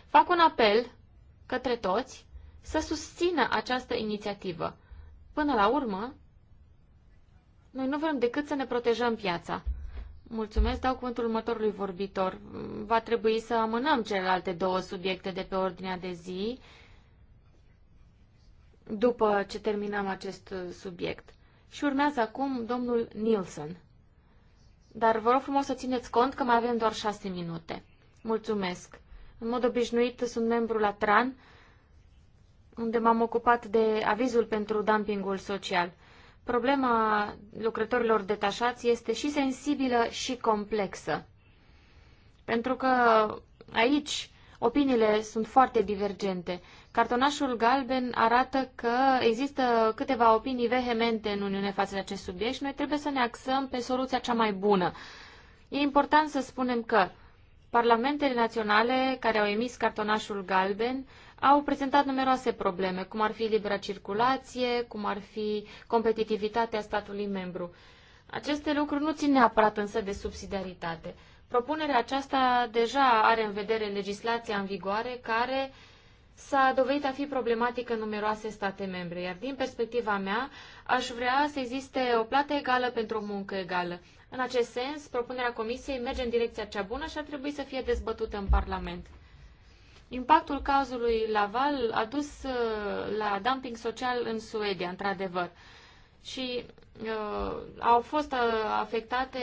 Fac un apel către toți să susțină această inițiativă. Până la urmă, noi nu vrem decât să ne protejăm piața. Mulțumesc, dau cuvântul următorului vorbitor. Va trebui să amânăm celelalte două subiecte de pe ordinea de zi după ce terminăm acest subiect. Și urmează acum domnul Nilsson. Dar vă rog frumos să țineți cont că mai avem doar șase minute. Mulțumesc. În mod obișnuit sunt membru la TRAN, unde m-am ocupat de avizul pentru dumpingul social problema lucrătorilor detașați este și sensibilă și complexă. Pentru că aici opiniile sunt foarte divergente. Cartonașul galben arată că există câteva opinii vehemente în Uniune față de acest subiect și noi trebuie să ne axăm pe soluția cea mai bună. E important să spunem că parlamentele naționale care au emis cartonașul galben au prezentat numeroase probleme, cum ar fi libera circulație, cum ar fi competitivitatea statului membru. Aceste lucruri nu țin neapărat însă de subsidiaritate. Propunerea aceasta deja are în vedere legislația în vigoare care s-a dovedit a fi problematică în numeroase state membre, iar din perspectiva mea aș vrea să existe o plată egală pentru o muncă egală. În acest sens, propunerea Comisiei merge în direcția cea bună și ar trebui să fie dezbătută în Parlament. Impactul cazului Laval a dus uh, la dumping social în Suedia, într-adevăr. Și uh, au fost uh, afectate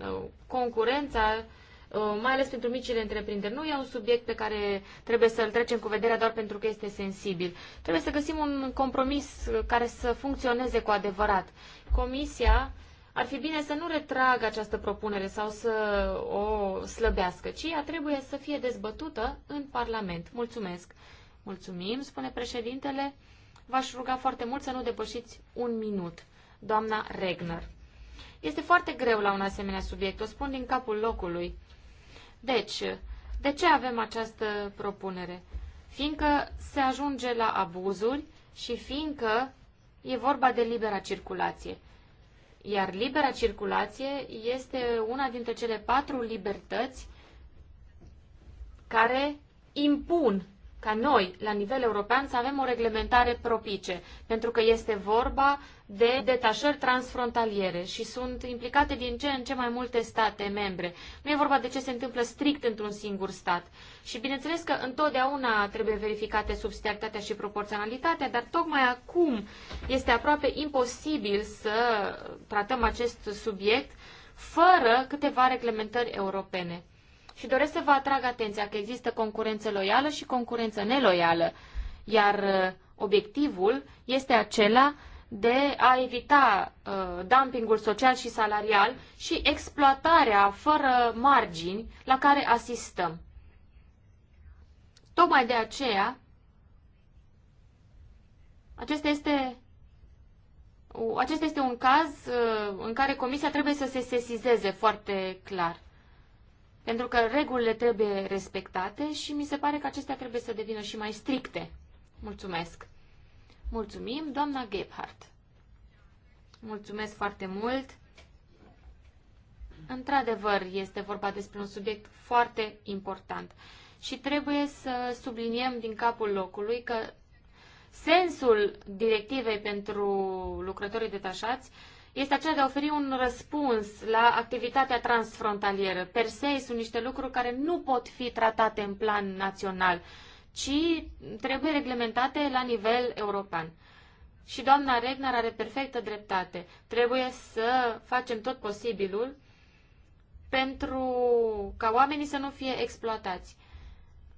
uh, concurența, uh, mai ales pentru micile întreprinderi. Nu e un subiect pe care trebuie să-l trecem cu vederea doar pentru că este sensibil. Trebuie să găsim un compromis care să funcționeze cu adevărat. Comisia ar fi bine să nu retragă această propunere sau să o slăbească, ci ea trebuie să fie dezbătută în Parlament. Mulțumesc! Mulțumim, spune președintele. V-aș ruga foarte mult să nu depășiți un minut. Doamna Regner. Este foarte greu la un asemenea subiect, o spun din capul locului. Deci, de ce avem această propunere? Fiindcă se ajunge la abuzuri și fiindcă e vorba de libera circulație. Iar libera circulație este una dintre cele patru libertăți care impun ca noi, la nivel european, să avem o reglementare propice, pentru că este vorba de detașări transfrontaliere și sunt implicate din ce în ce mai multe state membre. Nu e vorba de ce se întâmplă strict într-un singur stat. Și bineînțeles că întotdeauna trebuie verificate subsidiaritatea și proporționalitatea, dar tocmai acum este aproape imposibil să tratăm acest subiect fără câteva reglementări europene. Și doresc să vă atrag atenția că există concurență loială și concurență neloială, iar uh, obiectivul este acela de a evita uh, dumpingul social și salarial și exploatarea fără margini la care asistăm. Tocmai de aceea, acesta este, acesta este un caz uh, în care Comisia trebuie să se sesizeze foarte clar. Pentru că regulile trebuie respectate și mi se pare că acestea trebuie să devină și mai stricte. Mulțumesc! Mulțumim, doamna Gebhardt! Mulțumesc foarte mult! Într-adevăr, este vorba despre un subiect foarte important și trebuie să subliniem din capul locului că sensul directivei pentru lucrătorii detașați este aceea de a oferi un răspuns la activitatea transfrontalieră. Per se sunt niște lucruri care nu pot fi tratate în plan național, ci trebuie reglementate la nivel european. Și doamna Regnar are perfectă dreptate. Trebuie să facem tot posibilul pentru ca oamenii să nu fie exploatați.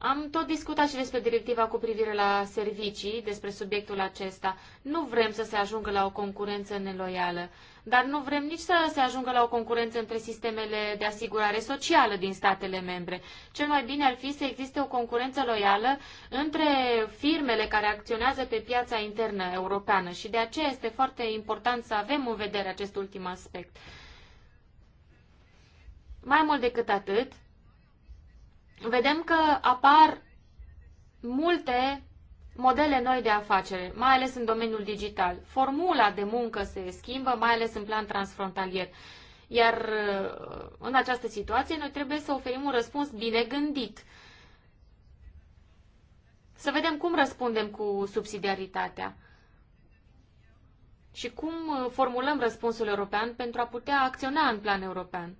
Am tot discutat și despre directiva cu privire la servicii, despre subiectul acesta. Nu vrem să se ajungă la o concurență neloială, dar nu vrem nici să se ajungă la o concurență între sistemele de asigurare socială din statele membre. Cel mai bine ar fi să existe o concurență loială între firmele care acționează pe piața internă europeană și de aceea este foarte important să avem în vedere acest ultim aspect. Mai mult decât atât, vedem că apar multe modele noi de afacere, mai ales în domeniul digital. Formula de muncă se schimbă, mai ales în plan transfrontalier. Iar uh, în această situație noi trebuie să oferim un răspuns bine gândit. Să vedem cum răspundem cu subsidiaritatea și cum uh, formulăm răspunsul european pentru a putea acționa în plan european.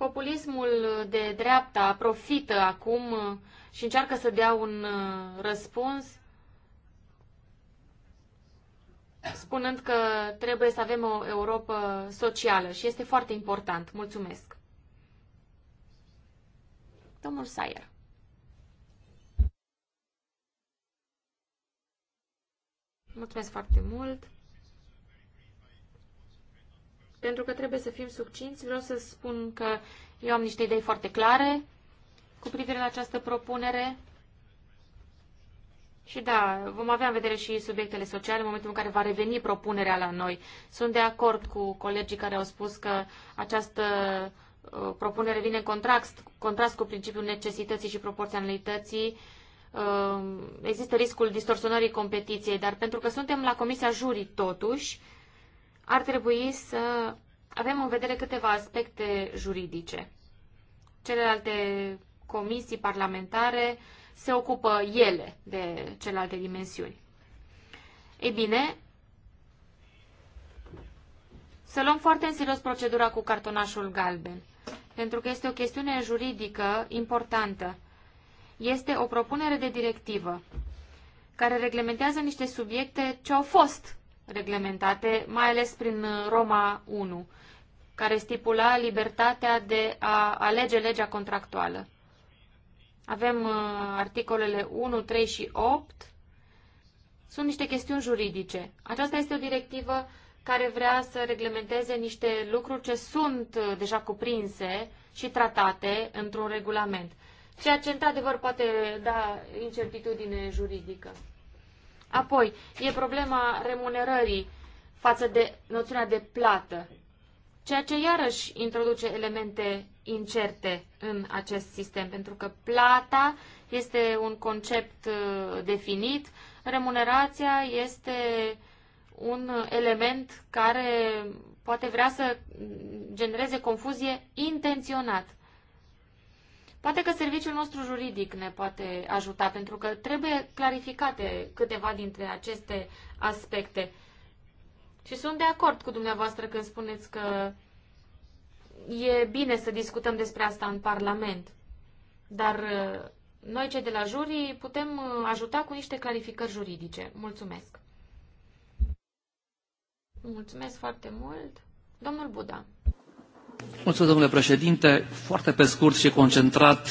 Populismul de dreapta profită acum și încearcă să dea un uh, răspuns spunând că trebuie să avem o Europa socială și este foarte important. Mulțumesc. Domnul Sayer. Mulțumesc foarte mult pentru că trebuie să fim succinți. Vreau să spun că eu am niște idei foarte clare cu privire la această propunere. Și da, vom avea în vedere și subiectele sociale în momentul în care va reveni propunerea la noi. Sunt de acord cu colegii care au spus că această uh, propunere vine în contrast, contrast cu principiul necesității și proporționalității. Uh, există riscul distorsionării competiției, dar pentru că suntem la Comisia Jurii totuși, ar trebui să avem în vedere câteva aspecte juridice. Celelalte comisii parlamentare se ocupă ele de celelalte dimensiuni. Ei bine, să luăm foarte în serios procedura cu cartonașul galben, pentru că este o chestiune juridică importantă. Este o propunere de directivă care reglementează niște subiecte ce au fost reglementate, mai ales prin uh, Roma 1, care stipula libertatea de a alege legea contractuală. Avem uh, articolele 1, 3 și 8. Sunt niște chestiuni juridice. Aceasta este o directivă care vrea să reglementeze niște lucruri ce sunt uh, deja cuprinse și tratate într-un regulament. Ceea ce, într-adevăr, poate da incertitudine juridică. Apoi, e problema remunerării față de noțiunea de plată, ceea ce iarăși introduce elemente incerte în acest sistem, pentru că plata este un concept uh, definit, remunerația este un element care poate vrea să genereze confuzie intenționat. Poate că serviciul nostru juridic ne poate ajuta, pentru că trebuie clarificate câteva dintre aceste aspecte. Și sunt de acord cu dumneavoastră când spuneți că e bine să discutăm despre asta în Parlament. Dar uh, noi, cei de la jurii, putem uh, ajuta cu niște clarificări juridice. Mulțumesc! Mulțumesc foarte mult! Domnul Buda. Mulțumesc, domnule președinte. Foarte pe scurt și concentrat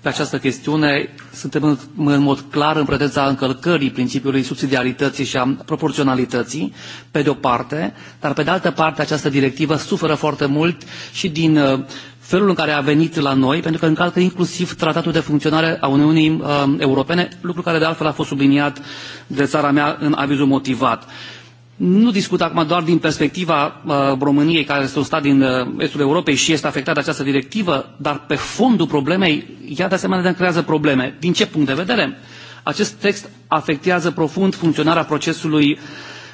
pe această chestiune, suntem în, în mod clar în prezența încălcării principiului subsidiarității și a proporționalității, pe de o parte, dar pe de altă parte această directivă suferă foarte mult și din uh, felul în care a venit la noi, pentru că încalcă inclusiv tratatul de funcționare a Uniunii uh, Europene, lucru care de altfel a fost subliniat de țara mea în avizul motivat. Nu discut acum doar din perspectiva uh, României, care este un stat din uh, estul Europei și este afectat de această directivă, dar pe fondul problemei, ea de asemenea creează probleme. Din ce punct de vedere? Acest text afectează profund funcționarea procesului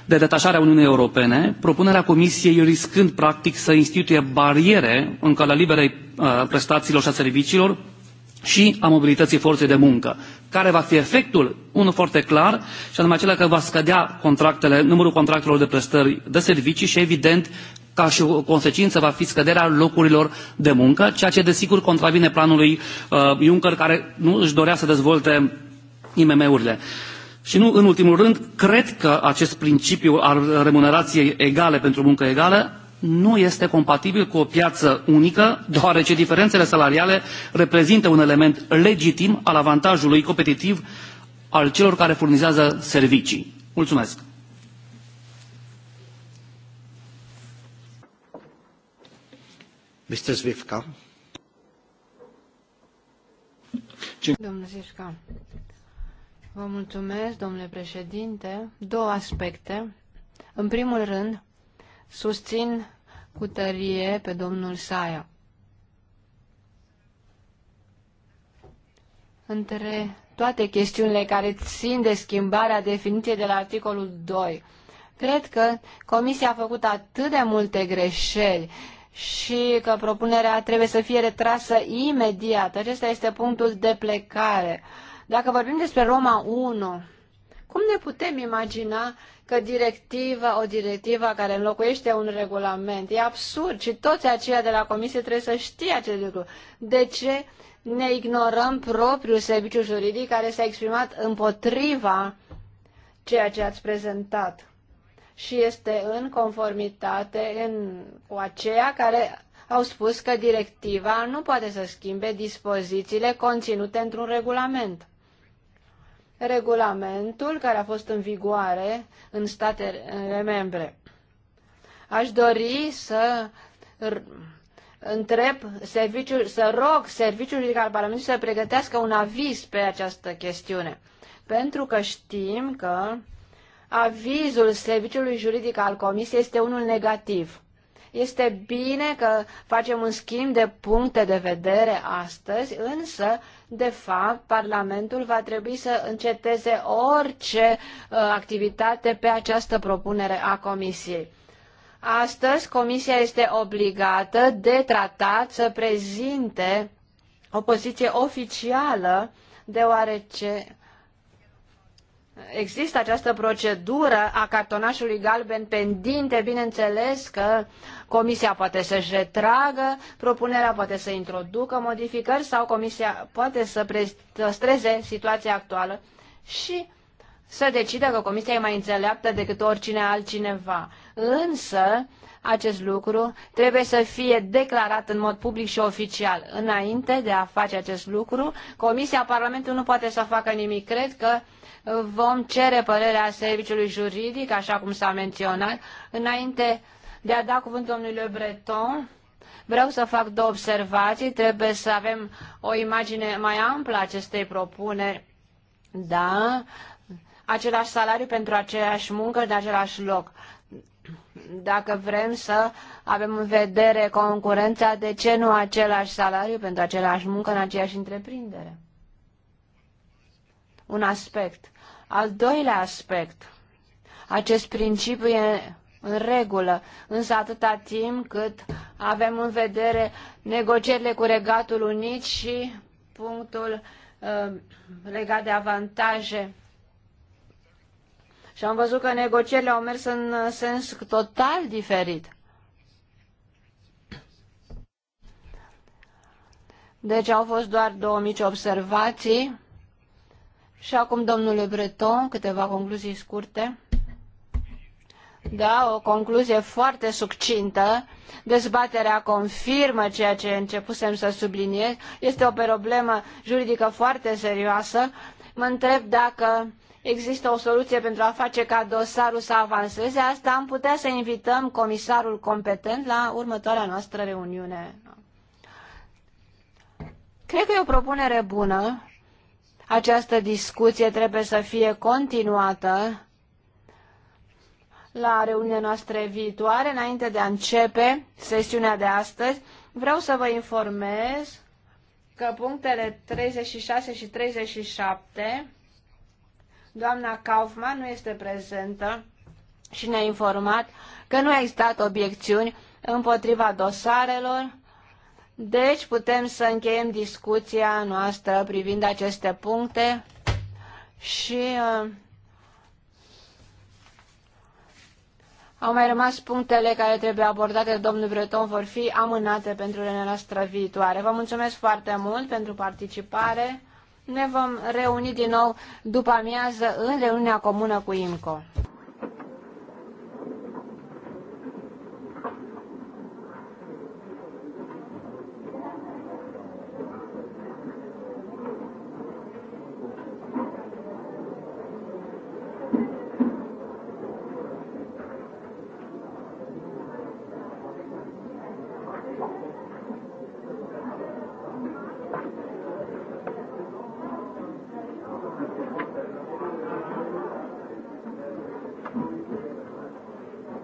de detașare a Uniunii Europene, propunerea Comisiei riscând practic să instituie bariere în calea liberei uh, prestațiilor și a serviciilor și a mobilității forței de muncă. Care va fi efectul? Unul foarte clar, și anume acela că va scădea contractele, numărul contractelor de prestări de servicii și, evident, ca și o consecință va fi scăderea locurilor de muncă, ceea ce desigur contravine planului uh, Juncker, care nu își dorea să dezvolte IMM-urile. Și nu în ultimul rând, cred că acest principiu al remunerației egale pentru muncă egală nu este compatibil cu o piață unică, deoarece diferențele salariale reprezintă un element legitim al avantajului competitiv al celor care furnizează servicii. Mulțumesc! Mr. Zvivka. Domnule Zvivka, vă mulțumesc, domnule președinte. Două aspecte. În primul rând, Susțin cu tărie pe domnul Saia. Între toate chestiunile care țin de schimbarea definiției de la articolul 2, cred că Comisia a făcut atât de multe greșeli și că propunerea trebuie să fie retrasă imediat. Acesta este punctul de plecare. Dacă vorbim despre Roma 1, cum ne putem imagina că directiva, o directivă care înlocuiește un regulament, e absurd și toți aceia de la comisie trebuie să știe acest lucru. De ce ne ignorăm propriul serviciu juridic care s-a exprimat împotriva ceea ce ați prezentat și este în conformitate în, cu aceia care au spus că directiva nu poate să schimbe dispozițiile conținute într-un regulament regulamentul care a fost în vigoare în statele membre. Aș dori să întreb serviciul, să rog serviciul juridic al Parlamentului să pregătească un aviz pe această chestiune. Pentru că știm că avizul serviciului juridic al Comisiei este unul negativ. Este bine că facem un schimb de puncte de vedere astăzi, însă de fapt, Parlamentul va trebui să înceteze orice uh, activitate pe această propunere a Comisiei. Astăzi, Comisia este obligată de tratat să prezinte o poziție oficială, deoarece Există această procedură a cartonașului galben pendinte, bineînțeles că comisia poate să-și retragă propunerea, poate să introducă modificări sau comisia poate să păstreze situația actuală și să decidă că comisia e mai înțeleaptă decât oricine altcineva. Însă, acest lucru trebuie să fie declarat în mod public și oficial. Înainte de a face acest lucru, Comisia Parlamentului nu poate să facă nimic. Cred că vom cere părerea serviciului juridic, așa cum s-a menționat, înainte de a da cuvântul domnului Breton. Vreau să fac două observații. Trebuie să avem o imagine mai amplă a acestei propuneri. Da, același salariu pentru aceeași muncă în același loc dacă vrem să avem în vedere concurența, de ce nu același salariu pentru același muncă în aceeași întreprindere? Un aspect. Al doilea aspect. Acest principiu e în regulă, însă atâta timp cât avem în vedere negocierile cu Regatul Unit și punctul uh, legat de avantaje și am văzut că negocierile au mers în uh, sens total diferit. Deci au fost doar două mici observații. Și acum, domnule Breton, câteva concluzii scurte. Da, o concluzie foarte succintă. Dezbaterea confirmă ceea ce începusem să subliniez. Este o problemă juridică foarte serioasă. Mă întreb dacă există o soluție pentru a face ca dosarul să avanseze, asta am putea să invităm comisarul competent la următoarea noastră reuniune. Cred că e o propunere bună. Această discuție trebuie să fie continuată la reuniunea noastră viitoare, înainte de a începe sesiunea de astăzi. Vreau să vă informez că punctele 36 și 37 Doamna Kaufman nu este prezentă și ne-a informat că nu a existat obiecțiuni împotriva dosarelor, deci putem să încheiem discuția noastră privind aceste puncte și uh, au mai rămas punctele care trebuie abordate de domnul Breton, vor fi amânate pentru noastră viitoare. Vă mulțumesc foarte mult pentru participare. Ne vom reuni din nou după amiază în reuniunea comună cu IMCO.